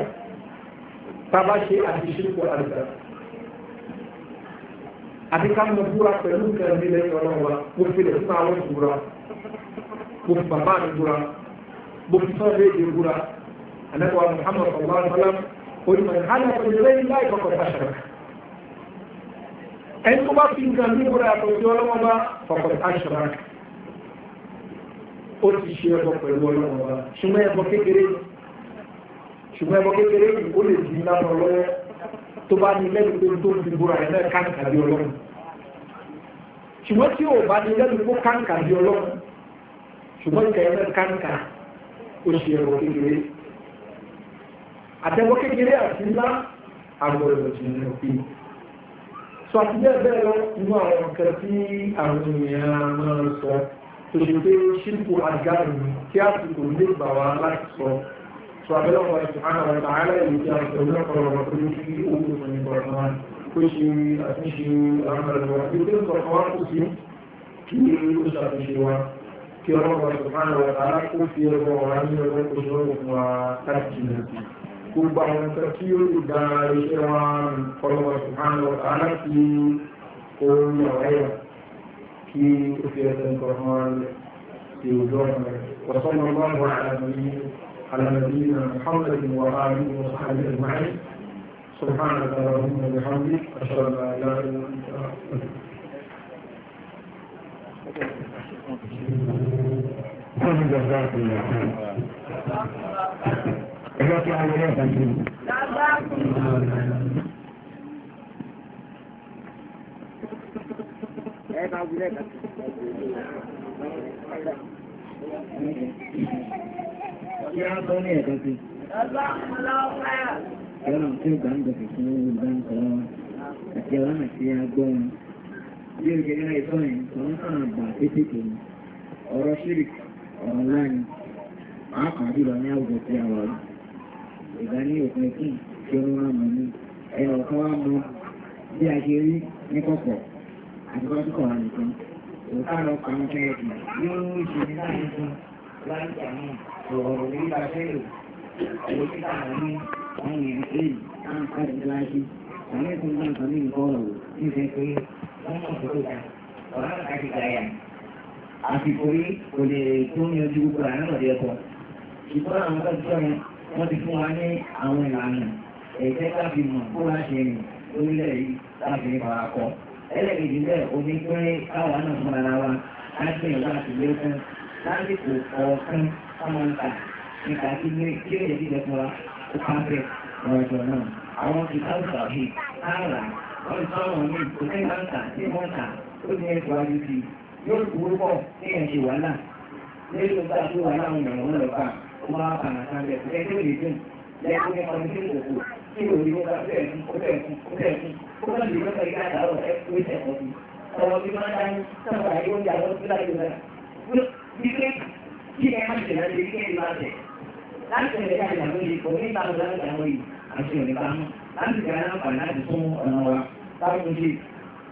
tábà ṣe àtiṣepọ̀ àdìgbà àti ká mọ̀ búra pẹ̀lú nǹkan ìdílé ọlọ́wọ́ fi lè fún àwọn ìbúra mo fi bàbá mi búra mo fi sọ́ọ́ léde búra ànágbà Muhammad sallallahu alaihi wasallam onímọ̀ ìhálà pẹ̀lú lẹ́yìn láì kọ́kọ́ sáṣẹ̀rẹ̀ ẹni tó bá fi nǹkan ní búra àtọ̀jọ́ ọlọ́wọ́ bá kọ́kọ́ sáṣẹ̀rẹ̀ ó ti ṣe ẹbọ pẹ̀lú ọlọ́wọ́ bá ṣùgbọ́n ẹbọ kékeré ṣùgbọ́n ẹbọ kékeré ó lè di lánàá lọ́wọ́ tó bá ní lẹ́nu pé tó fi búra ẹ̀ náà káńkà bí ọlọ́run ṣùgbọ́n tí ò bá ní lẹ́nu pé káńkà bí ọlọ́run ṣùgbọ́n ìkẹyẹ mẹ́tíkáǹkà ó ṣe ẹ̀rọ kékeré àtẹ́wọ́ kékeré àti ńlá agbọ̀rọ̀ ìjìnlẹ̀ òfin so àti bẹ́ẹ̀ bẹ́ẹ̀ lọ inú àwọn nǹkan tí àwọn ènìyàn máa sọ tó ṣe pé ṣírkù àgbàrùn tí a ti kò lè gbà wá láti sọ so abẹ́lẹ́ ọ̀pọ̀ ẹ̀sùn àwọn ọ̀rọ̀ àárẹ̀ èyí tí a ti sọ lọ́pọ̀ ọ̀rọ̀ tó ní kí ó wù ní bọ̀rọ̀ náà kó ṣe àtúnṣe àwọn ọ̀rọ̀ tó ní bọ̀rọ̀ wá kó sí kí ó ṣàtúnṣe wa kí ọlọ́pàá ṣùgbọ́n àwọn ará kó fi ọmọ wa ní ọjọ́ òṣèlú wa káàkiri gbogbo àwọn ọ̀sẹ̀ tí ó lè dá iṣẹ́ wa ọlọ́pàá ṣùgbọ́n àwọn ará kí ohun ọ̀rẹ́yà kí ó fi ẹsẹ̀ nǹkan wọn ti òjò ọmọ rẹ̀ wọ́n mọ́ bá wà àlàmì àlàmì محمد وآله وصحبه أجمعين سبحانك اللهم وبحمدك أشهد أن لا إله إلا أنت Thank you. ọlọ́run jọba ìyá ẹgbẹ́ tí a lọ́rọ̀ ìtàn sí Kí á tọ́ ní ẹ̀kọ́ sí? Ẹ̀rọ tí ó gbàǹgbà fún olùdáǹkọ̀ àti ọlọ́nà tí a gbọ́ wọn. Bí ó gẹ̀rẹ́ ìtọ́ yìí, ọ̀rọ̀ sọ̀rọ̀ bà títí kìí, ọ̀rọ̀ ṣíríkì ọ̀rọ̀ ńlá pàápàá jùlọ ní àwùjọ tí a wà ìgbà ní òpin kí tí ó rán mọ̀ ní ẹ̀rọ kan wá mọ bí a ṣe rí ní kọ̀kọ̀ àti kọ́kọ́ wà nìkan òkà lọ pa àwọn kẹ́ẹ̀kì yóò ṣe ní láti fún láti àwọn ọ̀rọ̀ nígbà fẹ́lò ọ̀rọ̀ títà ní àwọn èèyàn èyí á ń kárí láti àwọn ètò ìgbà kan ní nǹkan ọ̀rọ̀ nífẹ̀ẹ́ pé wọ́n mọ̀ tó tó ta ọ̀rọ̀ àti gàyà àti torí kò lè tó ní ojú gbogbo àná lọ́dẹ ẹ̀kọ́. ṣùgbọ́n àwọn tó jọ yẹn wọ́n ti fún wa ní àwọn ìlànà ẹ̀jẹ̀ káfí mọ̀ kó wá ṣe rìn lórílẹ̀ yìí láti ní bàbá kọ́. ẹlẹ́gẹ̀dì bẹ́ẹ̀ omi pé káwa náà fún ara wa láti ẹ̀rọ àti lẹ́kùn lásìkò ọ̀ọ́kán káwọn ń tà nípa kí ní kí lè dídẹ fún wa ó pàṣẹ ọ̀rọ̀ náà. àwọn ti ká òṣà káàrà wọ́n ti sọ yóò kú pọ̀ ní ẹ̀yìn wàhálà nílùú bá tó wà láwọn èèyàn wọn lọ bá wọn á kàn án kan bẹ̀ tó lè dùn lẹ́kún ní ọdún tí kò kú tí ò rí nípa bẹ́ẹ̀ fún ó bẹ́ẹ̀ fún ó bẹ́ẹ̀ fún lè lọ́kọ̀ yìí àtàrọ̀ ẹ̀ kú ìṣẹ̀ kọ́ sí ọ̀rọ̀ bí máa dání sábà yóò yà lọ sí láti rẹ̀ bí pé kí ẹ má ṣe láti kí ẹ máa tẹ̀ láti ẹ̀rẹ̀ ká ìyàwó yìí kò ní bá mú láti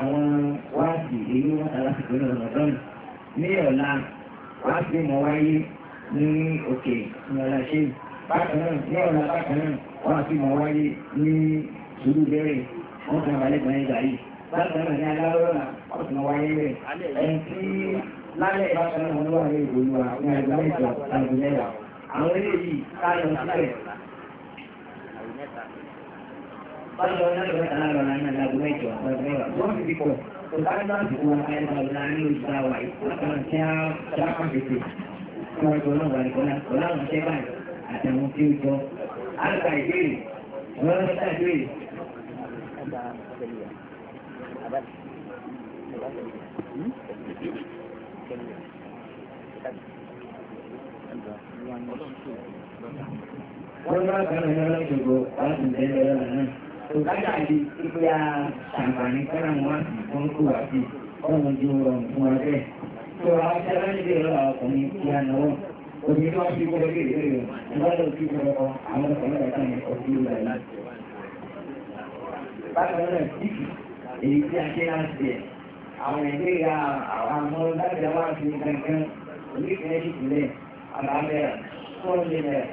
àwọn wáàsì èyí wọn tara sí ìpínlẹ̀ ní ọ̀la wáàsì mọ̀ wáyé ní òkè ní ọ̀la ṣe bákan náà ní ọ̀la bákan náà wáàsì mọ̀ wáyé ní sùúrù bẹ́rẹ̀ wọ́n tún abalẹ̀ gbọ́n ẹgbàá yìí bákan náà ní alárọ̀là wọ́n tún wáyé rẹ̀ ẹni tí lálẹ́ bákan náà wọ́n wà ní ìgbòlúwa ní àgbẹ̀mẹ́jọ àgbẹ̀mẹ́wà àwọn eléyìí ká lọ sílẹ̀ báyọ̀ náà lọ́wọ́ náà lọ́wọ́ náà lọ́wọ́ mẹ́jọ ọ̀gbẹ́ wọ́n fi kọ̀ kò bá náà ti wọ́n ẹ̀ lọ́wọ́ náà ní oṣù àwà ìfúnàkàn tí a dákàn tètè fún ọjọ́ náà wà nìkan náà ọ̀la àwọn ṣẹ́ báyìí àtàwọn tí ó jọ. àgbà ìbéèrè wọ́n ń ṣàgbéèrè. wọ́n bá bá ọ̀nà ọlọ́dún gbọ́ ọ̀sùn tẹ́lẹ̀ ọ̀la náà òkàtà lè pípé a ṣàǹfààní fẹ́ràn wọn wọn kò wá sí ọ̀run ju ọ̀run fún wa bẹ́ẹ̀. tó a ṣe aláǹdè lọ́wọ́ ọkùnrin kí a náwó òbí tó wọ́n fi gbọ́dọ̀ bí ìrírí rẹ̀ nígbà tó fi gbọ́dọ̀ àwọn ọkùnrin rẹ̀ kàn ọ̀sìn ìlú rẹ̀ láti. bákan náà síkì èyí tí a ṣe á ṣe àwọn ìgbéga àwọn ọmọ láti àwọn àti kankan onífẹ̀ẹ́ ìpínlẹ̀ àbámẹ́rà fọ́ọ̀lẹ́rẹ̀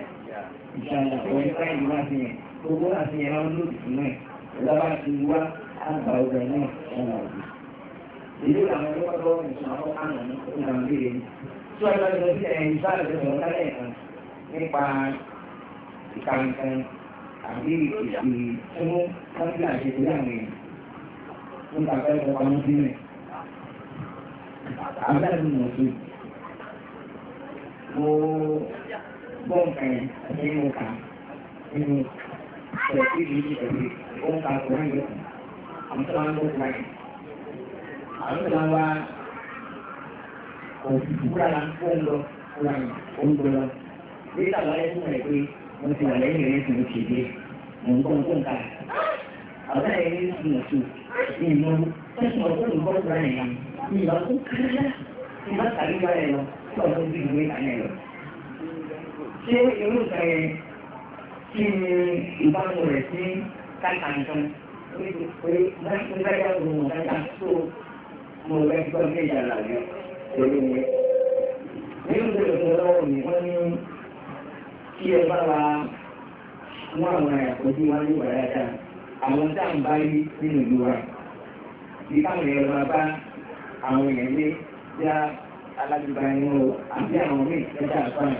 ìṣàlàkọ̀ ìfẹ́ ìwádìí owó àti ẹ̀rọ lóòtù náà lọ́wọ́ ti wá àgbà ọgbà náà ọ̀nà òbí. Ìlú làwọn ẹgbẹ́ ọgbà ọ̀nà ìṣàn àwọn àmọ̀ ní ìlànà ìbéèrè ni. Tí wọ́n lọ sí ẹ̀yìn ìbáàlẹ̀ tó sọ̀rọ̀ lálẹ́ kan nípa ìkàǹkan àbí ìṣì fún káńtà àṣetò láwọn èèyàn. Ó ń tàbí ọkọ̀ pamọ́ sílẹ̀. Àbẹ́rẹ́ mọ̀ Mo gbọ́ nǹkan ẹ̀ nínú kà nínú tẹ̀síìrì yìí tẹ̀síìrì ó lọ tí ọ̀gbọ́n bí ìwé kàn yẹn lọ ṣé irú ìkàyẹn kí ni ìbámu rẹ̀ sí káìka nìkan onígbàjá òun ọ̀dájà tó mo rẹ̀ gbọ́ ní ìjà làjọ pẹ̀lú mi. nínú ìbéèrè tó lọ́wọ́ mi wọ́n kí ẹ bá wa mú àwọn àyàkójú wa ní ìwà dáadáa àwọn tá à ń bá yí nínú ìlú wa bí káwọn èèyàn máa bá àwọn èèyàn lé já alágbèbá inú àti àwọn míì ẹja àfáàní.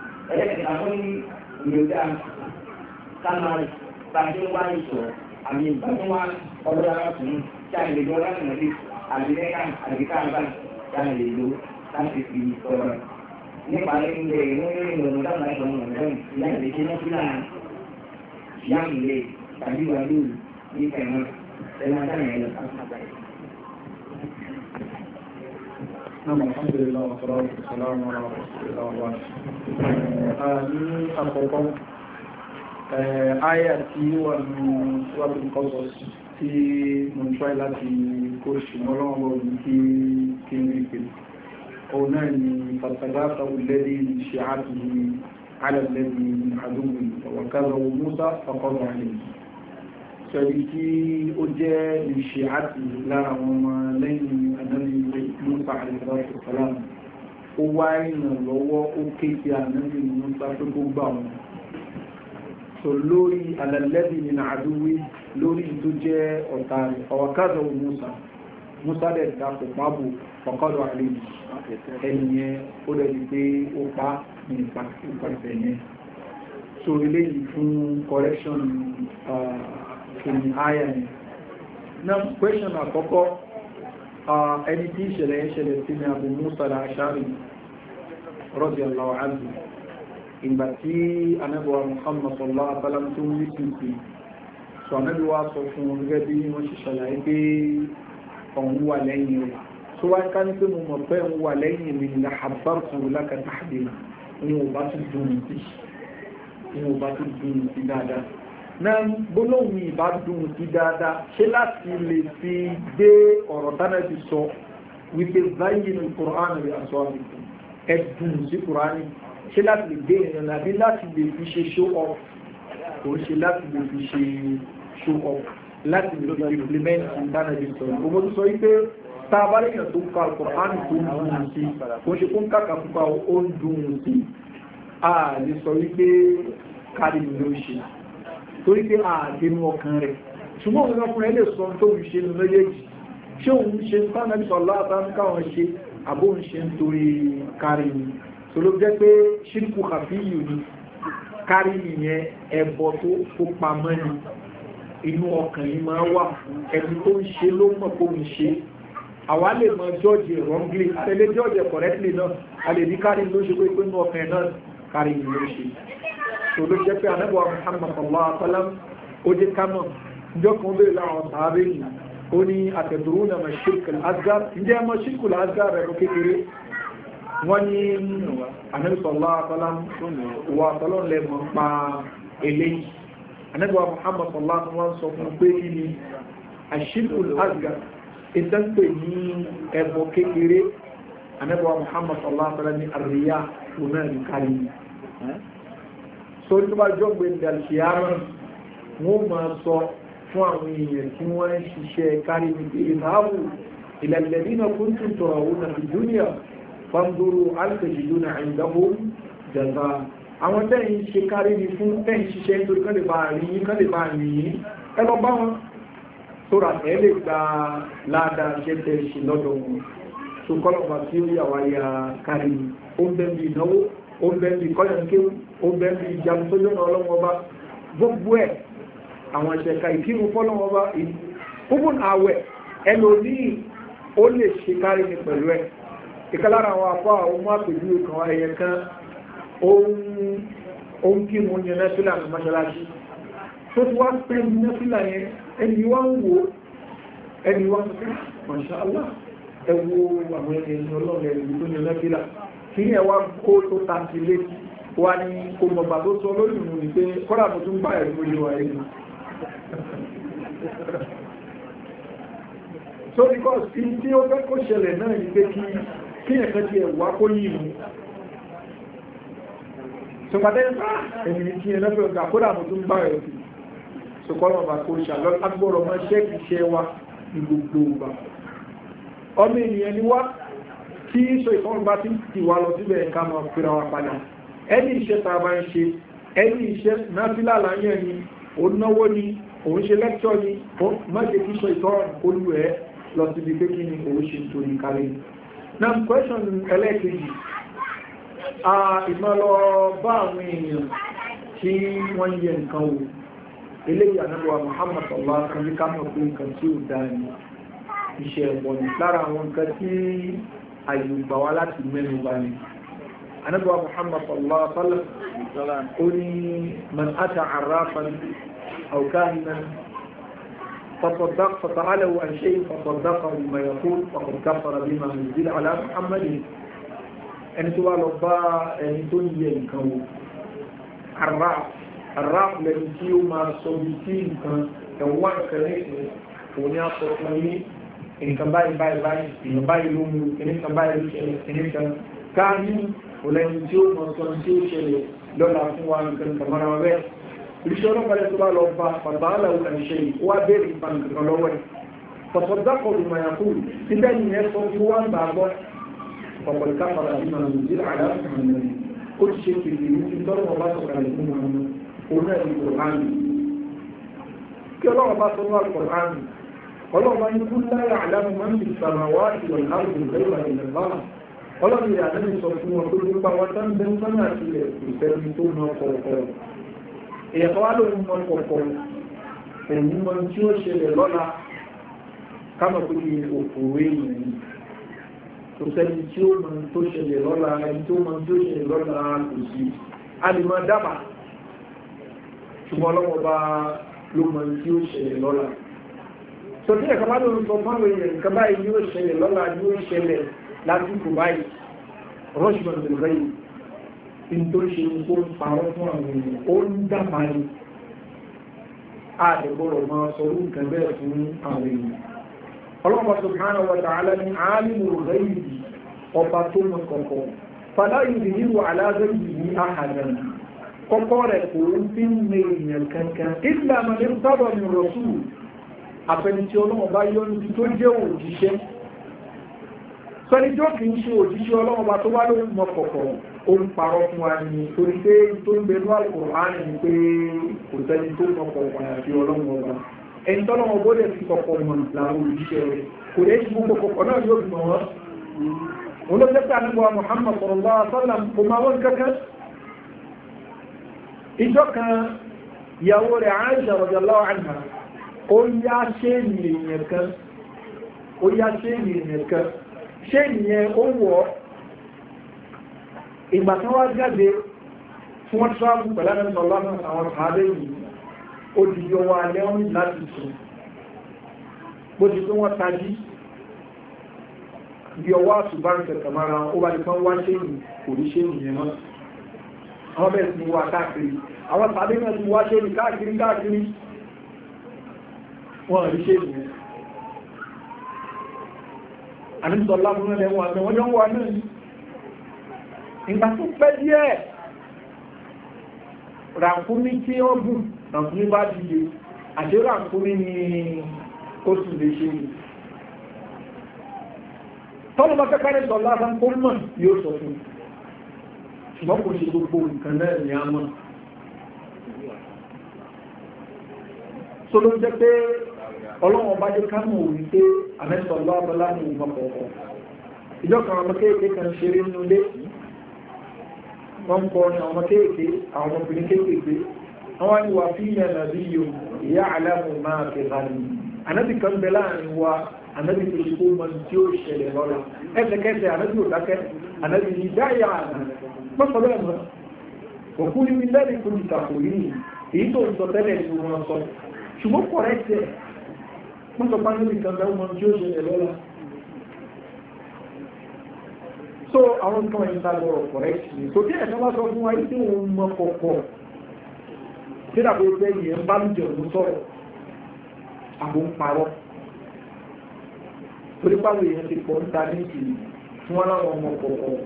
ẹlẹ́kẹ̀ẹ́ àbọ̀ ní ìròdà sámárì tàbí wá ìṣòro àmì ìbámu wá ọdún ara tí a lè lọ láti mọ̀lẹ́ àbílẹ́yà àbíká àbá tí a lè lọ láti fi sọ̀rọ̀ nípa ilé ìwé ìrìn náà alhamdu lillah wa salatu wa salamu ala rasulillah wa ní àkọ́kọ́ àyà tí wà ní wàbí kọ́sọ̀ tí mo ń tọ́ẹ̀ láti kó ṣùgbọ́n lọ́wọ́ mi kí n rí pé òun náà ni fàtàgbàtà òlẹ́dí ṣe àtìyí alẹ́lẹ́dí àdúgbò wàkàlọ̀ musa fàkọ́lọ̀ àlejò sẹ̀rí tí ó jẹ́ ìṣe àti lára wọn ma lẹ́yìn ànábì Musa àlèkọ́sọ̀ sàlámù ó wá ìrìn lọ́wọ́ ó ké sí ànábì Musa tó tó gbà wọn so lórí alẹ́lẹ́bì ní àdúwí lórí tó jẹ́ ọ̀tá rẹ̀ ọ̀wọ̀kádọ̀ Musa Musa dẹ̀ dàpọ̀ pábò ọ̀kọ́dọ̀ àlejò ẹni ó dẹ̀ pé ó pa ní ìpàkìpàkì yẹn so eléyìí fún correction uh, òní àyà ni na question àkọ́kọ́ ẹni tí ìṣẹ̀lẹ̀ ìṣẹ̀lẹ̀ sí ni Abu Musa al-Ash'ari radiyallahu anhu ìgbà tí anábíwá Muhammad sallallahu alaihi wasallam tó ń rí tìǹtì sọ anábíwá sọ fún un gẹ́gẹ́ bí wọ́n ṣe ṣàlàyé pé òun wà lẹ́yìn rẹ̀ tó wá na gbólóhùn ìbádùn ti dáadáa ṣe láti lè fi gbé ọ̀rọ̀ tánàbí sọ wípé báyìí ní kùránì rẹ̀ àṣọ àmìkù ẹ̀dùn sí kùránì ṣe láti lè gbé èèyàn làbí láti lè fi ṣe show off kò ṣe láti lè fi ṣe show off láti lè fi implement tánàbí sọ ọmọ tó sọ wípé tá a bá lèèyàn tó ń ka kùránì tó ń dùn sí kò ṣe kó kàkà fúnpa ó ń dùn sí a sọ wípé kárí ló ń ṣe torí pé ààbínú ọkàn rẹ̀ ṣùgbọ́n òun ọkùnrin lè sọ tó ń ṣe ní méjèèjì ṣé òun ṣe ń tánà bí sọ̀lá àtàkà wọn ṣe àbó ń ṣe torí kárí ni tó ló jẹ́ pé ṣírkù kàfíyù ni kárí nìyẹn ẹbọ tó kó pamọ́ ni inú ọkàn yìí máa wà ẹni tó ń ṣe ló mọ̀ kó ń ṣe àwa lè mọ jọ́ọ̀jì wrongly àtẹlé jọ́ọ̀jì náà a lè ní kárí ló ṣe pé pé inú ọkàn náà kárí ni ló ṣe tó ló jẹ́ pé anábọ̀ Muhammad allah asalam ó jẹ́ kámọ̀ ìjọ kan bèèrè láwọn sàábé yìí ó ní àtẹ̀dúró na mashirkul asgar ǹjẹ́ mashirkul asgar rẹ̀ kékeré wọ́n ní anábọ̀ allah asalam wà sọlọ́n lẹ́mọ̀ pa ní ẹ̀bọ̀ kékeré anábọ̀ ní torí tó bá jọ́gbé ìdàlùkìyàmọ́ wọ́n máa sọ fún àwọn èèyàn tí wọ́n ń ṣiṣẹ́ kárí níbi ìhàwù ìlàlẹ̀bí náà kún tún tọ̀rọ̀ òun náà fi júnìyà fangoro alkejìlú náà àìdáwó jàǹdà àwọn tẹ́yìn ṣe kárí ní fún tẹ́yìn ṣiṣẹ́ nítorí kán lè bá rí yín ó ń bẹ́ẹ̀ bí kọ́yọ̀kéwú ó ń bẹ́ẹ̀ bí ìjàmù tó lọ́nà ọlọ́wọ́ bá gbogbo ẹ̀ àwọn ìṣẹ̀ka ìkírun fọ́lọ́wọ́ bá ìgbógun àwẹ̀ ẹlòmíì ó lè ṣe kárí ni pẹ̀lú ẹ̀ ìkàlára àwọn afọ àwọn ọmọ àpèjú kan ẹyẹ kan ó ń kírun ní nẹ́fílà ní mọ́ṣáláṣí tó ti wá pẹ́ nẹ́fílà yẹn ẹni wá ń wo ẹni wá ń pẹ́ mọ̀ṣáláà ẹ àwọn ẹni ọlọ́run ẹni tó ní nẹ́fílà kí ní ẹwà kó tó tàbí létí wà ní kò mọ̀bà tó sọ lórí ní pé kọ́rà mo tún bá ẹ̀rù orí wa so because kí tí ó fẹ́ kó ṣẹlẹ̀ náà ní pé kí kí ẹ̀kan ti ẹ̀wà kó yí so pàtẹ́ ah, ẹ̀mì tí ẹ̀ lọ́fẹ́ ọ̀gá kọ́rà mo tún bá ẹ̀rù so kọ́rà mọ̀bà kó ṣàlọ́ agbọ́rọ̀ mọ́ wa ní gbogbo ọba ni wá tí ṣe ìfọ́nbá tí ti wà lọ síbẹ̀ ká mọ̀ fíra wa padà ẹni iṣẹ́ ta bá ń ṣe ẹni iṣẹ́ náfílà láyẹ̀ ni ó náwó ni ó ń ṣe lẹ́kṣọ́ ni má ṣe kí ṣe ìtọ́rùn olú ẹ̀ lọ síbi pé kí ni ó ṣe nítorí kárí na question ẹlẹ́ẹ̀kejì a ìmọ̀lọ bá àwọn èèyàn tí wọ́n yẹ nǹkan wò eléyìí ànábọ̀wà Muhammad ọ̀lá kan ní ká mọ̀ pé nǹkan tí ó dáa ni iṣẹ́ ẹ̀bọ̀n lára àwọn nǹkan tí àyùgbà wa láti mẹ́nu bá ní anábíwá muhammad sallallahu alaihi wasallam ó ní man ata arrafan aw kahinan فصدق فتعالوا عن شيء فصدقه بما يقول فقد كفر بما نزل على محمد ẹni tó wá lọ bá ẹni tó yẹ nǹkan wò araf araf lẹni tí ó máa sọ bí tí nǹkan ẹ̀wọ́n kẹrẹ́sì òun ni a kìnìkan báyìí báyìí báyìí èèyàn báyìí ló mú kìnìkan báyìí ló ṣẹlẹ̀ kìnìkan káàní òlẹ́ni tí ó mọ̀ sọ tí ó ṣẹlẹ̀ lọ́la fún wa nǹkan kàmọ́ra wa bẹ́ẹ̀ iṣẹ́ ọlọ́pàá tó bá lọ bá bàbá aláwọ̀ kan ṣe yìí wá bẹ́ẹ̀ nípa nǹkan lọ́wọ́ ẹ̀ fọ̀sọ̀dákọ̀ lùmọ̀ yàkú síbẹ̀ nìyẹn sọ fún wa gbà bọ́ ọ̀pọ̀lọpọ̀ fara bí màá lùdí àdá ó ti ṣe kìlì ní tọ́lọ́wọ́ bá sọ̀rọ̀ àlẹ́ fún wa òun náà ní kòránì kí ọlọ́wọ́ bá sọ ọlọ́run ní kú láyà àlámù máa ń fi sàmà wá ìwà ìlànà ìgbẹ́wà ilẹ̀ báà ọlọ́run ìyá náà sọ fún wọn pé nípa wọn tán bẹ́ ń sọ́nà àti ilẹ̀ ìfẹ́ni tó mọ kọ̀ọ̀kọ̀ọ̀ èèyàn wá lóun mọ kọ̀ọ̀kọ̀ọ̀ ẹ̀yìn mọ tí ó ló mọ tí ó ṣẹlẹ̀ lọ́la so tí ẹ̀ka bá ló ń sọ fáwọn èèyàn nǹkan báyìí yóò ṣẹlẹ̀ lọ́la yóò ṣẹlẹ̀ lásìkò báyìí rọ́ṣùmọ̀ tó lọ́yìn nítorí ṣe ń kó parọ́ fún àwọn èèyàn ó ń dàbà ní àdẹ̀gbọ́rọ̀ máa sọ orú nǹkan bẹ́ẹ̀ fún àwọn èèyàn ọlọ́pàá subhanahu wa ta'ala ni àálìmù rẹ̀yìí ọba tó mọ kọ̀kọ̀ fàdá yìí nínú aláàzẹ́ yìí àhàdà kọ́kọ́ rẹ̀ kò ń fi ń mẹ kankan ìgbà mọ̀ ní àfẹni tí ọlọ́wọ́ bá yọ níbi tó jẹ́ òjíṣẹ́ sọni tí ó kì í ṣe òjíṣẹ́ ọlọ́wọ́ bá tó wá lórí mọ kọ̀kọ̀ ó ń parọ́ fún wa ní torí pé tó ń bẹnu Al-Qur'an ni pé kò sẹ́ni tó mọ kọ̀kọ̀ àti ọlọ́wọ́ bá ẹni tọ́lọ́wọ́ bó lè fi kọ̀kọ̀ mọ̀ làwọn òjíṣẹ́ rẹ̀ kò lè ṣe gbogbo kọ̀kọ̀ náà yóò mọ̀ wọ́n olóòjẹ́ta nígbà Muhammad sallallahu alaihi wasallam kò máa wọ́n kankan ìjọ kan ìyàwó rẹ̀ Aisha radiyallahu anha ó yá ṣéènì èèyàn kan ó yá ṣéènì èèyàn kan ṣéènì yẹn ó wọ̀ ọ́ ìgbà tí wọ́n jáde tí wọ́n tíráàmù pẹ̀lá ní ọlọ́run àwọn ààrẹ yìí ó di yọ wa lẹ́wọ̀n láti sùn bó ti tó wọ́n tají bí ọwọ́ àṣùgbà ń tẹ̀kà mara ó bá nípa wá ṣéyìn kò rí ṣéyìn yẹn wọ́n rí ṣe ìlú àníṣọ́lá fún ẹlẹ́wọ̀n àti wọ́n jọ ń wà náà ìgbà tó pẹ́ díẹ̀ ràkúnmí tí ó gùn ràkúnmí bá dìde àti ràkúnmí ni ó sì lè ṣe ìlú tọ́lù bá kẹ́kẹ́rẹ́ sọ lásán kó mọ̀ yóò sọ fún ṣùgbọ́n kò ṣe gbogbo nǹkan náà ní a mọ̀ so ló jẹ́ pé ọlọ́wọ́n bá jẹ́ kánú wípé àmẹ́sọ̀lọ́ abọ́lá ní ìgbà pọ̀pọ̀ ìjọ kan ọmọ kéèké kan ṣeré nínú ilé wọ́n kọ́ ní ọmọ kéèké àwọn obìnrin kéèké àwọn ìwà fílẹ̀ nàbí yòó ìyá àlẹ́mù máa fi hàní ànábì kan bẹ láàrin wa ànábì tó ṣe kó mọ tí ó ṣẹlẹ̀ lọ́la ẹsẹ̀kẹsẹ̀ ànábì ò dákẹ́ ànábì ní dáyà àná mọ́sọ̀ bẹ́ẹ̀ mọ́ òkú ní mi lẹ́rìí kò ní ìtàkùn yìí èyí tó ń sọ tẹ́lẹ̀ ní wọn sọ ṣùgbọ́n kọ̀rẹ́tẹ̀ wọ́n sọ pá níbi kan mẹ́wọ́n tí ó ṣe ẹ̀lọ́lá so àwọn kan ìta lọ correct ni so kí ẹ̀kan bá sọ fún wa tí òun mọ kọ̀kọ̀ tí dàbí pé yẹn bá ń jẹ òun a àbò ń parọ́ torí báwo èèyàn ti pọ̀ ń ta ní ìlú tí wọ́n láwọn ọmọ kọ̀ọ̀kọ̀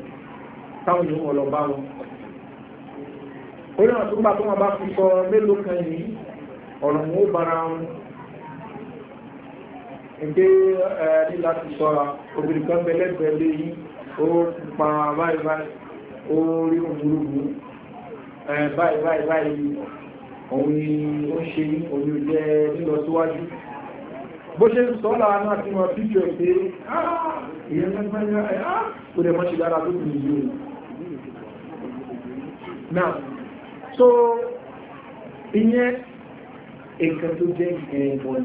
táwọn èèyàn wọ̀ lọ bá wọn orí àwọn tó gbà tó wọn bá fi sọ mélòó kan yìí ẹgbẹ́ ní láti sọ́ra obìnrin kan bẹ̀lẹ́gbẹ̀ẹ́ lé yí ó pa báyìí báyìí ó rí òmúrùgbù báyìí báyìí báyìí òun ni ó ṣe òun jẹ́ lílọ síwájú bó ṣe ń sọ láàá náà tí wọ́n fíjọ pé ah, ìyẹn mẹ́gbẹ́gbẹ́ ah. so ìyẹn nǹkan tó jẹ́ ìgbẹ̀rẹ̀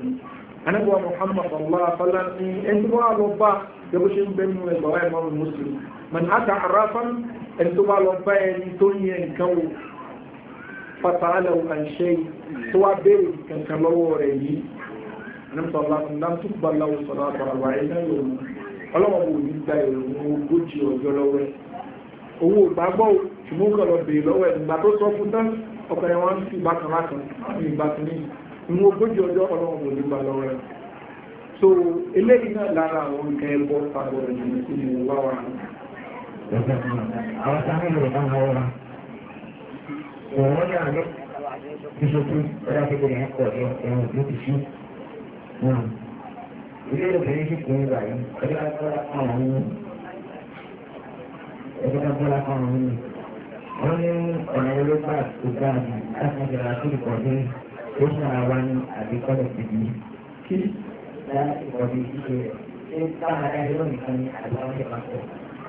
anábọ̀ muhammad allah fọlá ní ẹni tó wà lọ bá yóò ṣe ń bẹ nínú ẹgbàá ẹ̀mọ́ mi muslim man aka arafan ẹni tó wà lọ bá ẹni tó ń yẹ nǹkan wò fata'ala an shay tó wà béèrè kankan lọ́wọ́ rẹ̀ yìí anábọ̀ allah fọlá tó gbà sọ̀rọ̀ àtàrà wà ẹ̀ náà yòó ọlọ́wọ́ wò ní gba ìròyìn ogójì ọjọ́ lọ́wọ́ owó ìgbàgbọ́ ṣùgbọ́n kọ̀ lọ bèèrè lọ́wọ́ ẹ̀ nígbà tó sọ fún tán ọkọ̀ ẹ̀ wọ́n ń fi ìbátan lákan ní ìbátan níyì ìwọ̀n ogójì ọjọ́ ọlọ́run ò ní gbà lọ́wọ́ rẹ̀ so eléyìí náà lára àwọn nǹkan ẹbọ pàbọ̀ rẹ̀ nínú sí ìwọ̀n wá wa. àwọn táwọn ń lò bá wọn wá òun ní àná ìṣòkú ọjà tó gbọdọ̀ ẹ̀kọ́ ọ̀dọ́ ẹ̀wọ̀n ló ti sí ilé ìròyìn sì kún ìgbà yìí ẹgbẹ́ agbára kan àwọn ọmọ ẹgbẹ́ agbára kan àwọn ọmọ ọ̀nà olóògbà tó dáa jù láti máa jẹ́ àtúntò tó ń ra wa ní àbíkọ́lẹ̀ tìbí kí dá ìwọ̀dí ṣíṣe rẹ̀ ṣé táwọn adájọ́ lónìí kan ní àgbà ọ̀sẹ̀ máa pọ̀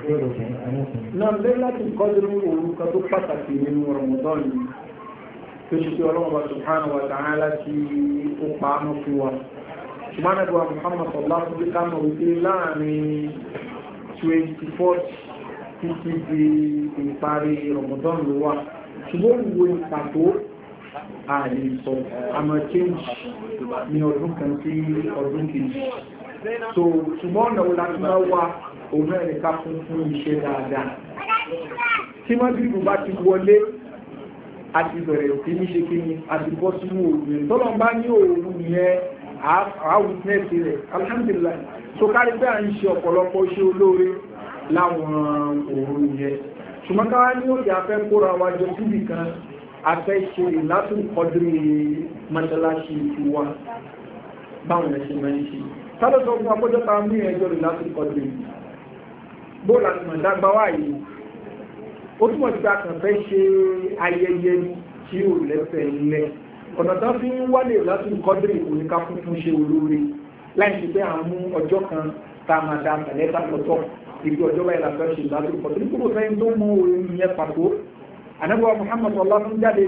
lérò bẹ̀rẹ̀ ọmọkùnrin. náà lẹ́yìn láti kọ́jú ní orúkọ tó pàtàkì nínú Ramadan yìí tó ṣe pé ọlọ́run wa subhanahu wa ta'ala ti ó pa á mọ́ fún wa ṣùgbọ́n àdúrà Muhammad sallallahu alaihi wa sallam kánà wípé láàrin twenty four títí di ìparí Ramadan ló wà ṣùgbọ́n ìwé pàtó ààrẹ sọ àmọ́ change ní ọdún kan sí ọdún kejì so ṣùgbọ́n ọ̀nà wo láti máa wá òun náà ní ká fún fún iṣẹ́ dáadáa tí mọ́gìrìbù bá ti wọlé àti bẹ̀rẹ̀ sí ní ṣe kíni àti bọ́ sínú òòrùn tọ́lọ̀ bá ní òòrùn yẹn àwùtẹ́ẹ̀sì rẹ̀ alhamdulillah so kárí pé à ń ṣe ọ̀pọ̀lọpọ̀ iṣẹ́ olóore láwọn òòrùn yẹn ṣùgbọ́n káwá ní òkè afẹ́ kóra wájọ síbì kan afẹ́ ṣe ìlàtún kọdúrí mọ́ṣáláṣí ti wá báwọn ẹ̀ṣẹ̀ máa ń ṣe sáré sọ fún akójọta mú ẹjọ́ ìlàtún kọdúrí bóòlù àti mọ̀dágbá wà yìí ó túmọ̀ sí akàn fẹ́ ṣe ayẹyẹ tí ò lẹ́sẹ̀ lẹ́ ọ̀nà tán fi ń wálé ìlàtún kọdúrí òníká fún fún ṣe olóore láì ṣe pé àwọn ọjọ́ kan tá a máa da àtàlẹ́ta lọ́tọ̀ ìgbé ọjọ́ báyìí làtọ́ ṣe ìlàtún kọdúrí kúrò sẹ́yìn tó mọ òun yẹn anábíwá Muhammadu ọlọ́run jáde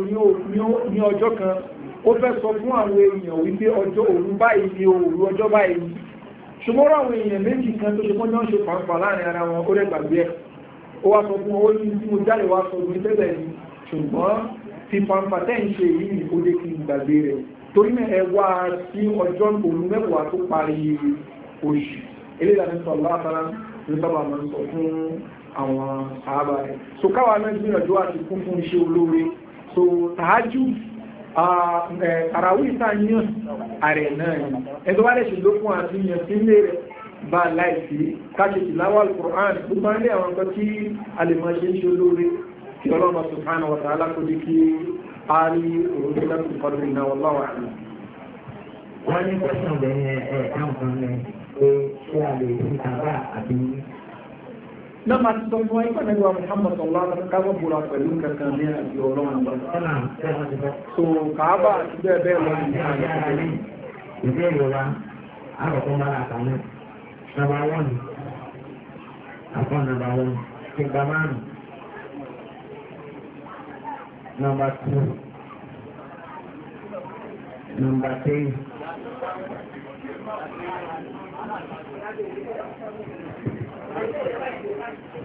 ní ọjọ́ kan ó fẹ́ sọ fún àwọn èèyàn wípé ọjọ́ òru báyìí ni òru ọjọ́ báyìí ṣùgbọ́n àwọn èèyàn méjì kan tó ṣe mọ́jọ́ ń ṣe pàǹpà láàrin ara wọn ó rẹ̀ gbàgbé ẹ̀ ó wá sọ fún owó ní tí mo jáde wá sọ ní tẹ́lẹ̀ ni ṣùgbọ́n fi pàǹpà tẹ́ ń ni ó dé kí àwọn ààbà rẹ̀ so káwà náà gbìyànjú àti kún fún iṣẹ́ olóore so tàájú àràwí ìtàyàn ààrẹ náà ni ẹgbẹ́ wálẹ̀ ṣe lókun àti yàn sí ilé rẹ̀ bá láìsí káṣẹ̀kì láwà al-Qur'an tó bá ní àwọn nǹkan tí a lè máa ṣe iṣẹ́ olóore kí ọlọ́mọ subhanahu wa ta'ala kó dé kí a rí òun tó lẹ́kùn kọlu ìnáwó wallahu a'lam wọ́n ní kọ́sán bẹ̀rẹ̀ ẹ̀ ẹ̀ pé ṣé a lè fi tàbá àbí náà máa ti sọ fún wa ìpàdé wa Muhammad ọlọ́run káwọ́ búra pẹ̀lú kankan ní àti ọlọ́run lọ so kàábà àti bẹ́ẹ̀ bẹ́ẹ̀ lọ ní àyàkàlẹ́ ìbéèrè wa àkọ́kọ́ bára àtàwọn nàbà wọn àkọ́ nàbà wọn ti gba márùn nàbà tù nàbà tẹ́yìn.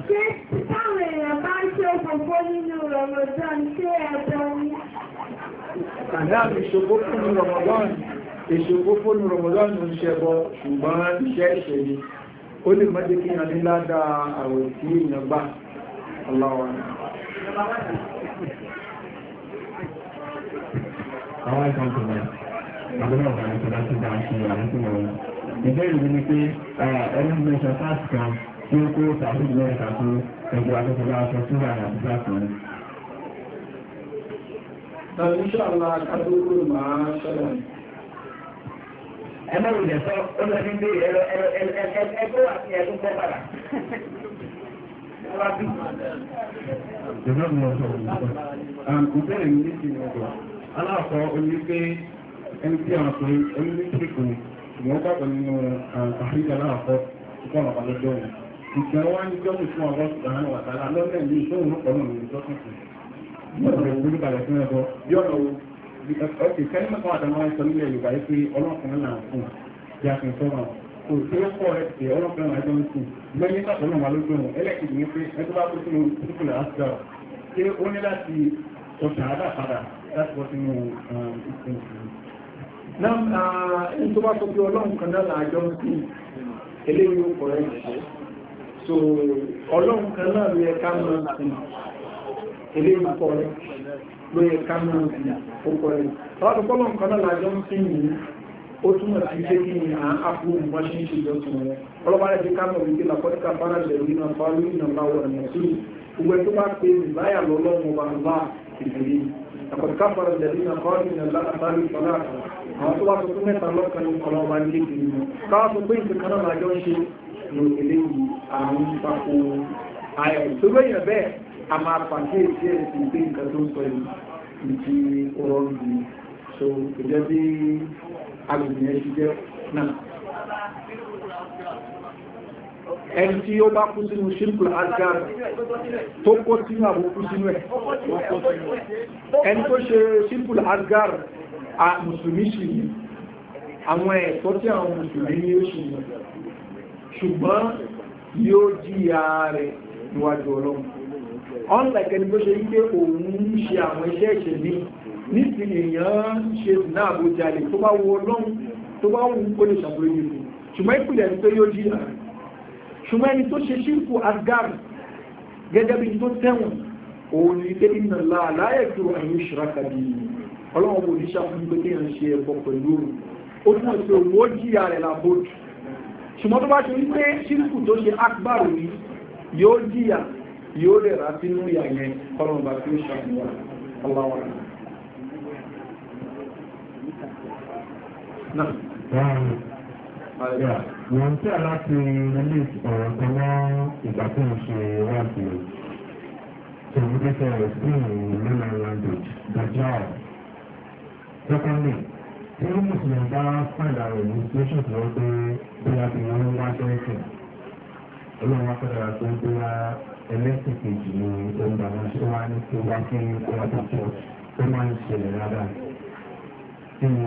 Ṣé táwọn èèyàn bá ń ṣe òfófó nínú Ramadan ṣé ẹ̀dọ̀ ni? Àdá mi ṣòfófó ní Ramadan, ìṣòfófó ní Ramadan ń ṣẹbọ ṣùgbọ́n iṣẹ́ ìṣèlú. Ó lè mọ́ jẹ́ kí èèyàn ní ládàá àwẹ̀ tí èèyàn gbà. Aláwọ̀ àwọn ìtàkùn rẹ̀ ìgbóná ọ̀gá ìtàkùn dáa sí àwọn ìtàkùn rẹ̀ ìbéèrè ni pé ẹni mẹ́sàn-án kan tí ó kó tàbí mẹ́ta tó ẹgbẹ́ akẹ́kọ̀ọ́ aṣọ tó rà àti láàkùn. Ìṣàlá kàdúgbò máa ṣẹlẹ̀. Ẹmọ́ ìjẹ̀ sọ, ó lọ sí ilé ẹgbẹ́ àti ẹ̀dùn kọ́ padà. Ìjọba mi ọ̀sọ̀ òṣìṣẹ́. Ìbéèrè mi ní ti ọ̀dọ̀. Aláàkọ́ oní pé ẹni tí a pè oní ní kíkùn, ìwọ́n pàtàkì nínú àtàkì aláàkọ́, ìkọ́ ọ̀pàá lọ́jọ́ òun ìgbà wá ní jọ́mù fún ọ̀rọ̀ ìgbàrán wàtàlá lọ́lẹ̀ ní ìṣòro pọ̀lú ìrìn ìjọ́ tuntun yóò rẹ̀ wúlú balẹ̀ fún ẹbọ yóò lọ wo ọkè kẹ́lí mẹ́fà àtàwọn ẹ̀sọ́ nílẹ̀ Yorùbá yìí pé ọlọ́kùnrin náà fún ya fi sọ́nà kò tí ó pọ̀ rẹ̀ pé ọlọ́kùnrin náà jọ ń sùn lẹ́yìn tàbí ọ̀nà wà lójú òun ẹlẹ́kìtì ní pé ẹjọ́ bá kó sínú tíkùlẹ̀ àṣà ṣé ó ní láti ọ̀sà àdàpadà láti bọ́ sínú um, ìsìnkú. náà uh, ẹni tó bá sọ pé ọlọ́run kan náà làájọ́ ń sìn eléyìí ó pọ̀ rẹ̀ ṣe so ọlọ́run kan náà ló yẹ ká mọ́ sí ilé ìpọ̀ rẹ̀ ló yẹ ká mọ́ sí ọkọ̀ rẹ̀ ọlọ́run kọ́lọ́run kan náà lájọ́ ń sìn yìí ó túnmọ̀ sí pé kí ni à ń ápù wọn ṣe ń ṣe ìjọsìn rẹ̀ ọlọ́ba rẹ̀ ti ká mọ̀ wípé làkọ́tíkà bára lẹ̀ nínú afárú ìnàmbá wọ̀ ní ọ̀sùn gbogbo ẹ̀ tó bá pe ìbáyà lọ́lọ́run ọba ní eléyìí àwọn ìpapò ayọ̀ tó lóyìn bẹ́ẹ̀ a máa pàṣẹ ìṣe ẹ̀sìn so kò jẹ́ bí agbègbè yẹn ti jẹ́ náà. ẹni tí ó bá kú sínú ṣírkù asgar tó kó sínú àwọn sínú ẹ̀ ẹni tó ṣe ṣírkù asgar a mùsùlùmí sì ní àwọn ẹ̀tọ́ tí àwọn mùsùlùmí ní ó sì ṣùgbọ́n yóò jíyà rẹ̀ níwájú ọlọ́run unlike ẹni bó ṣe ń gbé òun ń ṣe àwọn iṣẹ́ ìṣẹ́ ní níti èèyàn ṣe náà bó jalè tó bá wọ ọlọ́run tó bá wù ó lè ṣàbúrò yìí fún ṣùgbọ́n ìpìlẹ̀ ẹni tó yóò jíyà rẹ̀ ṣùgbọ́n ẹni tó ó túnmọ̀ sí òun jíyà rẹ̀ làbójú ṣùgbọ́n tó bá ṣe wípé ṣírkù tó ṣe akbar ní yóò jìyà yóò lè rà sínú ìyà yẹn kọ́lọ̀n bá tí ó ṣàfihàn aláwọ̀ Wọ́n tẹ́ láti ilé ọ̀rọ̀ kan mọ́ ìgbà tó ń ṣe wáàtí Secondly, nínú mùsùlùmí bá fàìlà rẹ̀ ní situation tí wọ́n gbé bóyá bí wọ́n wá sẹ́yìn olóòwò afẹ́rẹ́ tó ń bóyá ẹlẹ́sìn kejì ni ohun bàbá tó wá ní tó wá sí ọ̀dọ̀ tó tó máa ń ṣẹlẹ̀ rárá tí mo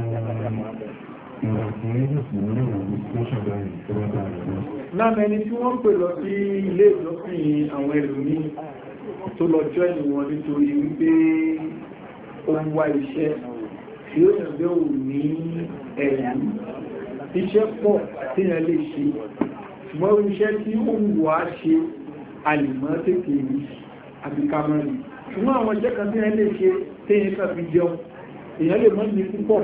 ìwà tí mùsùlùmí lè wọ̀nyí situation bẹ́ẹ̀ ni tó wá bá rẹ̀ lọ. láàmì ẹni tí wọ́n pè lọ sí ilé ìjọsìn tí ó yàn bí òun ní ẹ̀yìn iṣẹ́ pọ̀ tí yàn lè ṣe ṣùgbọ́n iṣẹ́ tí ó ń wà á ṣe àlìmọ́ tètè rí àbí kamẹ́rin ṣùgbọ́n àwọn iṣẹ́ kan tí yàn lè ṣe téyìn kan fi jẹun èyàn lè mọ́ ní púpọ̀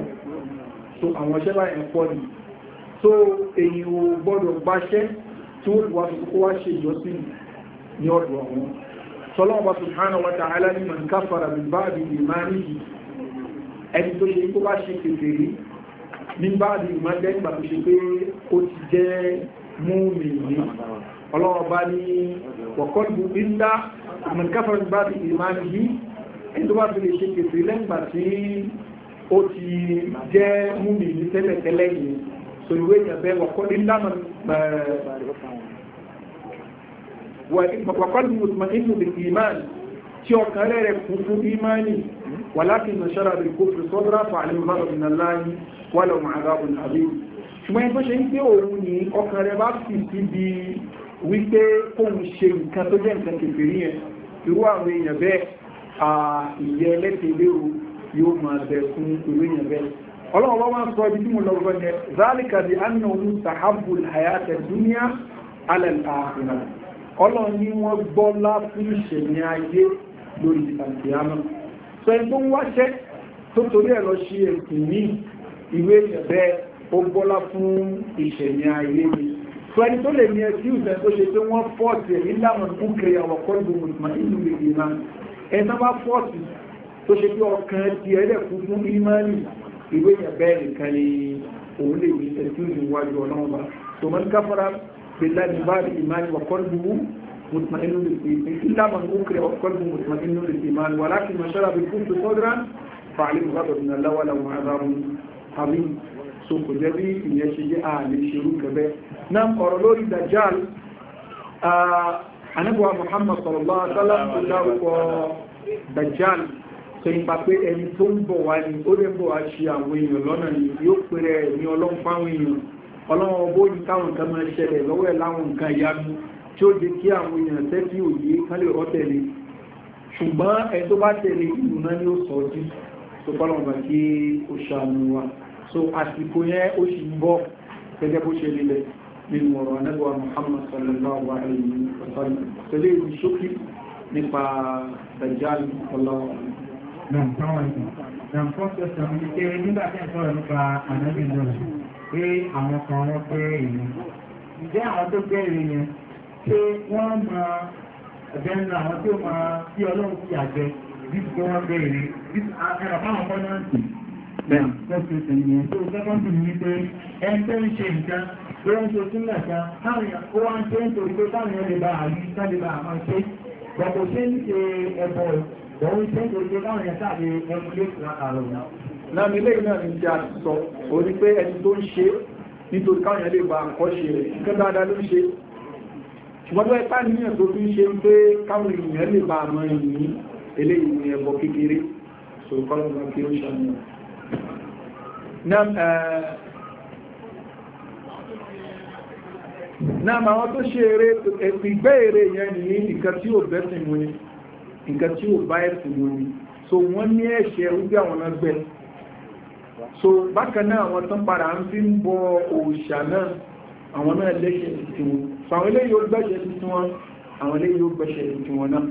so àwọn iṣẹ́ báyẹn pọ̀ ni so èyí ò gbọ́dọ̀ gbaṣẹ́ tí ó wà kókó wá ṣe ìjọsìn ní ọ̀dọ̀ àwọn sọlọ́wọ́ bá subhanahu wa ta'ala ní man kafara min ba'di imanihi ẹni tó ṣe kó bá ṣe kèfè rí ní bá rí ìmọ́lẹ̀ ìgbà tó ṣe pé ó ti jẹ́ múmi ní ọlọ́wọ́ bá ní wọ̀kọ́lù ìlà àmìkáfàrí bá rí ìmáni yìí ẹni tó bá fi lè ṣe kèfè lẹ́gbà tí ó ti jẹ́ múmi ní tẹ́lẹ̀tẹ́lẹ̀ yìí so ìwé ìyàbẹ́ wọ̀kọ́lù ìlà wọ̀kọ́lù mutmainu bil iman tí ọkàn rẹ̀ kún fún imani wà láti nàṣára rẹ̀ kó fi sọ́dọ́rà fàálẹ̀ mọ́rọ̀dínláyí wà lọ màádábùn àbí ṣùgbọ́n ẹgbẹ́ ṣe ń pé òun ni ọkàn rẹ̀ bá fi sí bí wípé kóhun ṣe nǹkan tó jẹ́ nǹkan kèfèrí yẹn irú àwọn èèyàn bẹ́ẹ̀ ìyẹ́ ẹlẹ́tẹ̀lérò yóò máa bẹ̀ fún irú èèyàn bẹ́ẹ̀ ọlọ́run bá wá ni wọ́n gbọ́lá fún ìṣẹ̀lẹ̀ ayé lórí àkíyàmá sọ ẹni tó ń wáṣẹ́ tó torí ẹ̀ lọ ṣe ẹ̀sìn ní ìwé ìṣẹ̀bẹ́ ó gbọ́lá fún ìṣẹ̀yìn ayé mi sọ ẹni tó lè ní ẹsí ìṣẹ̀ tó ṣe pé wọ́n fọ́ọ̀tì ẹ̀ níláwọn ìkúkiri àwọn kọ́ńdù mùsùlùmí ìlú ìlú náà ẹni tó bá fọ́ọ̀tì tó ṣe pé ọkàn ni òun lè ní ẹsí مطمئن بالإيمان إلا من أكره وقلبه مطمئن بالإيمان ولكن من شرع بالكفر صدرا فعليه غضب من الله ولو عذاب عظيم سوق جبي ìyẹn ṣe jẹ́ ààlè ṣerú gẹ̀bẹ́ náà ọ̀rọ̀ lórí dajjal anábíwá muhammad sallallahu alaihi wasallam tó dárúkọ dajjal tó ń pa pé ẹni tó ń bọ̀ wá ní ó lè bọ̀ wá ṣe àwọn èèyàn lọ́nà ni yóò pèrè ní ọlọ́run fáwọn èèyàn ọlọ́run ọgbó ní káwọn nǹkan máa ṣẹlẹ̀ lọ́wọ́ ẹ̀ láwọn nǹkan ìyanu tí ó jẹ kí àwọn èèyàn tẹ́kí òye kálẹ̀ ọ̀ tẹ̀lé ṣùgbọ́n ẹ tó bá tẹ̀lé ìlú náà ni ó sọ jí tó bá lọ́nà kí ó ṣàánú wa so àsìkò yẹn ó sì ń bọ́ gẹ́gẹ́ bó ṣe lílẹ̀ nínú ọ̀rọ̀ anẹ́gbà Muhammad sallallahu alayhi wa sallam tẹ̀lé ìlú ṣókí nípa dajjal ọlọ́wọ́ Nam fọ́sọ̀ sọ̀rọ̀ ní pé nígbà tí ń sọ̀rọ̀ nípa ànábì náà pé àwọn kan wọ́n pé èèyàn. Ǹjẹ́ àwọn tó gbé ìrìn yẹn pé wọ́n máa ẹ̀bẹ̀ ń ra àwọn tí ó máa tí ọlọ́run ti àjẹ bí ti wọ́n bẹ̀rẹ̀ bí ti àkàrà fáwọn fọ́nàǹtì ẹgbẹ́ ń ṣe nǹkan tó ń ṣe sílẹ̀ kan káàrin ó wá ń ṣe ń torí pé káàrin ẹlẹ́ bá àrí sáàlẹ́ bá àmá ṣe gbogbo ṣe ń ṣe ẹbọ ìgbọ̀wó ṣe ń torí pé káàrin sáàlẹ́ ẹmúlé ìrànlọ́rọ̀ náà. láàmì lẹ́yìn náà ni ìjà sọ orí pé ẹni tó ń ṣe nítorí káàrin ẹlẹ́ bá àkọ́ṣe rẹ̀ kẹ́ dáadáa ló ń ṣe ṣùgbọ́n ẹ̀pá ní ẹ̀ tó fi ṣe ń pé káwọn ènìyàn lè bá àmọ́ ìní eléyìí so kọ́lọ́mà kí ó ṣàmìyàn náà ma wọ́n tó ṣe eré ẹ̀pìgbẹ́ eré yẹn ní nǹkan tí ó bẹ́ so wọ́n ní ẹ̀ṣẹ̀ wípé àwọn ọgbẹ́ so bákan náà àwọn tán padà ń fi ń bọ òòṣà náà àwọn náà lẹ́ṣẹ̀ tí so àwọn eléyìí ó gbẹ́ṣẹ̀ tuntun wọn àwọn eléyìí ó gbẹ́ṣẹ̀ tuntun wọn náà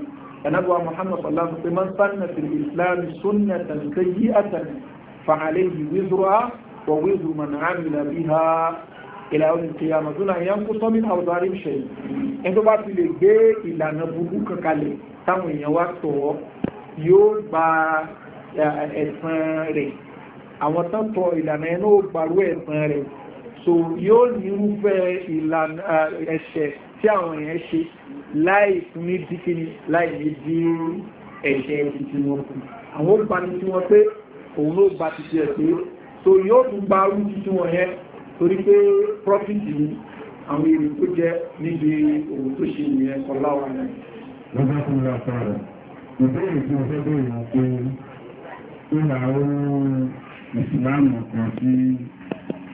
ẹ̀nàbọ̀ Muhammad sallallahu alaihi wasallam sanna fil islam sunnatan sayyi'atan fa alayhi wizruha wa wizru man amila biha ìlà orin àwọn tó tọ̀ ìlànà ẹ̀ náà ó gbarú rẹ̀ so yóò nírúfẹ́ ìlànà ẹ̀ṣẹ̀ tí àwọn èèyàn ṣe láì ní díkíní láì ní dí ẹ̀ṣẹ̀ títí wọn àwọn olùbani tí wọ́n pé òun ló gba títí ẹ̀ pé so yóò tún gba arú títí wọn yẹn torí pé profit ni àwọn èrè tó jẹ́ níbi òun tó ṣe ìyẹn ọláwà náà lọ́gbọ́n fún ra sára ìbéèrè tí ó fẹ́ bẹ̀rẹ̀ pé ó ra ó ìsìláàmù kan sí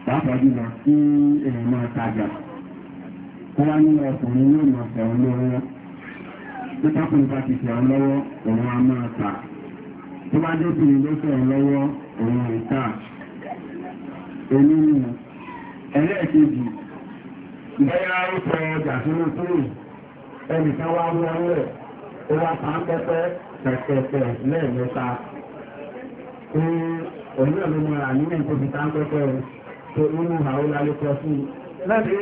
pàápàá jùlọ sí èèyàn máa tajà kó wá ní ọkùnrin yóò máa fẹ̀wọ̀n lọ́wọ́ tó tákùnrin bá ti fẹ̀wọ̀n lọ́wọ́ òun á máa tà tó bá dé ló lọ́wọ́ òun ọjà sínú sílè ẹnìkan wá wọ́n ó wá pa pẹ́pẹ́ pẹ̀pẹ̀pẹ̀ tó nínú àwọn alẹ́kọ̀ọ́ sí láti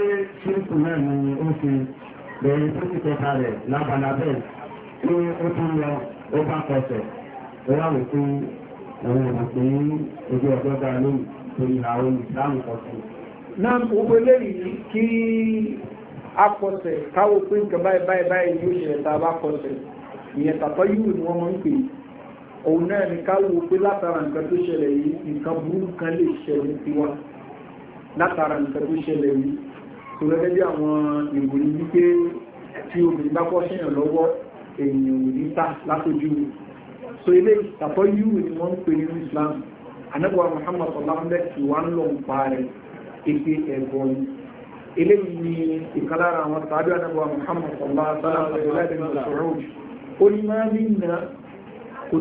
ṣíkù náà ni ó fi bẹ̀rẹ̀ tó ti kẹta rẹ̀ lábala bẹ́ẹ̀ tí ó tún lọ ó bá kọsẹ̀ ó wà wò pé àwọn ọ̀nà pé ojú ọjọ́ dára lónìí tó ìhà ohun ìsìlámù kọsẹ̀. náà gbogbo eléyìí kí a kọsẹ̀ káwọ́ pé nǹkan báyìí báyìí báyìí yóò ṣẹlẹ̀ tá bá kọsẹ̀ ìyẹn tàtọ́ yìí ni wọ́n máa ń pè òun náà ni ká pé látara nǹkan tó ṣẹlẹ̀ yìí nǹkan burúkú kan lè ṣẹlẹ̀ tiwa látara nǹkan tó ṣẹlẹ̀ yìí tó gẹ́gẹ́ bí àwọn ìròyìn wípé tí obìnrin bá kọ́ ṣèyàn lọ́wọ́ èèyàn ò ní ta látòjú so ilé ìtàtọ́ yìí ni wọ́n ń pè ní Islam anábọ̀ Muhammad ọ̀làmúlẹ̀ tí wọ́n ń lọ ń pa rẹ̀ ètè ẹ̀bọ̀ ni eléyìí ni ìkàlára àwọn sàádọ́ anábọ̀ Muhammad ọ̀làmúlẹ̀ ó ní máa ní ìnà kò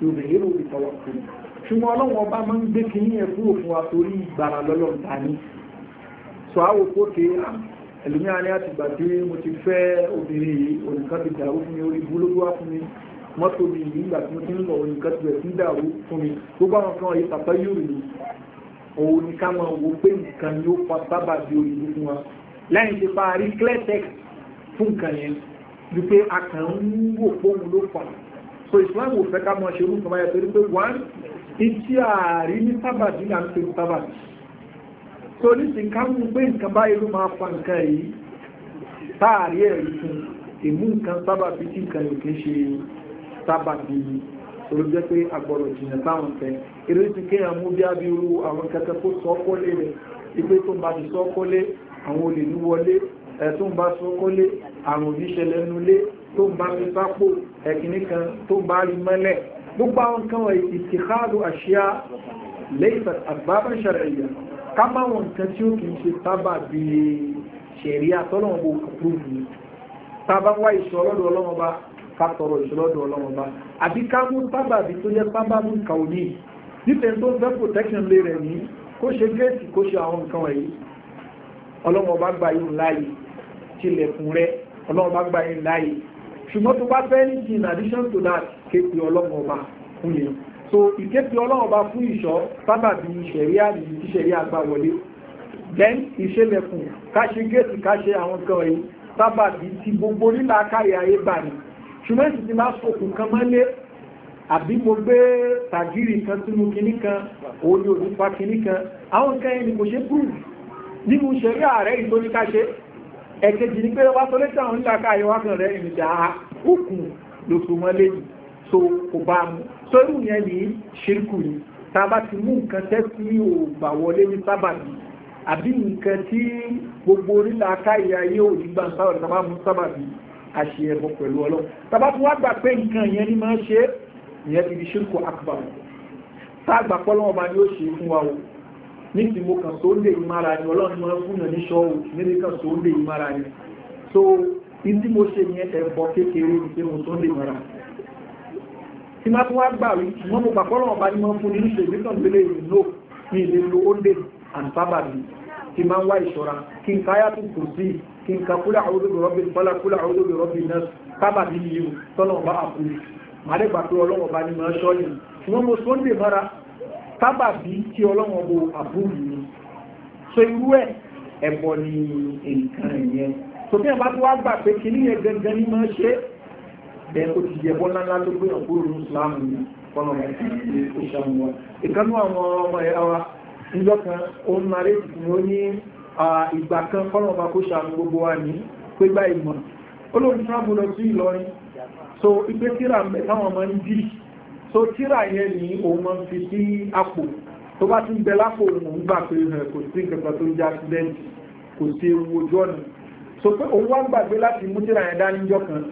yorùbá èrò ìfọwọ́ kiri ṣùgbọ́n ọlọ́run ọba máa ń gbé kínní ẹ̀ fún òfin wa torí ìgbàlà lọ́lọ́run ta ní sọ àwò kókè ẹlòmí àní àti ìgbà tí mo ti fẹ́ obìnrin yìí onìkan ti dàrú fún mi orí búlógún wá fún mi mọ́tò mi yìí nígbà tí mo ti ń lọ onìkan ti bẹ̀rẹ̀ sí dàrú fún mi gbogbo àwọn kan yìí pàpà yóò rí òun ni ká máa wo pé nǹkan ni ó fa sábà di òyìnbó fún wa lẹ́yìn tí parí clear text fún nǹkan yẹn wípé a kàn ń wò fóun ló fà á so islam ò fẹ́ ká mọ ṣe orúkọ báyẹ̀ torí pé wọ́n ìtí ààrí ní sábàdì là ń sábàdì so nísìnyí ká mú pé nǹkan báyìí ló máa fa nǹkan yìí táàrí ẹ̀rí fún ìmú nǹkan sábàbí tí nǹkan yìí kì í ṣe sábàbí yìí torí jẹ́ pé agbọ̀rọ̀ jìnà táwọn tẹ́ eré ti kéèyàn mú bí abirú àwọn kẹta kó sọ kọ́lé rẹ̀ ipé tó ń bá ti sọ kọ́lé àwọn olè ní wọlé ẹ̀ tó ń bá sọ kọ́lé àrùn oníṣẹlẹ̀ nulé tó ń bá ti sápò ẹ̀kìní kan tó bá rí mọ́lẹ̀ gbogbo àwọn kan wọ̀ ìtìkáàdù àṣíyá lẹ́yìn àgbàbà ṣàrẹ̀yà ká má wọn nǹkan tí ó kì í ṣe tábà bí ṣẹ̀rí àtọ́lọ́wọ́n bó kúrú ni tábà wá ìṣọ́lọ́dọ̀ ọlọ́wọ́n bá ká tọrọ ìṣọ́lọ́dọ̀ ọlọ́wọ́n bá àbí ká mú tábà bí tó jẹ́ tábà mú kàwé nítorí tó ń fẹ́ protection lé rẹ̀ ní kó ṣe bá gba yín láàyè ṣùgbọ́n tó bá fẹ́ ní in addition to that képe ọlọ́run ọba fún yẹn so ìképe ọlọ́run ọba fún ìṣọ́ sábàbí ìṣẹ̀rí àmì tíṣẹ̀rí àgbà wọlé then ìṣẹ̀lẹ̀kùn káṣe géètì káṣe àwọn kan yìí sábàbí ti gbogbo nílà káyà ayé bà ní ṣùgbọ́n sì ti máa sokùn kan mọ́lé àbí mo gbé tàgírì kan sínú kinní kan òun ni òdùpá kinní kan àwọn kan yẹn ni kò ṣe prove nínú ìṣẹ̀rí ààrẹ ìtóníkáṣe ẹ̀kejì ní pé wá tó lé tàwọn nílà káyọ wá kan rẹ̀ ìrìnjà òkun ló so mọ́ lẹ́yìn so kò bá mu so irú yẹn ní ṣírkù ni tá a bá ti mú nǹkan tẹ́ sí ò gbà wọlé ní sábàbí àbí nǹkan tí gbogbo orílẹ̀ akáyé ayé ò ní gbàǹsá ọ̀rẹ́ tá a bá mú àṣì ẹ̀bọ̀ pẹ̀lú ọlọ́ tàbá tí wọ́n gbà pé nǹkan yẹn ni máa ṣe ìyẹn ti di ṣírkù akbar tá a gbà níbi mo kàn tó lè ìmára ni ọlọ́run mọ́ fún yàn ní ṣọ́wù níbi kàn tó lè ìmára ni so ibi mo ṣe yẹn ẹ̀bọ kékeré ni pé mo tó lè ìmára tí má tún wá gbà rí mọ́ mo pàpọ́ lọ́wọ́ bá mọ́ fún nínú ṣègbè kan tó lè lò ní ilé lo ó lè àǹfàbà mi tí máa ń wá ìṣọ́ra kí n káyà tún kù sí kí n ka kúlà àwọn olóògbé rọ́bì fọ́lá kúlà àwọn olóògbé rọ́bì náà sábà bí yìí tọ́lọ̀ bá àkúrú màdẹ́gbà pé sábà bí tí ọlọ́wọ́n bo àbúrò ni so irú ẹ̀ ẹ̀bọ ni nǹkan yẹn so bí ẹ̀ bá tó wá gbà pé kìíní yẹn gangan ní máa ṣe bẹ́ẹ̀ ó ti yẹbọ ńláńlá tó gbé ọ̀pọ̀ òun ìsìlámù ni kọ́nà wọn ti ṣe ìṣàmù wọn ìkànnú àwọn ọmọ ẹ̀ wa níjọ́ kan ó ń marí ìtìkùn ó ní ìgbà kan kọ́nà ọba kó ṣàmù gbogbo wa ní pé gbá ìmọ̀ olóòtú náà lọ sí Ìlọrin so ìgbésíra mẹ́ta wọn máa ń dìrì so tíra yẹn ni òun máa ń fi sí àpò tó bá ti ń bẹ òun gbà pé kò sí nǹkan tó ń jẹ́ accident kò sí ewu ojú ọ̀nà so pé òun wá gbàgbé láti mú tíra yẹn dání jọ kan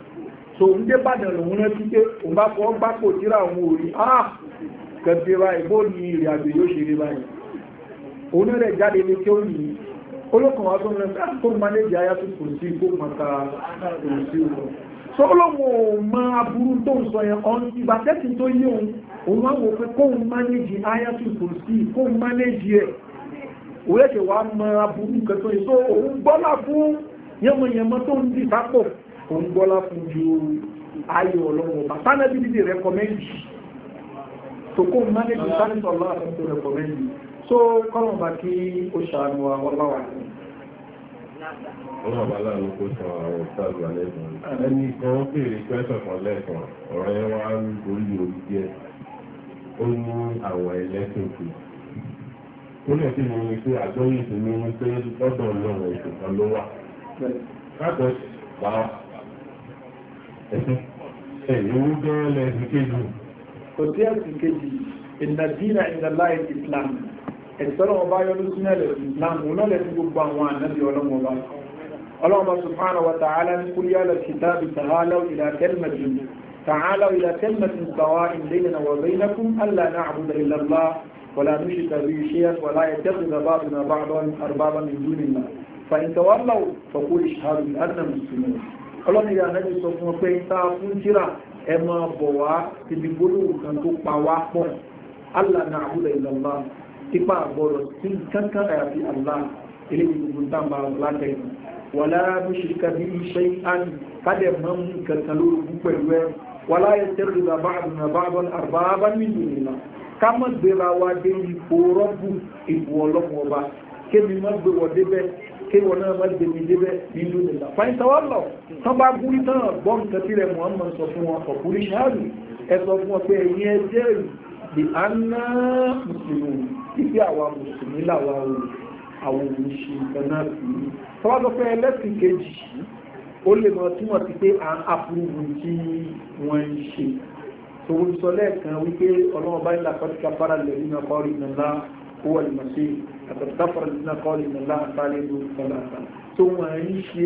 so òun dé bàdàn lòun rántí pé òun bá fọwọ́ gbápò tíra òun ò rí ah kẹfìra ìbò ní ìrìn àjò yóò ṣe rí báyìí òun rẹ̀ jáde ní kí ó ní olókùnrin ọdún rẹ̀ kó máa lè jẹ́ ayá tó kò sí kó máa kò sí òun sọ́lọ́wọ́ máa burú tó ń sọ yẹn ọ̀n ìgbà tẹ́sí tó yé òun òun máa wò pé kóun mánéjì ayatul kursi kóun mánéjì ẹ̀ òun ẹ̀ṣẹ̀ wàá máa burú nǹkan tó yẹ so òun gbọ́lá fún yẹmọ̀yẹmọ tó ń dì sápò òun gbọ́lá fún ju ayé ọlọ́wọ́ bá sánẹ́bí dídì rẹ́kọmẹ́ndì tó kóun mánéjì sánẹ́bí ọlọ́wọ́ àti rẹ́kọmẹ́ndì so kọ́lọ̀ bá kí ó ṣàánú wa wọ́láwà ọlọ́ọ̀bá láàrin kó san àwọn ìsáàlù alẹ́gbọ̀n ẹni kan béèrè pẹ́sàn kan lẹ́ẹ̀kan ọ̀rọ̀ yẹn wá ń gorí orí díẹ̀ ó ní àwọn ẹlẹ́sìn kù ó lè fi mi ni pé àgbọ́yé ti mi ni pé lọ́dọ̀ ọlọ́run ètò kan ló wà káàkó pa ẹ̀sìn ẹ̀yìn owó gẹ́rẹ́ lẹ́sìn kejì. kò sí ẹ̀sìn kejì ìnàdínà ìnàláì Islam ẹ̀sọ́rọ̀ ọba yọdún sínú ẹ̀lẹ́sìn Islam òun náà lẹ́sìn gbogbo àwọn ànábì ọlọ́run ọba. اللهم سبحانه وتعالى قل يا للكتاب تعالوا إلى كلمة تعالوا إلى كلمة سواء بيننا وبينكم ألا نعبد إلا الله ولا نشرك به شيئا ولا يتخذ بعضنا بعضا أربابا من دون الله فإن تولوا فقول اشهدوا بأننا مسلمون اللهم يا نبي sọ fún ọ pé ta fún jíra ẹ máa bọ̀ wá ibi gbólóhùn kan tó pa wá pọ̀ allah na àbúlẹ̀ ìlànà ipa àgbọ̀rọ̀ sí kankan wàlá mùsùlùkà bí iṣẹ́ àní kádẹ̀ máa mú kankan lórúkú pẹ̀lú ẹ wàlá yẹ tẹ́rù ìgbà bá àdùn àbá àbọ̀n àbá bá nínú ìlà ká má gbéra wa dé ipò rọ́bù ìbò ọlọ́mọ ọba kémi má gbé wọ débẹ̀ kéwọ náà má gbé mi débẹ̀ nínú ìlà fàyìntàwọ́ lọ tán bá búrí tán àwọn oníṣe nǹkan náà sí i tọ́wọ́ tó fẹ́ ẹlẹ́sìn kejì yìí ó lè mọ túmọ̀ sí pé à ń àpúrúwù tí wọ́n ń ṣe tòun sọ lẹ́ẹ̀kan wípé ọlọ́run bá ń là kọ́tíkà fara lè nínú ọkọ̀ rí nàlá owó ìmọ̀ṣe àtàtàfàrà nínú ọkọ̀ rí nàlá àtàlẹ́ ìlú ìfọ̀làfà tó wọ́n ń ṣe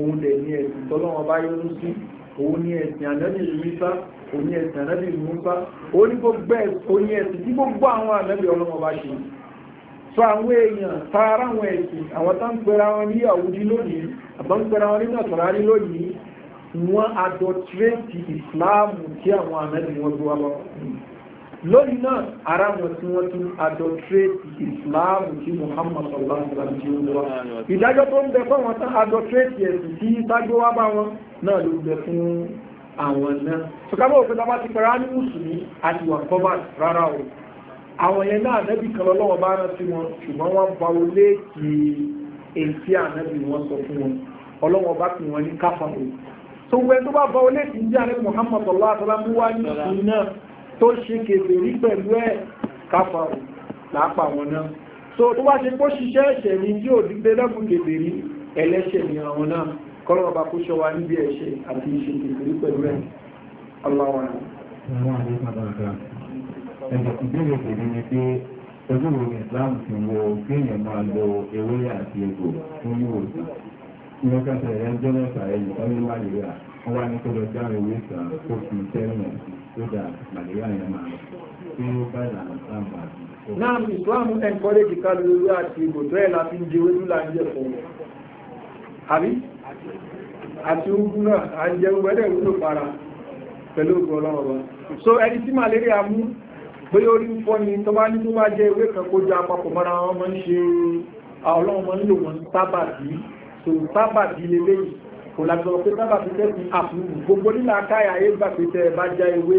òun dẹ̀ ní ẹ̀sìn tọ́lọ́run bá yọ́nú sí òun ní ẹ̀sìn àdánìlú òní ẹ̀sìn ànábì Mùsá òní gbogbo òní ẹ̀sìn tí gbogbo àwọn ànábì ọlọ́mọ bá ṣe so àwọn èèyàn tààrà àwọn ẹ̀sìn àwọn tó ń pera wọn ní àwùjí lónìí àbọ̀ ń pera wọn ní nàtọ̀rárí lónìí wọ́n adọ̀tírẹ́tì ìsìláàmù tí àwọn ànábì wọn tó wá lọ́wọ́ lórí náà ara wọn tí wọ́n tún adọ́tírẹ́tì ìsìláàmù tí Muhammad ọ̀làǹdà tí ó wá ìdájọ́ tó ń bẹ fún wọn tán adọ́tírẹ́tì ẹ̀sìn tí sájú wá àwọn náà ṣùgbọ́n òfin lọ́wọ́ ti pẹ̀rẹ́ ní mùsùlùmí àdìwà kọ́mà rárá o àwọn yẹn náà ànábì kan lọ́wọ́ bá rán sí wọn ṣùgbọ́n wọ́n bá o léèkì èyí ànábì wọn sọ fún wọn ọlọ́wọ́ bá pè wọn ní káfà tó wẹ́ tó bá bá o léèkì ní àrẹ Muhammad ọlọ́ àtàlámú wá ní ìlú náà tó ṣe kèfè rí pẹ̀lú ẹ̀ káfà lápá wọn náà so tó bá ṣe kó ṣiṣẹ́ ẹ̀ṣẹ̀ ní tí ò kọ́lọ́wọ́ bá kó ṣọ́wá níbi ẹ̀ṣẹ̀ àti ìṣẹ́ ìfìrí pẹ̀lú ẹ̀ aláwọ̀n ìbéèrè tèmi ni pé ojú wo ni Islam ti wo kéèyàn máa lo ewé àti egbò fún ìwòsàn tí wọ́n kẹsẹ̀ rẹ̀ ń jẹ́lẹ̀ fàáyé wọ́n ní màlẹ́ríà wọ́n wá ní kọ́lọ̀ já ewé kan tó fi tẹ́lẹ̀ lódà màlẹ́ríà yẹn máa tí ó bá ìlànà Islam bá ti. náà Islam encourage ká lo àti egbò tó láti ń jẹ ewé ló fún un àti ogun náà à ń jẹun gbẹ́dẹ̀ wúlò para pẹ̀lú ogun ọlọ́run so ẹni tí malaria mú bóyá orí ń fọ́ ni tó bá ní tó bá jẹ́ ewé kan kó jọ apapọ̀ mọ́ra wọn máa ń ṣe ọlọ́run máa ń lò wọn sábàbí so sábàbí lélẹ́yìí kò lágbọ̀ pé sábàbí tẹ́sí àfihàn gbogbo nílà káyà ayé gbà pé tẹ́ bá já ewé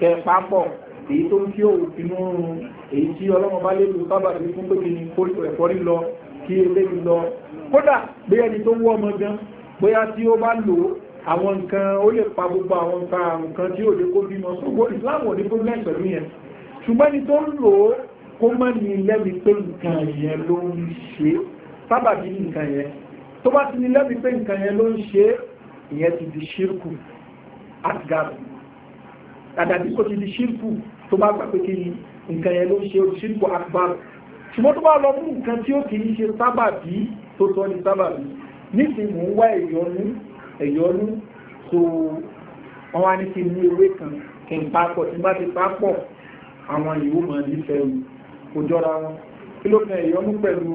tẹ pápọ̀ èyí tó ń kí òun inú oorun èyí tí ọlọ́run bá lè lò sábàbí fún pé kí ni kó ẹ̀fọ́rí lọ kí eléyìí lọ kódà bóyá ẹni tó ń wọ́ ọmọ gan bóyá tí ó bá lò àwọn nǹkan ó lè pa gbogbo àwọn nǹkan àrùn kan tí ó lè kó bímọ sógbó islam ò ní problem pẹ̀lú yẹn ṣùgbọ́n ni tó ń lò ó kó mọ́ ní lẹ́mi pé nǹkan yẹn ló ń ṣe sábàbí nǹkan yẹn tó bá ti ní lẹ́mi pé nǹkan yẹn ló ń ṣe ìyẹn ti di ṣírkù asgard àdàbí kò ti di ṣírkù tó bá gbà pé kí nǹkan yẹn ló ń ṣe ṣírkù asgard ṣùgbọ́n tó bá lọ mú nǹkan tí ó kì í ṣe sábàbí tó tọ́ ní sábàbí nísìn mò ń wá ẹ̀yọ́nú ẹ̀yọ́nú tó wọ́n wá ní kí ní ewé kan kí n papọ̀ tí bá ti papọ̀ àwọn ìwò mọ̀ nífẹ̀ẹ́ mi kò jọra wọn kí ló fẹ́ ẹ̀yọ́nú pẹ̀lú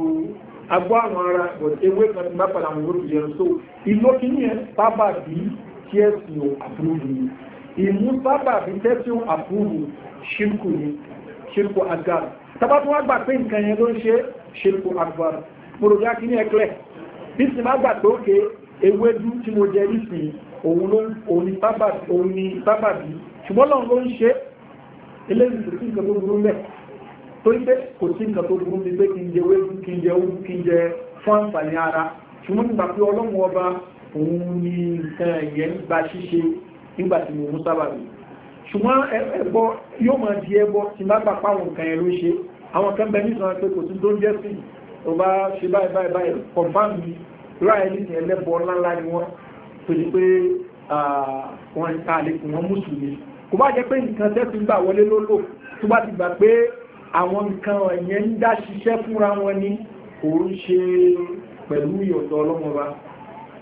agbọ́ àwọn ara ewé kan tí bá padà wọn lórí jẹun so ìlú kí ní ẹ sábàbí tí ẹ sì ni ìmú sábàbí tẹ́ tí ó ṣírkù ni ṣírkù agbára tabatuwa gbà pé nǹkan yẹn ló ń ṣe ṣírkù agbára mọ̀rọ̀dá kí ní ẹ̀klẹ̀ nísìn má gbà pé òkè ewédú tí mo jẹ nísìn òun ni bábàbí ṣùgbọ́n lọ́n ló ń ṣe eléyìí kò sí nǹkan tó burú mẹ́ torí pé kò sí nǹkan tó burú mi pé kí n jẹ ewédú kí n jẹ owó kí n jẹ fún àǹfààní ara ṣùgbọ́n nígbà pé ọlọ́run ọba òun ni nǹkan ẹ̀yẹ ń gba ṣíṣe nígbà tí mo mú sábàbí ṣùgbọ́n ẹbọ yóò máa di ẹbọ tí má gbà páwọn nǹkan ẹ̀ ṣe àwọn kan bẹ pé kò sí tó ń jẹ́ sí tó bá ṣe báyìí báyìí báyìí ráìlì ní ẹlẹ́bọ ni wọ́n tó di pé wọ́n ń ta àlékún wọn mùsùlùmí kò bá jẹ́ pé nǹkan tẹ́sí gbà wọlé ló lò tó bá ti gbà pé àwọn nǹkan ẹ̀yẹn ń dá ṣiṣẹ́ fúnra wọn ní òun ṣe pẹ̀lú ìyọ̀tọ̀ ọlọ́mọba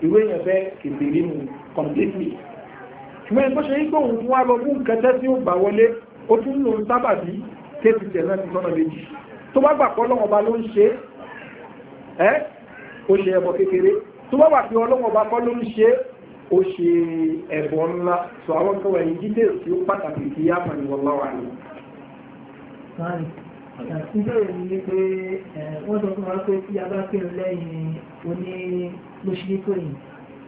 ìwé yẹn fẹ́ kìbìrì mu completely ṣùgbọ́n ẹgbọ́n ṣe yíkọ́ òun fún wa lọ mú kẹtẹ́ tí ó gbà wọlé ó tún lòun sábàbí kéèkì tẹ̀ náà ti sọ́nà méjì tó bá gbà pọ́ lọ́wọ́ ló ń ṣe é ẹ́ ó ṣe ẹbọ kékeré tó bá wà pé ọlọ́wọ́ bá kọ́ ló ń ṣe ó ṣe ẹbọ ńlá tó àwọn nǹkan wọ̀nyí jíde tí ó pàtàkì kí á mọ̀ níwọ̀n láwà ni. ìbéèrè mi ni pé wọ́n sọ fún wa pé tí a bá kírun lẹ́yìn oní mọ́ṣíríkò yìí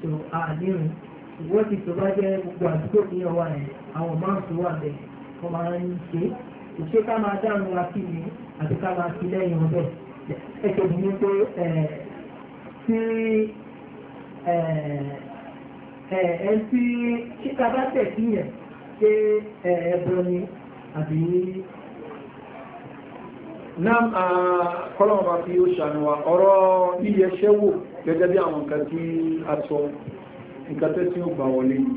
tó àdéhùn ìwọ́n ti tó bá jẹ́ gbogbo àdúgbò ní ọwọ́ rẹ̀ àwọn máa ń tó wà bẹ̀ wọ́n máa ń ṣe ìṣe ká máa dáhùn wa kí ni àti ká máa fi lẹ́yìn ọbẹ̀ ẹ̀kẹ́jì ní pé tí ẹ̀ tí kíkà bá tẹ̀ sí yẹn pé ẹ̀bọ ni àbí náà kọ́lọ̀mọ̀bá fi ó ṣàníwà ọ̀rọ̀ yíyẹ ṣẹ́wò gẹ́gẹ́ bí àwọn nǹkan tí a sọ nǹkan tẹ́ tí ó gbà wọlé ni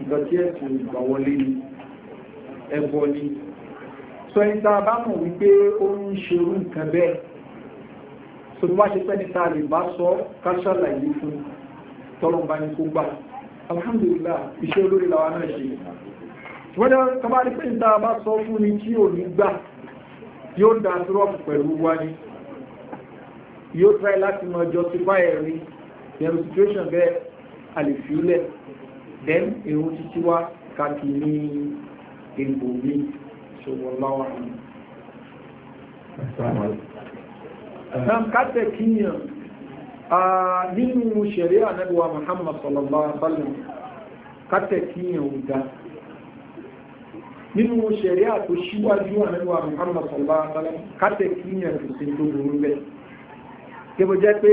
nǹkan ni so ẹni tá a bá mọ̀ wípé ó ń ṣerú nǹkan bẹ́ẹ̀ so tó bá ṣe pẹ́ níta lè bá sọ ká ṣàlàyé fún tọ́lọ̀ ní kó gbà alhamdulillah iṣẹ́ olórí làwa náà ṣe wọ́n tó bá rí pé níta bá sọ fún ni tí ò ní gbà yóò dá sírọ́ọ̀pù pẹ̀lú wa ni yóò try láti mọ justify ẹ̀rí ẹ̀rù situation bẹ́ẹ̀ àlèfílẹ̀ then èrò títí wá kàkì ní ègbò mi ṣe wọ́n láwà ní kátẹ̀ kíyàn nínú ṣẹ̀rẹ́ ànẹ́bíwá Muhammad sallallahu alaihi wasallam kátẹ̀ kíyàn ò dá nínú ṣẹ̀rẹ́ àtò síwájú ànẹ́bíwá Muhammad sallallahu alaihi wasallam kátẹ̀ kíyàn kò sí tó burú bẹ́ kébò jẹ́ pé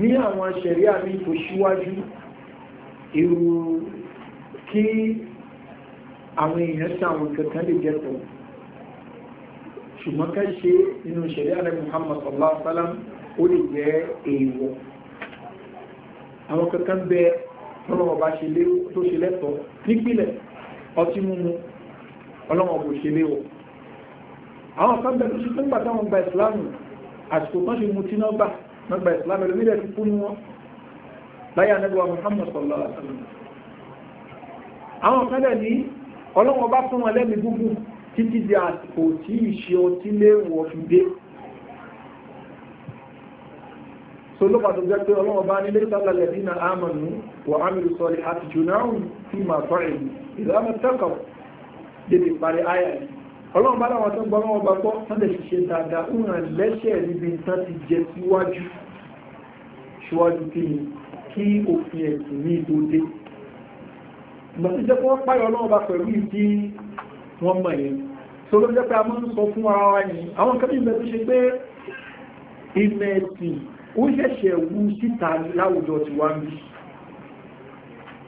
ní àwọn ṣẹ̀rẹ́ àmì tó síwájú irú kí àwọn èèyàn tí àwọn kankan lè jẹ́ tọ̀ ṣùgbọ́n ká ṣe nínú ìṣẹ̀lẹ̀ alẹ́ Muhammad sallallahu alaihi wasallam ó lè jẹ́ èèwọ̀ àwọn kankan bẹ ọlọ́wọ́ bá ṣe léwu tó ṣe lẹ́tọ̀ nípìnlẹ̀ ọtí mímu ọlọ́wọ́ kò ṣe léwu àwọn kan bẹ tó ṣe tó ń gbà gba ìsìlámù àsìkò kan ṣe mutí náà gbà náà gba ìsìlámù ẹlòmílẹ̀ ti kú wọn láyé anẹ́gbẹ̀wá Muhammad sallallahu alaihi àwọn kan dẹ̀ ní ọlọ́wọ́n bá fún wọn lẹ́mìí gúngùn títí di àsìkò tí ìṣe ọtí léèwọ̀ fi dé so ló pàtó jẹ́ pé ọlọ́wọ́n bá nílé sálàlẹ̀ nínú àmọ̀nù wọ àmìlú sọ̀rọ̀ àti jùnáhùn tí màá sọ èyí ìlànà tẹ́kọ̀ débi parí àyà yìí ọlọ́wọ́n bá ìgbà tó jẹ́ pé wọ́n páyọ̀ náà bá pẹ̀lú ìdí a máa ń sọ fún ara wa yìí àwọn nǹkan bí ìbẹ̀ tó ṣe pé ilẹ̀ ẹ̀sìn ó ṣẹ̀ṣẹ̀ wú síta láwùjọ ti wá ń bí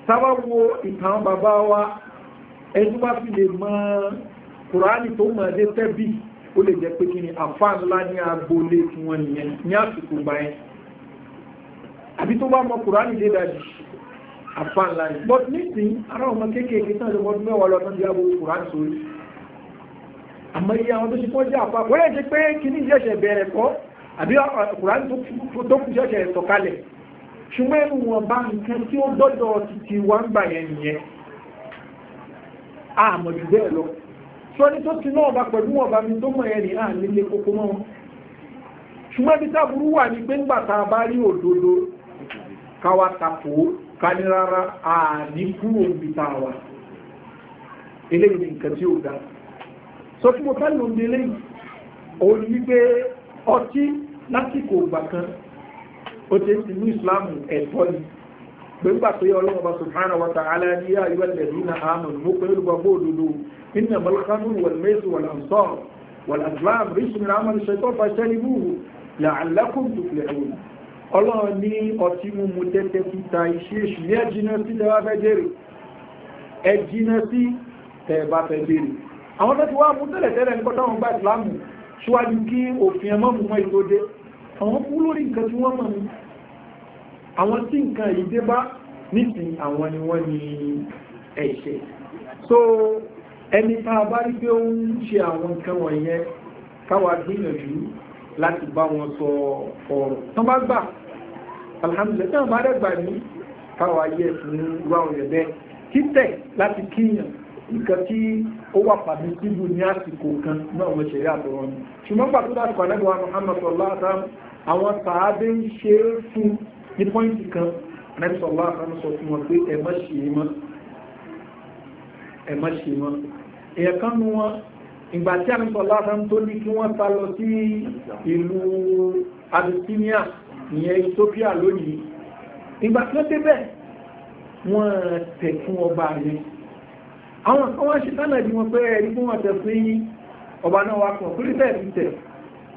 sábà wo ìtàn bàbá wa ẹni bá fi lè mọ kùránì tó mọ̀ ẹdẹ tẹ́bí ó lè jẹ́ pé kí ni àfáà ńlá ní agboolé tí wọ́n nìyẹn àsìkò gbà àbí tó bá mọ kùránì dé dájú àfáànlá yìí but nísìnyí ará ọmọ kéékèèké tán ló mọdún mẹ́wàá lọ tán di abo kùrán sórí àmọ́ iye àwọn tó ṣe fọ́n jẹ́ àpá wọ́n lè ṣe pé kíní ìṣẹ̀ṣẹ̀ bẹ̀rẹ̀ kọ́ àbí kùrán tó kù ṣẹ̀ṣẹ̀ sọ̀kalẹ̀ ṣùgbọ́n ẹnu wọn bá nǹkan tí ó dọ́dọ̀ títí wá ń gbà yẹn nìyẹn àmọ̀ jù bẹ́ẹ̀ lọ sọ ní tó ti náà bá pẹ̀lú wọn bá mi tó mọ̀ yẹn ní àlè lè kókó mọ́ wọn ṣùgbọ́n ibi táburú wà ní pé ńgbà tá a bá rí òdodo káwa tapò kání rárá àdínkù òbítà wa eléyìí ni nǹkan tí ó dá sọ fún mo kálù ní eléyìí òun ni wípé ọtí lásìkò ògbà kan ó ti ń sinú ìsìláàmù ẹ̀tọ́ ni gbẹ́gbà pé ọlọ́run ọba subhanahu wa ta'ala ní ayé alladhina amanu mo pẹ̀lú gbogbo òdodo innamal khamru wal maisiru wal ansab wal azlam rijsun min amali shaytan fajtanibuhu la'allakum tuflihun ọlọ́run ní ọtí múmu tẹ́tẹ́ títa iṣẹ́ èṣù ní ẹjìnà sí tẹ́wà fẹ́ jẹ́rì ẹjìnà sí tẹ́ẹ̀bá fẹ́ jẹ́rì àwọn tó ti wá mú tẹ́lẹ̀tẹ́lẹ̀ ní kọ́tàwọn gbá ìsìlámù ṣíwájú kí òfin ẹmọ́ mú mọ́ ìlóde ni wọ́n so ẹni tá a bá rí pé ó ń ṣe àwọn nǹkan láti bá wọn sọ ọ̀rọ̀ tán bá gbà alhamdulillah náà má dẹ́gbà ní káwà yẹ fún ìwáwọ̀ yẹ bẹ́ẹ̀ títẹ̀ láti kíyàn nǹkan tí ó wà pàdé síbù ní àsìkò kan náà wọ́n ṣe rí àtọ̀rọ̀ ni ṣùgbọ́n pàtó láti pàdé wa Muhammad sallallahu alaihi wasallam àwọn sàábé ń ṣe é fún ní pọ́ìntì kan Ànábì sallallahu alaihi wasallam sọ fún é mọ́ é mọ́ èèyàn kan nu wọn ìgbà tí Ànábì sallallahu alaihi wasallam tó ní kí wọ́n sá lọ sí ìlú Abyssinia ìyẹn Ethiopia lónìí ìgbà tí ó débẹ̀ wọ́n tẹ̀ fún ọba rẹ̀ àwọn kan wọ́n ṣe tánà bí wọ́n pé ẹ̀rí fún wọn tẹ̀ fún yí ọba náà wá kan kúrò tẹ̀ fi tẹ̀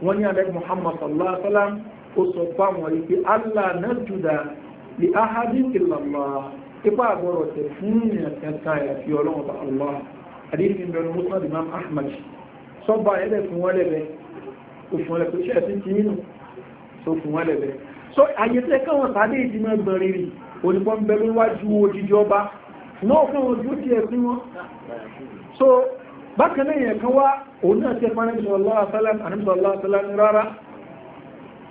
wọ́n ní adẹ́gbẹ̀ Muhammad sallallahu alaihi wasallam ó sọ fáwọn rí pé Allah nasjuda tó fún wọn lẹ́lẹ́ so àyè tẹ́ káwọn sáré ìdímọ̀ gbọ̀nrin rì olùkọ́ ń bẹ lóríwájú odidi ọba náà fún wọn ojú ti ẹ̀sìn wọn so bákan náà yẹn kan wá òun náà tẹ́ fún anamísọ̀ ọlọ́wà sálám anamísọ̀ ọlọ́wà sálám rárá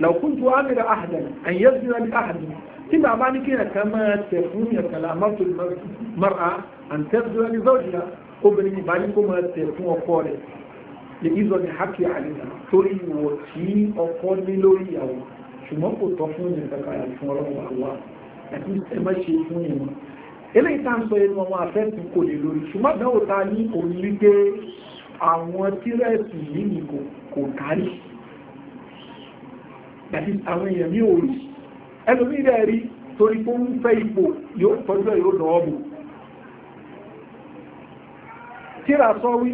làkún tó ámìrà àhàdàn àyè zira bí àhàdàn tí bàbá ní kí ẹ̀ka máa tẹ̀ fún ẹ̀ka làmọ́tò mara àǹtẹ́ zira bí obìnrin ìbá máa tẹ̀ fún ọkọ rẹ̀ lè ìzọ̀ ní hákì àlejò torí ìwọ̀ tí ọkọ ní lórí ìyàwó ṣùgbọ́n kò tọ́ fún ìyẹn kankan àti fún ọlọ́run àwa àti ẹ má ṣe fún ìyẹn wọn eléyìí tá ń sọ ẹnu àwọn afẹ́sì kò lè lórí ṣùgbọ́n àdáwò ta ní òun ní pé àwọn tírẹ̀sì yìí ni kò kárí àti àwọn èèyàn ní òòrùn ẹlòmíì rẹ̀ rí torí pé ń fẹ́ ipò yóò tọ́jú ẹ̀ yóò dọ̀ọ́ bù tíra sọ wí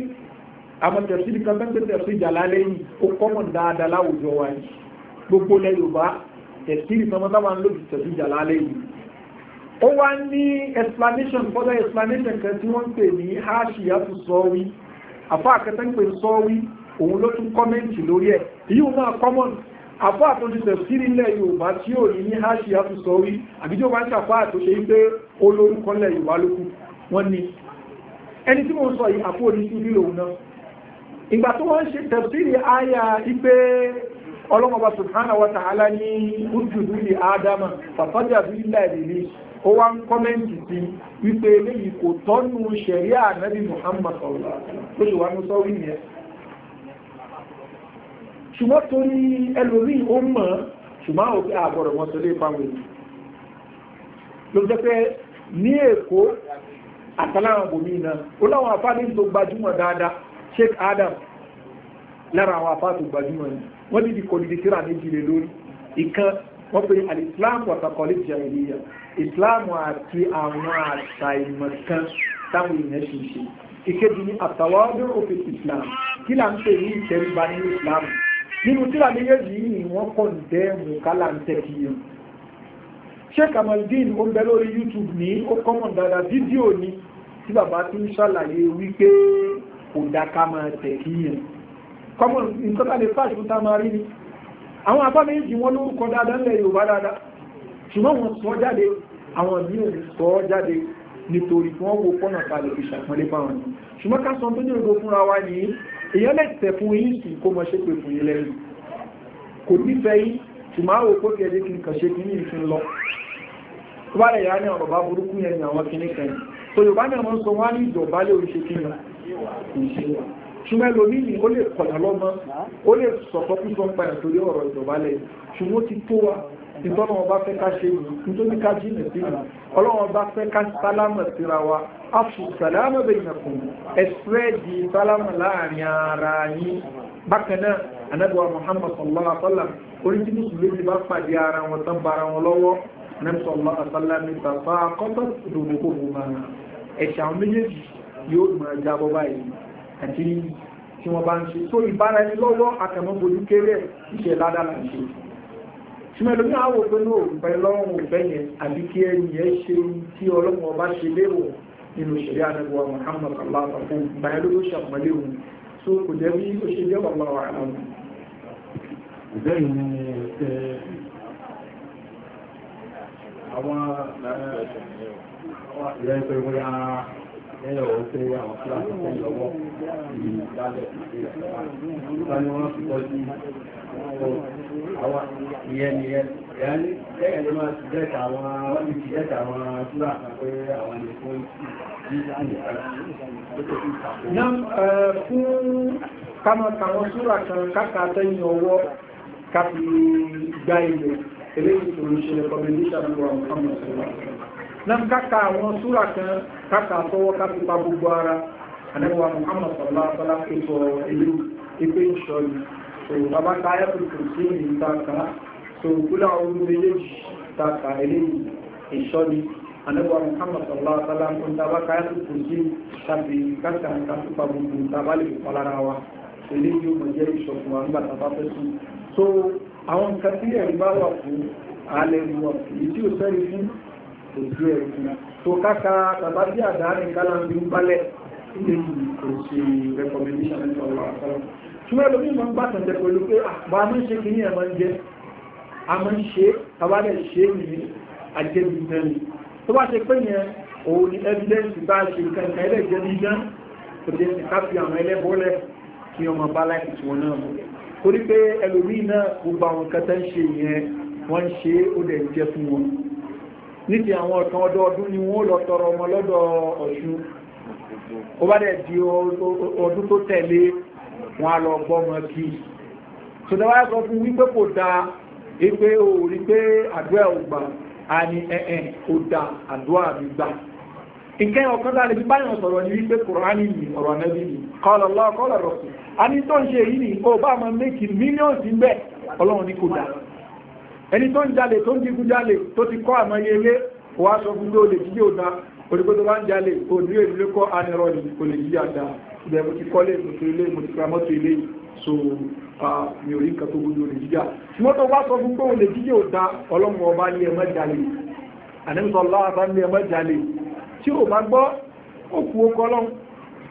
àwọn tẹ̀sílì kan tó ń pèsè sí ìjà lálẹ́ yìí ó kọ́mọ̀ dáadáa láwùjọ wa yìí gbogbo ilẹ̀ yorùbá tẹ̀sílì kan tó máa ń lòdì tẹ̀sí ìjà lálẹ́ ó wá ní explanation further explanation kan tí wọ́n ń pè ní haṣíyá tó sọ wí àfọ́ àkẹ́tẹ́ ń pè sọ wí òun ló tún kọ́mẹ́ǹtì lórí ẹ̀ èyí ò náà kọ́mọ̀n àfọ́ àtúntò sírí ilẹ̀ yorùbá tí ò ní ní haṣí àtúntò àbíjọ́ wá ń ṣàfọ́ àtúnṣe pé olórúkọ ilẹ̀ yorùbá ló wọ́n ní ẹni tí mo sọ yìí àfọ́ òní sí ìlú òun náà ìgbà tó wọ́n ṣe tafsiri àyà ipé ọlọ́mọba subhanahu wa ta'ala ní ojúdú ní adama fàfájà bí láìlèlé ó wá ń kọ́mẹ́ntì sí wípé eléyìí kò tọ́nu ṣẹ̀ríà ànábì muhammad ọ̀la tó ṣe wà ní sọ́rí yẹn ṣùgbọ́n torí ẹlòmíì ó mọ̀ ṣùgbọ́n àwọn òkè àgbọ̀rọ̀ mọ́ sọlé ìpamọ́ ló jẹ́ pé ní èkó àtàláwọn bòmí náà ó sheikh adam lára àwọn afáàtò gbajúmọ̀ ni wọ́n ti di kòdìdì síra méjì lè lórí ìkan wọ́n pe alìsíláàmù ọ̀tàkọ́lé jàìlíyà ìsìláàmù àti àwọn àṣà ìmọ̀kan táwọn èèyàn ṣe ṣe ìkejì ni àtàwọ́dún òfin ìsìláàmù kí là ń pè ní ìtẹríba nínú ìsìláàmù nínú síra méjèèjì yìí wọ́n kọ̀ ń dẹ́ẹ̀mù kálá ń tẹ̀ kí yẹn sheikh amaldin ó ń bẹ lórí youtube ní ó kọ́mọ̀ dáadáa fídíò ni tí bàbá ti ń ṣàlàyé wípé kò dáká máa tẹ̀ kí yẹn kọ́mọ̀ nǹkan tá lè fáṣì fún táwọn arí ni àwọn apá méjì wọn lórúkọ dáadáa ńlẹ̀ Yorùbá dáadáa ṣùgbọ́n wọn sọ jáde àwọn míì ò sọ jáde nítorí tí wọ́n wo fọ́nà ta fi ṣàpọ́nlé fáwọn ni ṣùgbọ́n ká sọ tó ní ògbó fúnra wa ní èèyàn lè tẹ̀ fún yín sí kó mọ ṣe pé fún yín lẹ́yìn kò nífẹ̀ẹ́ yín ṣùgbọ́n àwọn òkú kẹ́ẹ̀dé kí n kàn ṣe kí ìfin lọ tó bá rẹ̀ yá ní ọ̀rọ̀ bá burúkú yẹn ní àwọn kiní kan tó Yorùbá náà wọ́n sọ wọ́n á ní ìjọba lè oríṣi kí ni ìṣèwà ṣùgbọ́n ẹlòmí ni ó lè kọ̀dà lọ́mọ ó lè sọ̀tọ́ kú sọ padà torí ọ̀rọ̀ ìdọ̀bálẹ̀ ṣùgbọ́n ó ti tó wa ìtọ́nà ọba fẹ́ ká ṣe yìí nítorí ká jí nìtí nù ọlọ́wọ́n bá fẹ́ ká sálámà síra wa afu sálámà bẹ́ẹ̀ yẹn kùn ẹ̀sẹ̀ di sálámà láàrin ara yín bákan náà anábìwá Muhammad sallallahu alaihi wa sallam oríṣi mùsùlùmí bá pàdé ara wọn tán bara wọn lọ́wọ́ anábìwá sallallahu alaihi wa sallam ní tàfà kọ́tà lòdùkú bùmá ẹ̀ṣà méjèèjì yóò mọ̀ jábọ́ báyìí àti tí wọ́n bá ń ṣe tó ìbára ẹni lọ́wọ́ àtẹ̀mọ́bojú kéré ìṣẹ̀ ládàlá ṣe ṣùgbọ́n ẹlòmí àwọ̀ pẹ̀lú òpẹ́ lọ́rùn òpẹ́ yẹn àbí kí ẹni yẹn ṣe tí ọlọ́run ọba ṣe léwọ̀ nínú ìṣẹ̀lẹ̀ àdẹ́gbọ́ Muhammad sallallahu alaihi ẹ̀rọ òfin àwọn kíláàsì tó ń lọ́wọ́ ní ìdálẹ̀ ìgbà ni wọ́n fi tọ́jú àwọn ìyẹn ni ẹ̀yàn ní ẹ̀yàn ló máa ti dẹ́ta àwọn wọ́n ti dẹ́ta àwọn kíláàsì pé àwọn ilé fún fún kama kàwọn súra kan káka tẹ́yìn ọwọ́ káfí gbá ilẹ̀ eléyìí tó ń ṣe recommendation lọ́wọ́ àwọn ọmọ ìṣẹ́lẹ̀ na kàkà àwọn súra kan kàkà sọ́wọ́ kápípa gbogbo ara anẹ́wà Muhammad sallallahu alaihi wasallam pé sọ ìlú ipé ìṣọ́lù so bàbá ta ayẹ́kùnkù sí ìlú tàkà so kúlà ọdún méjèèjì tàkà ilé ìṣọ́lù anẹ́wà Muhammad sallallahu alaihi wasallam ń tàbá ka ayẹ́kùnkù sí tàbí kàkà kápípa gbogbo tàbálẹ̀ ìpalára wa ilé yóò mọ̀ jẹ́ ìṣọ̀kùn wa nígbà tàbá so àwọn nǹkan tí ẹ̀rí bá wà fún ojú ẹ̀ tó káka tàbá bí àdá ní kálá ń bí ń balẹ̀ ilé kò sí recommendation ní ọ̀rọ̀ àkọ́lọ́ ṣùgbọ́n ẹlòmí máa ń ah, kí ni evidence bá ṣe kẹta ẹlẹ́jẹ́ ní jẹ́ tó jẹ́ ti ká fi àwọn ẹlẹ́bọ́lẹ̀ kí ọmọ bá láì tí wọn náà mú torí pé ẹlòmí náà gbogbo àwọn kẹta ń ṣe yẹn wọ́n ń ṣe ó dẹ̀ jẹ́ fún wọn ní ti àwọn ọ̀kan ọdọọdún ni wọ́n lọ tọrọ ọmọ lọ́dọ̀ Ọ̀ṣun ó bá dẹ̀ di ọdún tó tẹ̀lé wọn a lọ gbọ́mọ kí sọdọ́wà sọ fún wípé kò da wípé o rí pé àdúrà ò gbà á ní kò da àdúrà mi gbà ìkẹ́ ọ̀kan láàrin bí báyàn sọ̀rọ̀ ní wípé kùránì ní ọ̀rọ̀ a ní tó ń ṣe yìí ní bá mílíọ̀nù ẹni tó ń jalè tó ń digun jalè tó ti kọ́ àmọ́ ilé wà sọ fún ló lè jíjẹ́ òdá orígbó tó bá ń jalè òdúró ìdílé kọ́ anìrọ̀ ní kò lè jíjẹ́ àdá ibẹ̀ mo ti kọ́lé mo ti ilé mo ti ra mọ́tò ilé so mi ò rí nǹkan tó gbogbo lè jíjẹ́ ṣùgbọ́n tó bá sọ fún pé òun jíjẹ́ òdá ọlọ́mọ ọba ní ẹmọ́ jalè ànímsọ láàbá ní ẹmọ́ jalè tí ò bá gbọ́ ó kú ó kọ́ lọ́n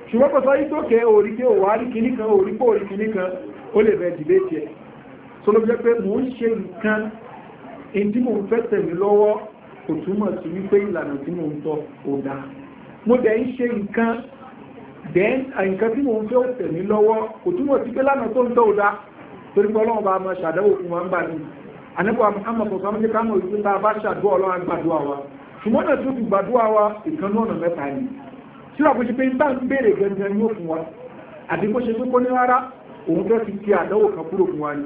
ṣùgbọ́n kò sọ yí tó kẹ́ òrí pé rí kinní kan òrí pé òrí kinní kan ó lè bẹ̀ dìbé tiẹ̀ tó ló jẹ́ pé mò ń ṣe nǹkan èyí tí mo ń fẹ́ tẹ̀lé lọ́wọ́ kò túmọ̀ sí wípé ìlànà tí mo ń tọ́ kò dáa mo dẹ̀ ń ṣe nǹkan then nǹkan tí mo ń fẹ́ tẹ̀lé lọ́wọ́ kò túmọ̀ sí pé lánàá tó ń tọ́ ò dáa torí pé ọlọ́run bá máa ṣàdáwò fún wa ń bà ní àníkọ́ àmọ̀ kọ̀ọ̀kan mú ní ká mọ̀ ìpínlẹ̀ bá ṣàdúrà ọlọ́run àgbàdúrà wa ṣùgbọ́n náà tó fi gbàdúrà wa ìkànnú ọ̀nà mẹ́ta ni tí wà ṣe pé bá ń béèrè gẹ́gẹ́ yóò fún wa àti bó ṣe pé kó ní rárá òun fẹ́ fi ti àdánwò kan kúrò fún wa ni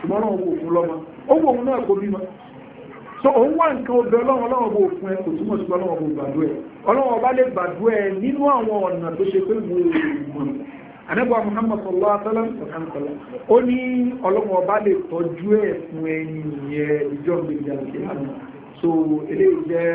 ṣùgbọ́n òun kò fún lọ́mọ òun náà kò bímọ so òun wà nǹkan obìnrin ọlọ́run ọlọ́run fún ẹ kò túmọ̀ sí ọlọ́run bò gbàdúrà ẹ ọlọ́run ọba lè gbàdúrà ẹ nínú àwọn ọ̀nà tó ṣe pé mo mọ̀ àdẹ́gbà Muhammad sallallahu alaihi wasallam sọ̀kànkọ̀lá ó ní ọlọ́run ọba lè tọ́jú ẹ fún ẹni ìyẹn ìjọ gbèjà ìṣe àná so eléyìí jẹ́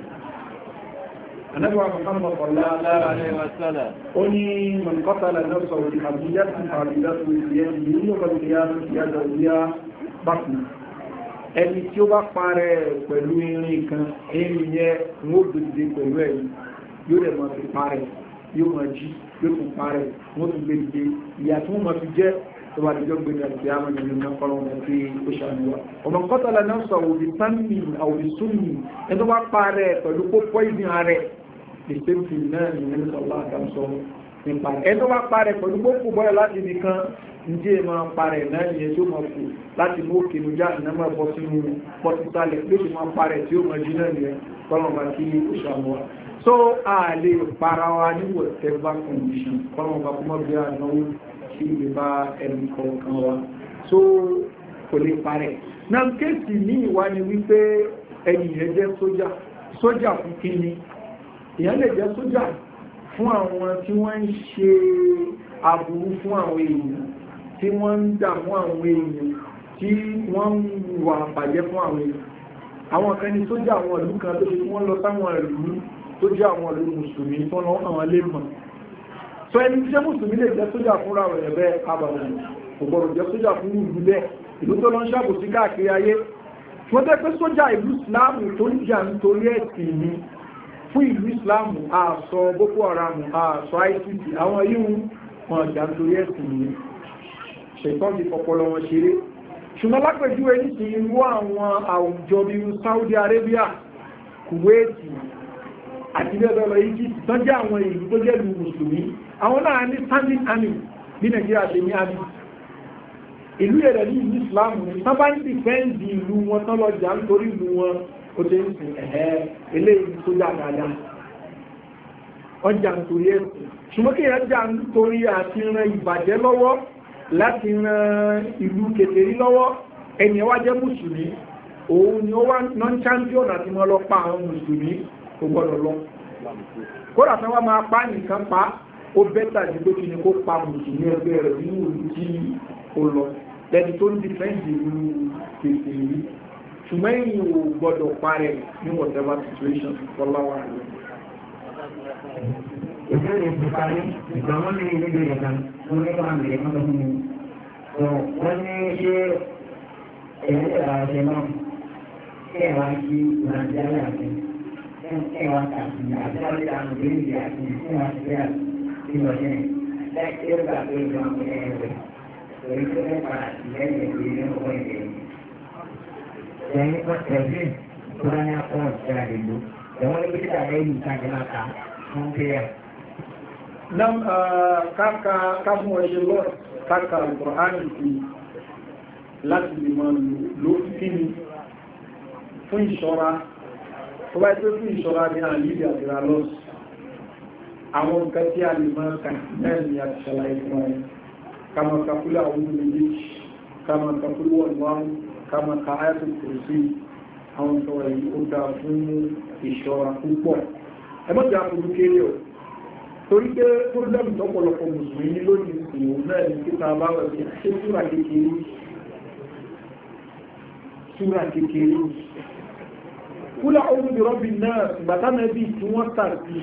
anábíwá muhammad sallallahu alaihi wasallam ó ní mọ̀nkọ́tàlá náà sọ̀rọ̀ ní àbúyá ti àbúyá tó ti yẹ ní ní ọgbà ìyá ìyá ìyá bákùn ẹni tí ó bá parẹ́ pẹ̀lú irin kan èyí yẹ ń ó dòdìdè pẹ̀lú ẹ̀yìn yóò rẹ̀ mọ̀ fi parẹ́ yóò mọ̀ jí yóò tún parẹ́ wọ́n tún gbé dìde ìyá tí wọ́n mọ̀ fi jẹ́ tó bá dijọ́ gbé dàbí ìṣe fi náà ní ní sọ́lá àdámsọ́ nípa ẹ̀ wá parẹ̀ pẹ̀lú gbókù bọ́yọ̀ láti ibì njẹ́ máa parẹ̀ náà yẹn tó máa kù láti mú òkè nìjà iná máa sínú pọ̀tìtàlẹ̀ ló sì máa parẹ̀ tí ó máa jí náà yẹn kọ́lọ́mà kí ó ṣàmúwa. so a lè para wa ní whatever condition kọ́lọ́mà kó má bí ànáwó kí lè bá ẹnì kọ̀ọ̀kan wa so kò lè parẹ̀. náà kéèsì ní ìwá ni wípé ẹnì yẹn jẹ́ sójà sójà fún kí ni èèyàn lè jẹ́ sójà fún àwọn tí wọ́n ń ṣe aburú fún àwọn èèyàn tí wọ́n ń dààmú àwọn èèyàn tí wọ́n ń wà bàjẹ́ fún àwọn èèyàn àwọn kan ní sójà àwọn ìlú kan tó ṣe wọ́n lọ sáwọn ìlú tó jẹ́ àwọn ìlú mùsùlùmí tó lọ àwọn lè mọ̀ sọ ẹni tí jẹ́ mùsùlùmí lè jẹ́ sójà fúnra rẹ̀ bẹ́ẹ̀ abàmù kò gbọ́dọ̀ jẹ́ sójà fún ìlú bẹ́ẹ̀ ìlú tó lọ ń ṣàkóso káàkiri ayé wọ́n tẹ́ pé sójà ìlú ìsìláàmù tó ń jà nítorí ẹ̀sìn ni fún ìlú islamu àṣọ boko haram àṣọ ICT àwọn yíò wọn jà ń torí ẹ̀sùn ní ṣẹ̀tọ́n ti fọpọlọ wọn ṣeré ṣùgbọ́n lápẹjú ẹni ti irú àwọn àwùjọ bí i Saudi Arabia Kuwait àti bẹ́ẹ̀ lọ Egypt tán jẹ́ àwọn ìlú tó jẹ́ ìlú mùsùlùmí àwọn náà ní standing army bí Nàìjíríà ṣe ní army ìlú ẹ̀rẹ̀ ní ìlú islamu ní sábà ń dìfẹ́ǹdì ìlú wọn tán o dé ní ẹ̀hẹ́ eléyìí tó yà dáadáa ọjà nítorí ẹ̀sìn ṣùgbọ́n kí ẹjà nítorí àti ran ìbàjẹ́ lọ́wọ́ láti ran ìlú kékeré lọ́wọ́ ẹni ẹwà jẹ́ mùsùlùmí òun ni ó wá non-champion àti mọ́ lọ pa àwọn mùsùlùmí gbọ́dọ̀ lọ kódà máa pa nìkan pa ni kó pa mùsùlùmí ẹgbẹ́ rẹ̀ nínú ìlú tí ó lọ tó ń ìlú ṣùgbọ́n èyí ò gbọ́dọ̀ parẹ́ ní whatever situation fọláwà rẹ̀. ìbéèrè ti parí ìgbà wọn ní ilé ìgbèrè kan wọn ní bá àmì ẹ̀kọ́ tó fún mi. wọ́n ní ṣé èyí ẹ̀rọ àṣẹ náà ṣé ẹ̀rọ àṣẹ nàìjíríà àti ẹ̀rọ àti àti àti ìgbèrè àti ìṣẹ́ àti ìlọ̀ṣẹ́ láì ṣe é gbà pé ìgbà wọn ní ẹ̀rọ ìṣẹ́ pàtàkì lẹ́yìn ìgbèrè ọ̀pọ̀ ìgbèrè dan ni kan tẹ̀lé tóra ní akọ́ ìṣẹ́ra lè lò ẹ̀wọ́n ní bíi tàbí ẹ̀yìn ìtajà máa ta fún kéyà. nam káka káfún ẹ̀jẹ̀ lọ káka alukur'an ti láti lè máa lò kí ni fún ìṣọ́ra tó bá tó fún ìṣọ́ra ní àlìlì àdìrà lọ́sù àwọn nǹkan tí a lè máa kà náà ni a ti ṣàlàyé fún ẹ ká máa kakúlẹ̀ àwọn méjèèjì ká máa kakúlẹ̀ wọ̀nyí kama ka ayatul kursi àwọn tó wà yìí ó dáa fún ìṣọ́ra púpọ̀ ẹ mọ́jà fojú kéré o torí pé problem lọ́pọ̀lọpọ̀ mùsùlùmí lónìí ìwò náà ní kíta bá wà sí ṣé súra kékeré súra kékeré kúlà ọdún ìrọ́bì náà gbàtánà bí tí wọ́n tàbí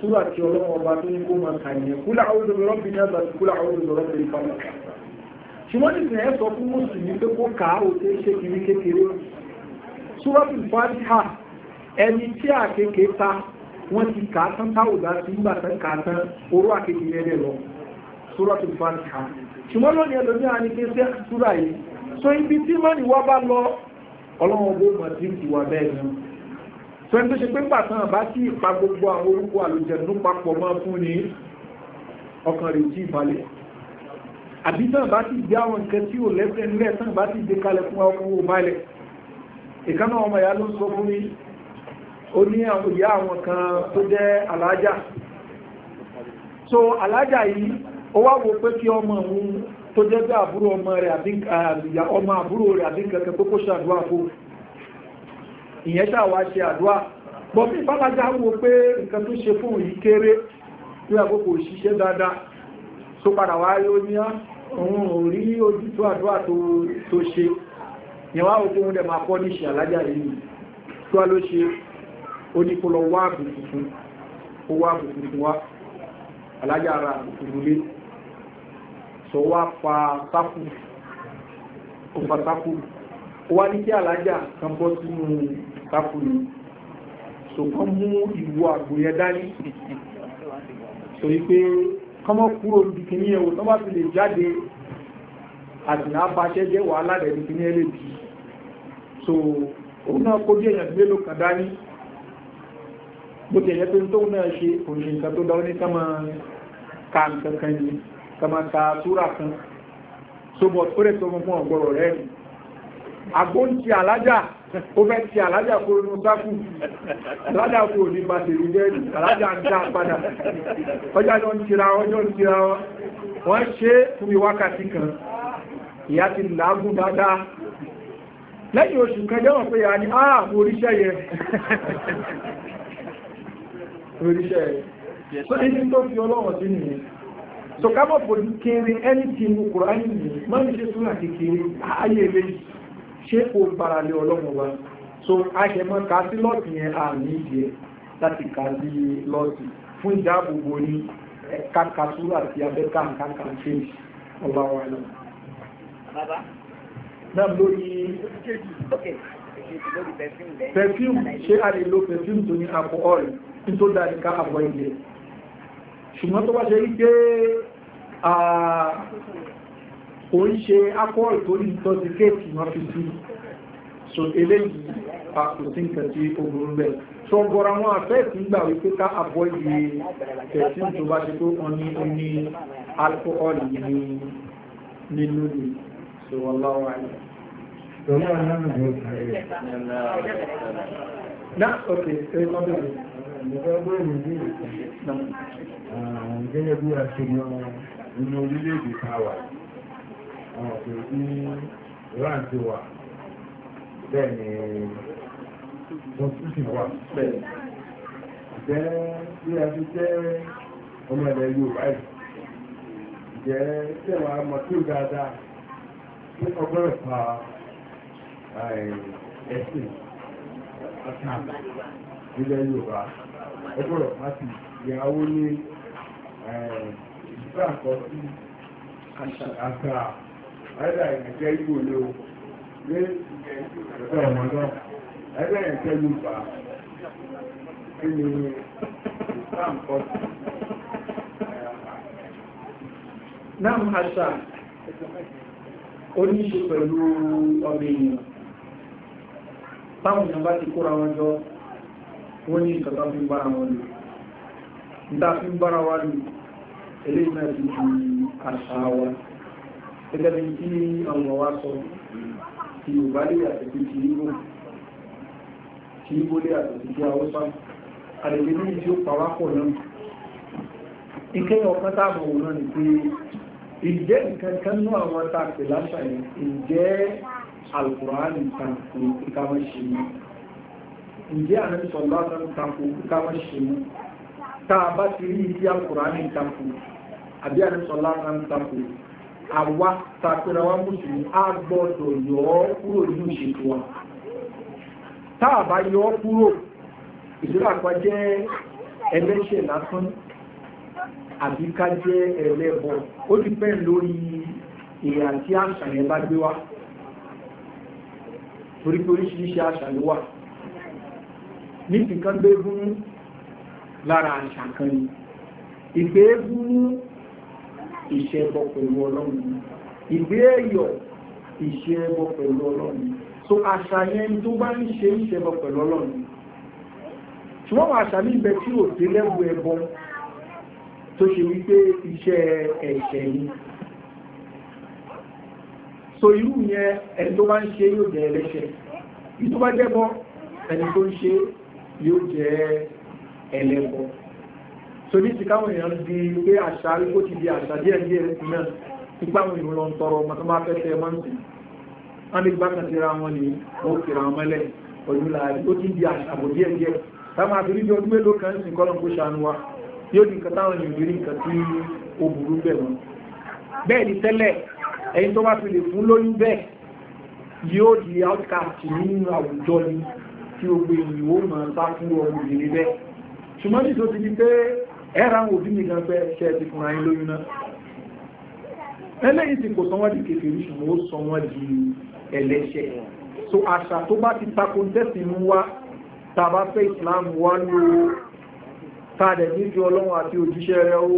súra tí ọlọ́wọ́ ọba tó ní kó máa kà ní kúlà ọdún ìrọ́bì náà bàtí kúlà ọdún ìrọ́bì náà ṣùgbọ́n nìsìn ẹ sọ fún mùsùlùmí pé kó kà á òtẹ́ ṣe kiri kékeré ṣúwọ́pù fàájá ẹni tí àkèké ta wọ́n ti kà á tán táwùdá sí ń gbà tán kà á tán orú àkèké rẹ̀ lọ ṣúwọ́pù fàájá ṣùgbọ́n lónìí ẹlòmí àní pé sí àtúrà yìí so ibi tí mọ́ ni wọ́n bá lọ ọlọ́run ọgbó mọ̀ tí ń tiwà bẹ́ẹ̀ ni sọ ẹni tó ṣe pé ń pàtàn àbá sí gbogbo àwọn orúkọ àbí tán bá ti gbé àwọn nǹkan tí ò lẹ́sẹ̀ nílẹ̀ tán bá ti gbé kalẹ̀ fún ọkùn ò balẹ̀ ìkánà ọmọ ìyá ló ń sọ fún mi ó ní ìyá àwọn kan tó jẹ́ alájà so alájà yìí ó wá wo pé kí ọmọ òun tó jẹ́ pé àbúrò ọmọ rẹ̀ àbí ọmọ àbúrò rẹ̀ àbí kankan pé kó ṣàdúrà fún ìyẹn ṣàwá ṣe àdúrà bọ̀bí ìbálájá wo pé nǹkan tó ṣe fún yìí kéré ní àkókò òṣìṣẹ́ dáadáa tó padà wáyé ó ní á òun ò rí ojútùú àdúrà tó ṣe yẹn wá òkú oúnjẹ máa pọ́ níṣẹ́ alájà yìí tó wá ló ṣe ó ní kó lọ wá àbùkù fún ó wá àbùkù fún wa alájà ara àbùkù lulẹ̀ sọ wá pa sáfù ó pa sáfù ó wá ní kí alájà kan bọ́ sínú sáfù ni sọ kán mú ìwo àgbòyẹ dání sọ yí kọmọ kúrò bìkìní ẹ̀wò tó bá fi lè jáde àtìná pàṣẹ jẹ́ wà aládẹ̀ bìkìní ẹlẹ́ bí so òun náà kó bí èèyàn mélòó kan dání bó ti ẹ̀yẹ́ pé tóun náà ṣe òṣì nǹkan tó dáwọn ní kama ka nǹkan kan yìí kama ka súra kan so bọ̀ ó rẹ̀ tó fún ọgbọ̀rọ̀ rẹ̀ rìn àgbóǹtì alájà ó fẹ́ ti alájà kó inú sákù alájà kó ní bá tèrú jẹ́rì alájà ń dá padà ọjọ́ jọ ń tira wọn jọ ń tira wọn wọ́n ṣe fún mi wákàtí kan ìyá ti làágùn dáadáa lẹ́yìn oṣù kan jẹ́wọ̀n pé a ah, ní àà oríṣẹ́ yẹ oríṣẹ́ yẹ tó ní tó fi ọlọ́wọ̀n sí nìyẹn so ká mọ̀ pò kéré ẹni tí inú kùrọ̀ ayé nìyẹn mọ́ ní ṣe súnà kékeré ayé eléyìí ṣé kò fara lé ọlọ́run wa so aṣẹmọ́ ká sí lọ́ọ̀tì yẹn à ní ìdí ẹ̀ láti ká sí lọ́ọ̀tì fún ìdáàbòbò ní kàkàtú àti abẹ́ká kàkà change ọláwà lọ. Bàbá. Náà perfume ṣé a lè lo perfume tó ní alcohol nítorí dáadé ká àbọ̀ ilẹ̀. Ṣùgbọ́n tó wá ṣe rí pé ah, kò ń ṣe alcohol tó ní intoxicate wọn fi sí so eléyìí àkùsí nǹkan tí ó burú bẹ́ẹ̀ tó ń bọ́ra wọn àfẹ́ẹ̀sì ń gbà wípé ká avoid pẹ̀sìn tó bá ṣe pé wọ́n ní oní alcohol ní nínú ni so wọ́n láwọ́ àyè. Nah, okay, very comfortable. Ah, gẹ́gẹ́ bí a ṣe mọ̀ nínú orílẹ̀-èdè táwa àwọn òṣèré tí Iran ti wà bẹ́ẹ̀ ni constitution wà bẹ́ẹ̀ jẹ́ bí a ti jẹ́ ọmọ ilẹ̀ Yorùbá yìí jẹ́ tẹ̀wà mọ̀ tí ó dáadáa ní ọgbọ́n ẹ̀fà ẹ̀sìn àtàn ilẹ̀ Yorùbá ọgbọ́n ẹ̀fà ìyàwó ní ìgbà àkọsí àṣà ẹ̀dà ìjẹ́ oníṣe pẹ̀lú ọmọ èèyàn táwọn ìyàn ti kóra wọn jọ wọ́n ní ìkàtà fi ń bára wọn ìdá fi ń bára àṣà gẹ́gẹ́ bí kí àwọn wa sọ ti yorùbá lè yàtọ̀ sí ti yíbò ti yíbò lè yàtọ̀ sí ti haúsá àdèdè ní ìdí ó pàwá pọ̀ náà ìkẹyìn ọ̀kan tá àmọ̀ ni pé ìjẹ́ nǹkan kan ní àwọn tààkì láṣà yẹn ìjẹ́ alkùránì tààkù ìkàmọ́ ṣe mú ìjẹ́ àmẹ́sọ̀ lásán tààkù ìkàmọ́ ṣe mú tá a bá tààkù àwa tàpẹ́ra wa mùsùlùmí á gbọ́dọ̀ yọ ọ́ kúrò nínú ìṣètò wa táà bá yọ ọ́ kúrò ìṣèlú àpá jẹ́ ẹlẹ́ṣẹ̀ lásán àbí ká jẹ́ ẹlẹ́bọ ó ti pẹ́ lórí ìyà tí àṣà yẹn bá gbé wá torí pé oríṣiríṣi àṣà ló wà ní ti kan gbé gúnú lára àṣà kan ni ìgbé gúnú ìṣe ẹbọ pẹ̀lú ọlọ́run ìgbé ẹ̀yọ̀ ìṣe ẹbọ pẹ̀lú ọlọ́run so àṣàyẹn tó bá ń ṣe ìṣe ẹbọ pẹ̀lú ọlọ́run ṣùgbọ́n àwọn àṣà níbẹ̀ tí ò dé lẹ́wù ẹbọ tó ṣe wípé iṣẹ́ ẹ̀ṣẹ̀ ni so irú yẹn ẹni tó bá ń ṣe yóò jẹ ẹlẹ́ṣẹ̀ ìtó ẹni tó ń ṣe yóò jẹ ẹlẹ́bọ so ní ti káwọn èèyàn di pé àṣà arígbó ti di àṣà díẹ̀ ní èrè fún náà nípa àwọn ìlú lọ ń tọrọ ọmọ tó bá fẹ́ fẹ́ mọ́ sí wọn ní gbá kan síra wọn ni wọn kìra wọn mẹ́lẹ̀ pẹ̀lú láàrín ó ti di àṣà bò díẹ̀ díẹ̀ táwọn àti oríṣi ọdún mélòó kan sì kọ́lọ̀ kó ṣàánú wa yóò di nǹkan táwọn èèyàn rí nǹkan tí ó burú bẹ̀ wọn bẹ́ẹ̀ ni tẹ́lẹ̀ ẹni tó bá fi lè fún lóyún bẹ́ẹ̀ yóò di outcast nínú àwùjọ ni tí gbogbo ènìyàn ó máa sá fún ọmọ ìrìn bẹ́ẹ̀ ṣùgbọ́n nítorí pé ẹ̀rà àwọn òbí nìkan fẹ́ ṣe ti fúnra yín lóyún náà ẹlẹ́yìn tí kò sọ wọ́n di kékeré ṣùgbọ́n ó sọ di ẹlẹ́ṣẹ̀ so àṣà tó bá ti tako tẹ́sì mú wá tàbá fẹ́ Islam wá ló tàdẹ̀ níbi ọlọ́run àti òjíṣẹ́ rẹ̀ ó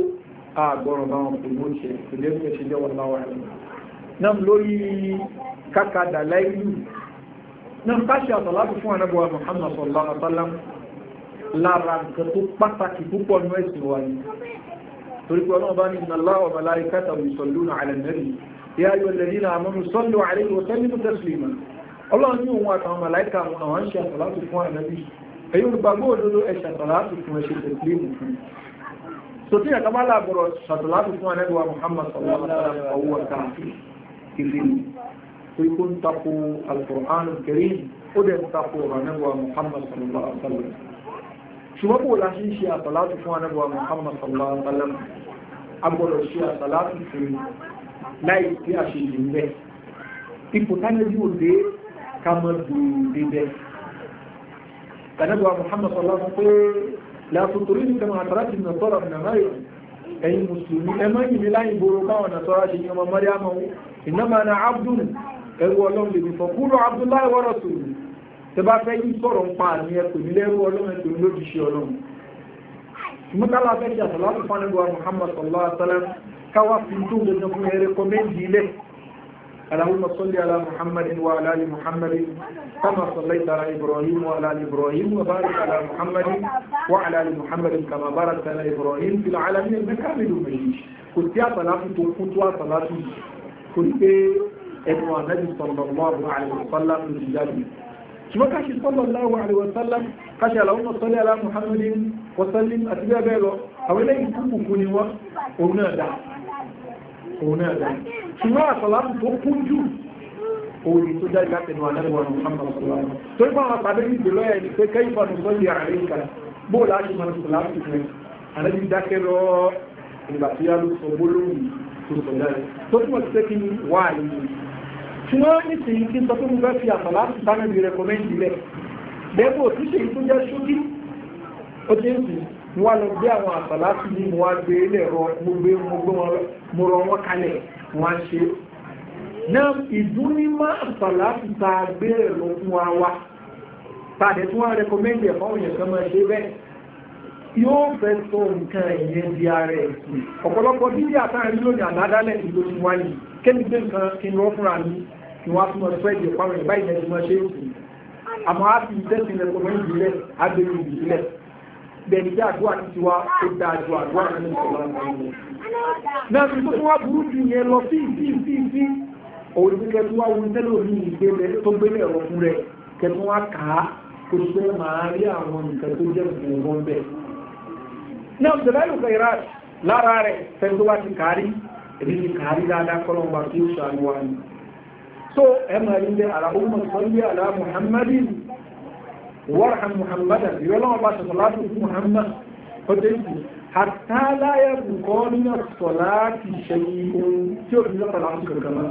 àgbọ̀ràn bá wọn kò mọ́ ṣe ìlẹ́gbẹ̀ẹ́ ṣe jẹ́ wọn láwà rẹ̀ náà lórí kákàdà láìlú náà lára nǹkan tó pàtàkì púpọ̀ ní ẹ̀sìn wa ni torí pé ọlọ́ọ̀bá ní inna Allaha wa malaikatahu yusalluna ala nabi ya ayyuhalladhina amanu sallu alayhi wa sallimu taslima ọlọ́run ní òun àtàwọn màláìka àwọn ń ṣe àtàlátù fún ànábì èyí olùgbàgbọ́ òdodo ẹ̀ ṣàtàlátù fún ẹ̀ṣẹ̀ tẹ̀sílímù fún so tí ẹ̀ka bá làbọ̀rọ̀ ṣàtàlátù fún ànábì wa Muhammad sallallahu alaihi wa sallam tó ikú ń tako al-Qur'an ó dẹ̀ ń tako ànábì wa Muhammad sallallahu alaihi wa ṣùgbọ́n kò láti ṣe àtàlátù fún anábọ̀wà Muhammad sallallahu alaihi wasallam agbọ́dọ̀ ṣe àtàlátù fún láì tí a ṣe lè mẹ́ ipò tánẹ́jú òde ká mọ́ dùn bẹ́ anábọ̀wà Muhammad sallallahu alaihi wasallam pé látòtòrí ní kama àtàlátù nà tọ́lá nà máyò ẹ̀yin mùsùlùmí ẹ má yìí láì tẹbá fẹ́ yí sọ̀rọ̀ ń pa àmì ẹkùn nílẹ́rú ọlọ́run ẹkùn lójúṣe ọlọ́run mọ́tàlá fẹ́ ṣe àtàlátù fánibọ̀ muhammad sallallahu alaihi wasallam káwá fi tó gbogbo fún ẹrẹ kọ́mẹ́ǹdì ilẹ̀ aláwọ̀ sọ́lẹ̀ ala muhammad wa alali muhammad kama sọ́lẹ̀ tara ibrahim wa alali ibrahim wa barik ala muhammad wa alali muhammad kama barak tara ibrahim fi alamin ẹgbẹ́ kamilu mẹ́yìn kò sí àtàlátù tó kún tó àtàlátù kò sí ẹnu ànábì sallallahu alaihi wasallam lórí ṣùgbọ́n káṣí sallallahu alaihi wasallam káṣí aláwọ̀ sọ́lẹ̀ ala Muhammadin wasallim àti bẹ́ẹ̀ bẹ́ẹ̀ lọ àwọn eléyìí kúkùkù ni wọ́n òun náà dá ṣùgbọ́n àsàlátù tó kún jù òun tó dá ìgbà tẹnu àdáwà Muhammad sallallahu alaihi wasallam tó ń bá wọn pàdé ní ìdèlọ́ ẹ̀ ni pé kayfa nusalli alayka bóòlù àti mọ̀lẹ́sọ̀lá ti rẹ̀ àdájú dákẹ́ lọ ṣùgbọ́n nísìnyí kí sọ pé mo fẹ́ fi àtàlá bánàbí rẹ̀kọ́mẹ́ǹdì rẹ̀ bẹ́ẹ̀bù ò tíṣe tó jẹ́ ṣókí ó ti ń sìn mo wá lọ gbé àwọn àtàlá sí ní mo wá gbé ilẹ̀ rọ mo gbé mo gbé wọn mo rọ wọn kalẹ̀ wọn á ṣe náà ìdúnímọ̀ àtàlá ti ta gbé ẹ̀rọ fún wa wa tàdé tí wọ́n rẹ̀kọ́mẹ́ǹdì ẹ̀fọ́ òyìnbó máa ṣe bẹ́ẹ̀ yóò fẹ́ sọ nǹkan ẹ̀yẹ di ara ẹ̀sìn ọ̀pọ̀lọpọ̀ bí díà táà rí lónìí àládálẹ̀ ìlú ti wá yìí kémi gbé nǹkan kí ni wọ́n fúnra mi kí wọ́n á tún ọdún fẹ́ẹ̀dì ìpamọ́ ìbá ìyẹn ti mọ ṣe é kù àmọ́ á fi ìtẹ́sí ilẹ̀ pọ̀ mọ́yìn ìbílẹ̀ agbèrè ìbílẹ̀ bẹ̀rẹ̀ jẹ́ àdúrà ti tiwa ó da ju ti wá wọn tẹ́lẹ̀ òní ìgbélé tó gbélé náà jẹ́láyò kẹrà lára rẹ̀ fẹ́ntó wá ti kàárí èdè ti kàárí dáadáa kọ́lọ̀ wà ó ṣàánú wa ni so ẹ máa rí bẹ́ àlà ọmọ sọ́lé àlà muhammadin warham muhammadan ìrọ́lọ́wọ́ bá ṣàtọ̀ láti fún muhammad ó dé sí hatta láyé nǹkọ́ nínú sọ̀lá ti ṣe ohun tí ó fi lọ́pàá láti kọ̀ọ̀kan náà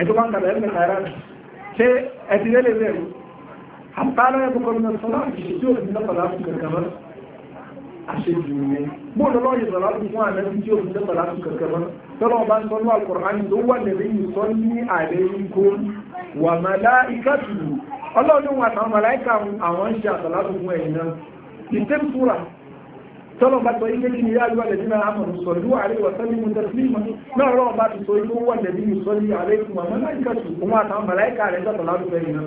ẹ̀tọ́ bá ń kàdà ẹ̀mẹ́ kàrà ṣe ẹ̀tìlẹ́lẹ̀ rẹ̀ hatta láyé nǹkọ́ nínú sọ̀lá ti ṣe ohun tí ó fi lọ́pàá àṣejù ni bóòlù lọ́wọ́ yìí sọ̀rọ̀ fún àmẹ́sí tí ó fi dẹ́sọ̀rọ̀ láti kẹ̀kẹ́ mọ́ tọ́lọ́ bá ń sọ ní alukọ̀rán tó wà lẹ́lẹ́ yìí sọ ní ààrẹ yíkó wà màlá ikátùlù ọlọ́run àtàwọn màláìka àwọn ń ṣe àtàlá fún ẹ̀yìn náà ìtẹ́ fúra tọ́lọ́ bá sọ ilé kí ìyá àlúwà lẹ́bí náà àmọ̀ sọ ní wà àríwá sẹ́lẹ̀ mú tẹ́sílímọ̀ náà rọ́ọ̀ bá ti sọ ilé wà lẹ́bí sọ ní àlẹ́kùn àmọ́ láìka tù òun àtàwọn màláìka rẹ̀ sọ̀tàlá fún ẹ̀yìn náà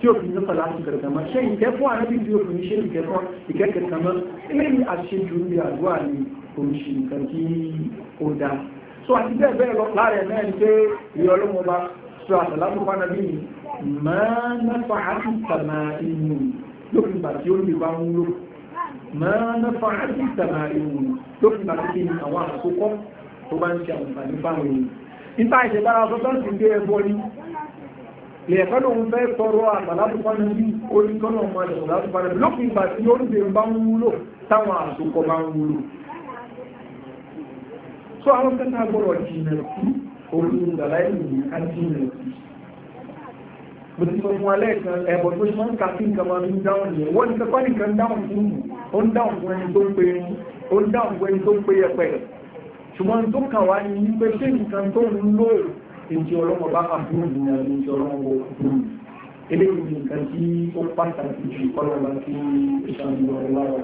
tí o fi ní sọ̀lá sí kẹ̀kẹ́ mọ́ ṣé ìkẹ́kọ̀ọ́ àrẹ́bí tí o fi ní ṣe ìkẹ́kọ̀ọ́ ìkẹ́kẹ̀kẹ́ mọ́ eléyìí àṣejù ní àdúrà ní oríṣi nǹkan tí ó dá so àti bẹ́ẹ̀ bẹ́ẹ̀ lọ láàrẹ̀ náà ni pé ìyọ́ ọlọ́mọ bá sọ àtàlámù fánàbí máa náfà áti tàmà inú lókùn ìgbà tí ó lè bá ń lò máa náfà áti tàmà inú lókùn ìgbà tí ní àwọn àkókò tó bá ń ṣe àǹfààní fáwọn èèyàn nípa ìṣẹ̀dára lẹ́ẹ̀kan lòun fẹ́ tọrọ àtàlátùpánà bí oríkọ́nà ọmọ rẹ̀ àtàlátùpánà bí lópin ìgbà tí oríṣẹ́ ń bá ń wúlò táwọn àtòkọ bá ń wúlò so àwọn kẹta gbọ́rọ̀ jìnà sí orí ìdàláì ìlú ká jìnà sí mo ti sọ fún alẹ́ kan ẹ̀bọ̀ tó ṣe máa ń ka sí nǹkan máa ń dáhùn yẹn wọ́n ní kẹ́kọ́ nìkan dáhùn sí mi pe ó ń dáhùn fún pe ẹpẹ ṣùgbọ́n tó kà wá ní pé ṣé nǹkan tó ń lò ìjọ ọlọ́mọ bá àbúrò nínú ìjọ ọlọ́mọ àbúrò eléyìí ni nǹkan tí ó pàtàkì ju ọlọ́mọ tí ó ṣàmìlò ọlọ́wọ́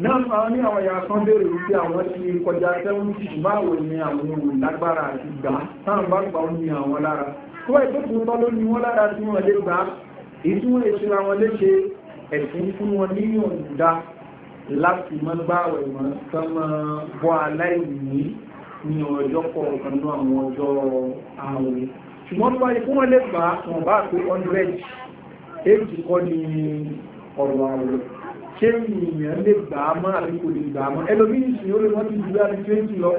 náà máa ní àwọn ìyá kan bèèrè wípé àwọn ti kọjá tẹ́wọ́n tí báwo ni àwọn olùlágbára àti gbà náà bá gbà ó ní àwọn lára tó ẹ̀tọ́ tó tọ́ ló ní wọ́n lára tí wọ́n lè gbà ìtúwọ̀n èṣù àwọn léṣe ẹ̀sìn fún wọn ní ọ̀dá láti mọ́ gbáwẹ̀ wọn kán mọ́ bọ́ aláìní ní ọjọ́ kọ̀ọ̀kan ní àwọn ọjọ́ ààrùn ṣùgbọ́n tó wáyé fún wọn lè fà wọn bá pé 100 èjì kọ́ ni ọ̀rọ̀ ààrùn ṣé ènìyàn lè gbà á mọ́ àbí kò lè gbà á mọ́ ẹlòmíì sì ó lè wọ́n ti dúró àti 20 lọ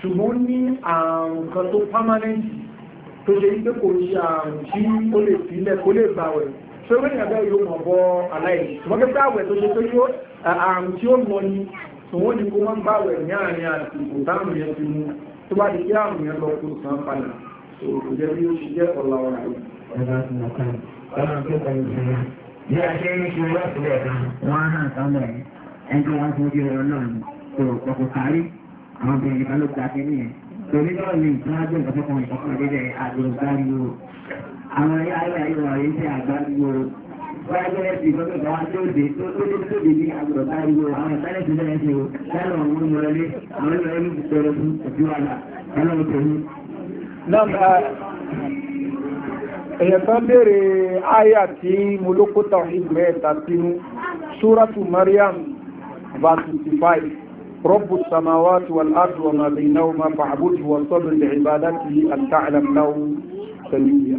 ṣùgbọ́n ní ààrùn kan tó permanent tó ṣe wípé kò ṣe ààrùn tí ó lè sílẹ̀ kó lè gbà sọ́rọ́ ìyàgbá yóò mọ̀ bọ́ aláìní wọ́n kẹ́ bá àwẹ̀ tó ṣe tó yóò àrùn tí ó mọ ni tòun ni kó máa ń bá àwẹ̀ ní àárín àti ìbòtáàmù yẹn ti mú tó bá di kí àrùn yẹn lọ kó san padà kò jẹ́ bí ó ṣe jẹ́ ọ̀la ọ̀la Bí a ṣe ń ṣe lọ́sílẹ̀ kan, wọ́n á hàn sánlẹ̀ ẹni tó wọ́n fojú ẹ̀rọ náà ni, tó kọ̀kọ̀ kárí, àwọn obìnrin kan ló gbà kí ní àwọn ayáyà ìwà yìí ṣe àgbáríwò wáyẹ́sì fọ́nà àwọn tóòdè tó lé tóòdè ní àgbọ̀dọ̀ báyìí àwọn ìtàlẹ́sì náà ṣe o lẹ́nu àwọn olùmọ̀lẹ́ àwọn olùmọ̀lẹ́ ní ìṣòro fún òfin wà náà lọ́nà òṣèlú. nọ́mbà èèyàn tán béèrè àyà tí mo ló kó tàn ìgbẹ́ ẹ̀ta sínú súrátù Maryam verse 5 رب السماوات والأرض وما بينهما فاعبده وصبر لعبادته أن تعلم له سبيلا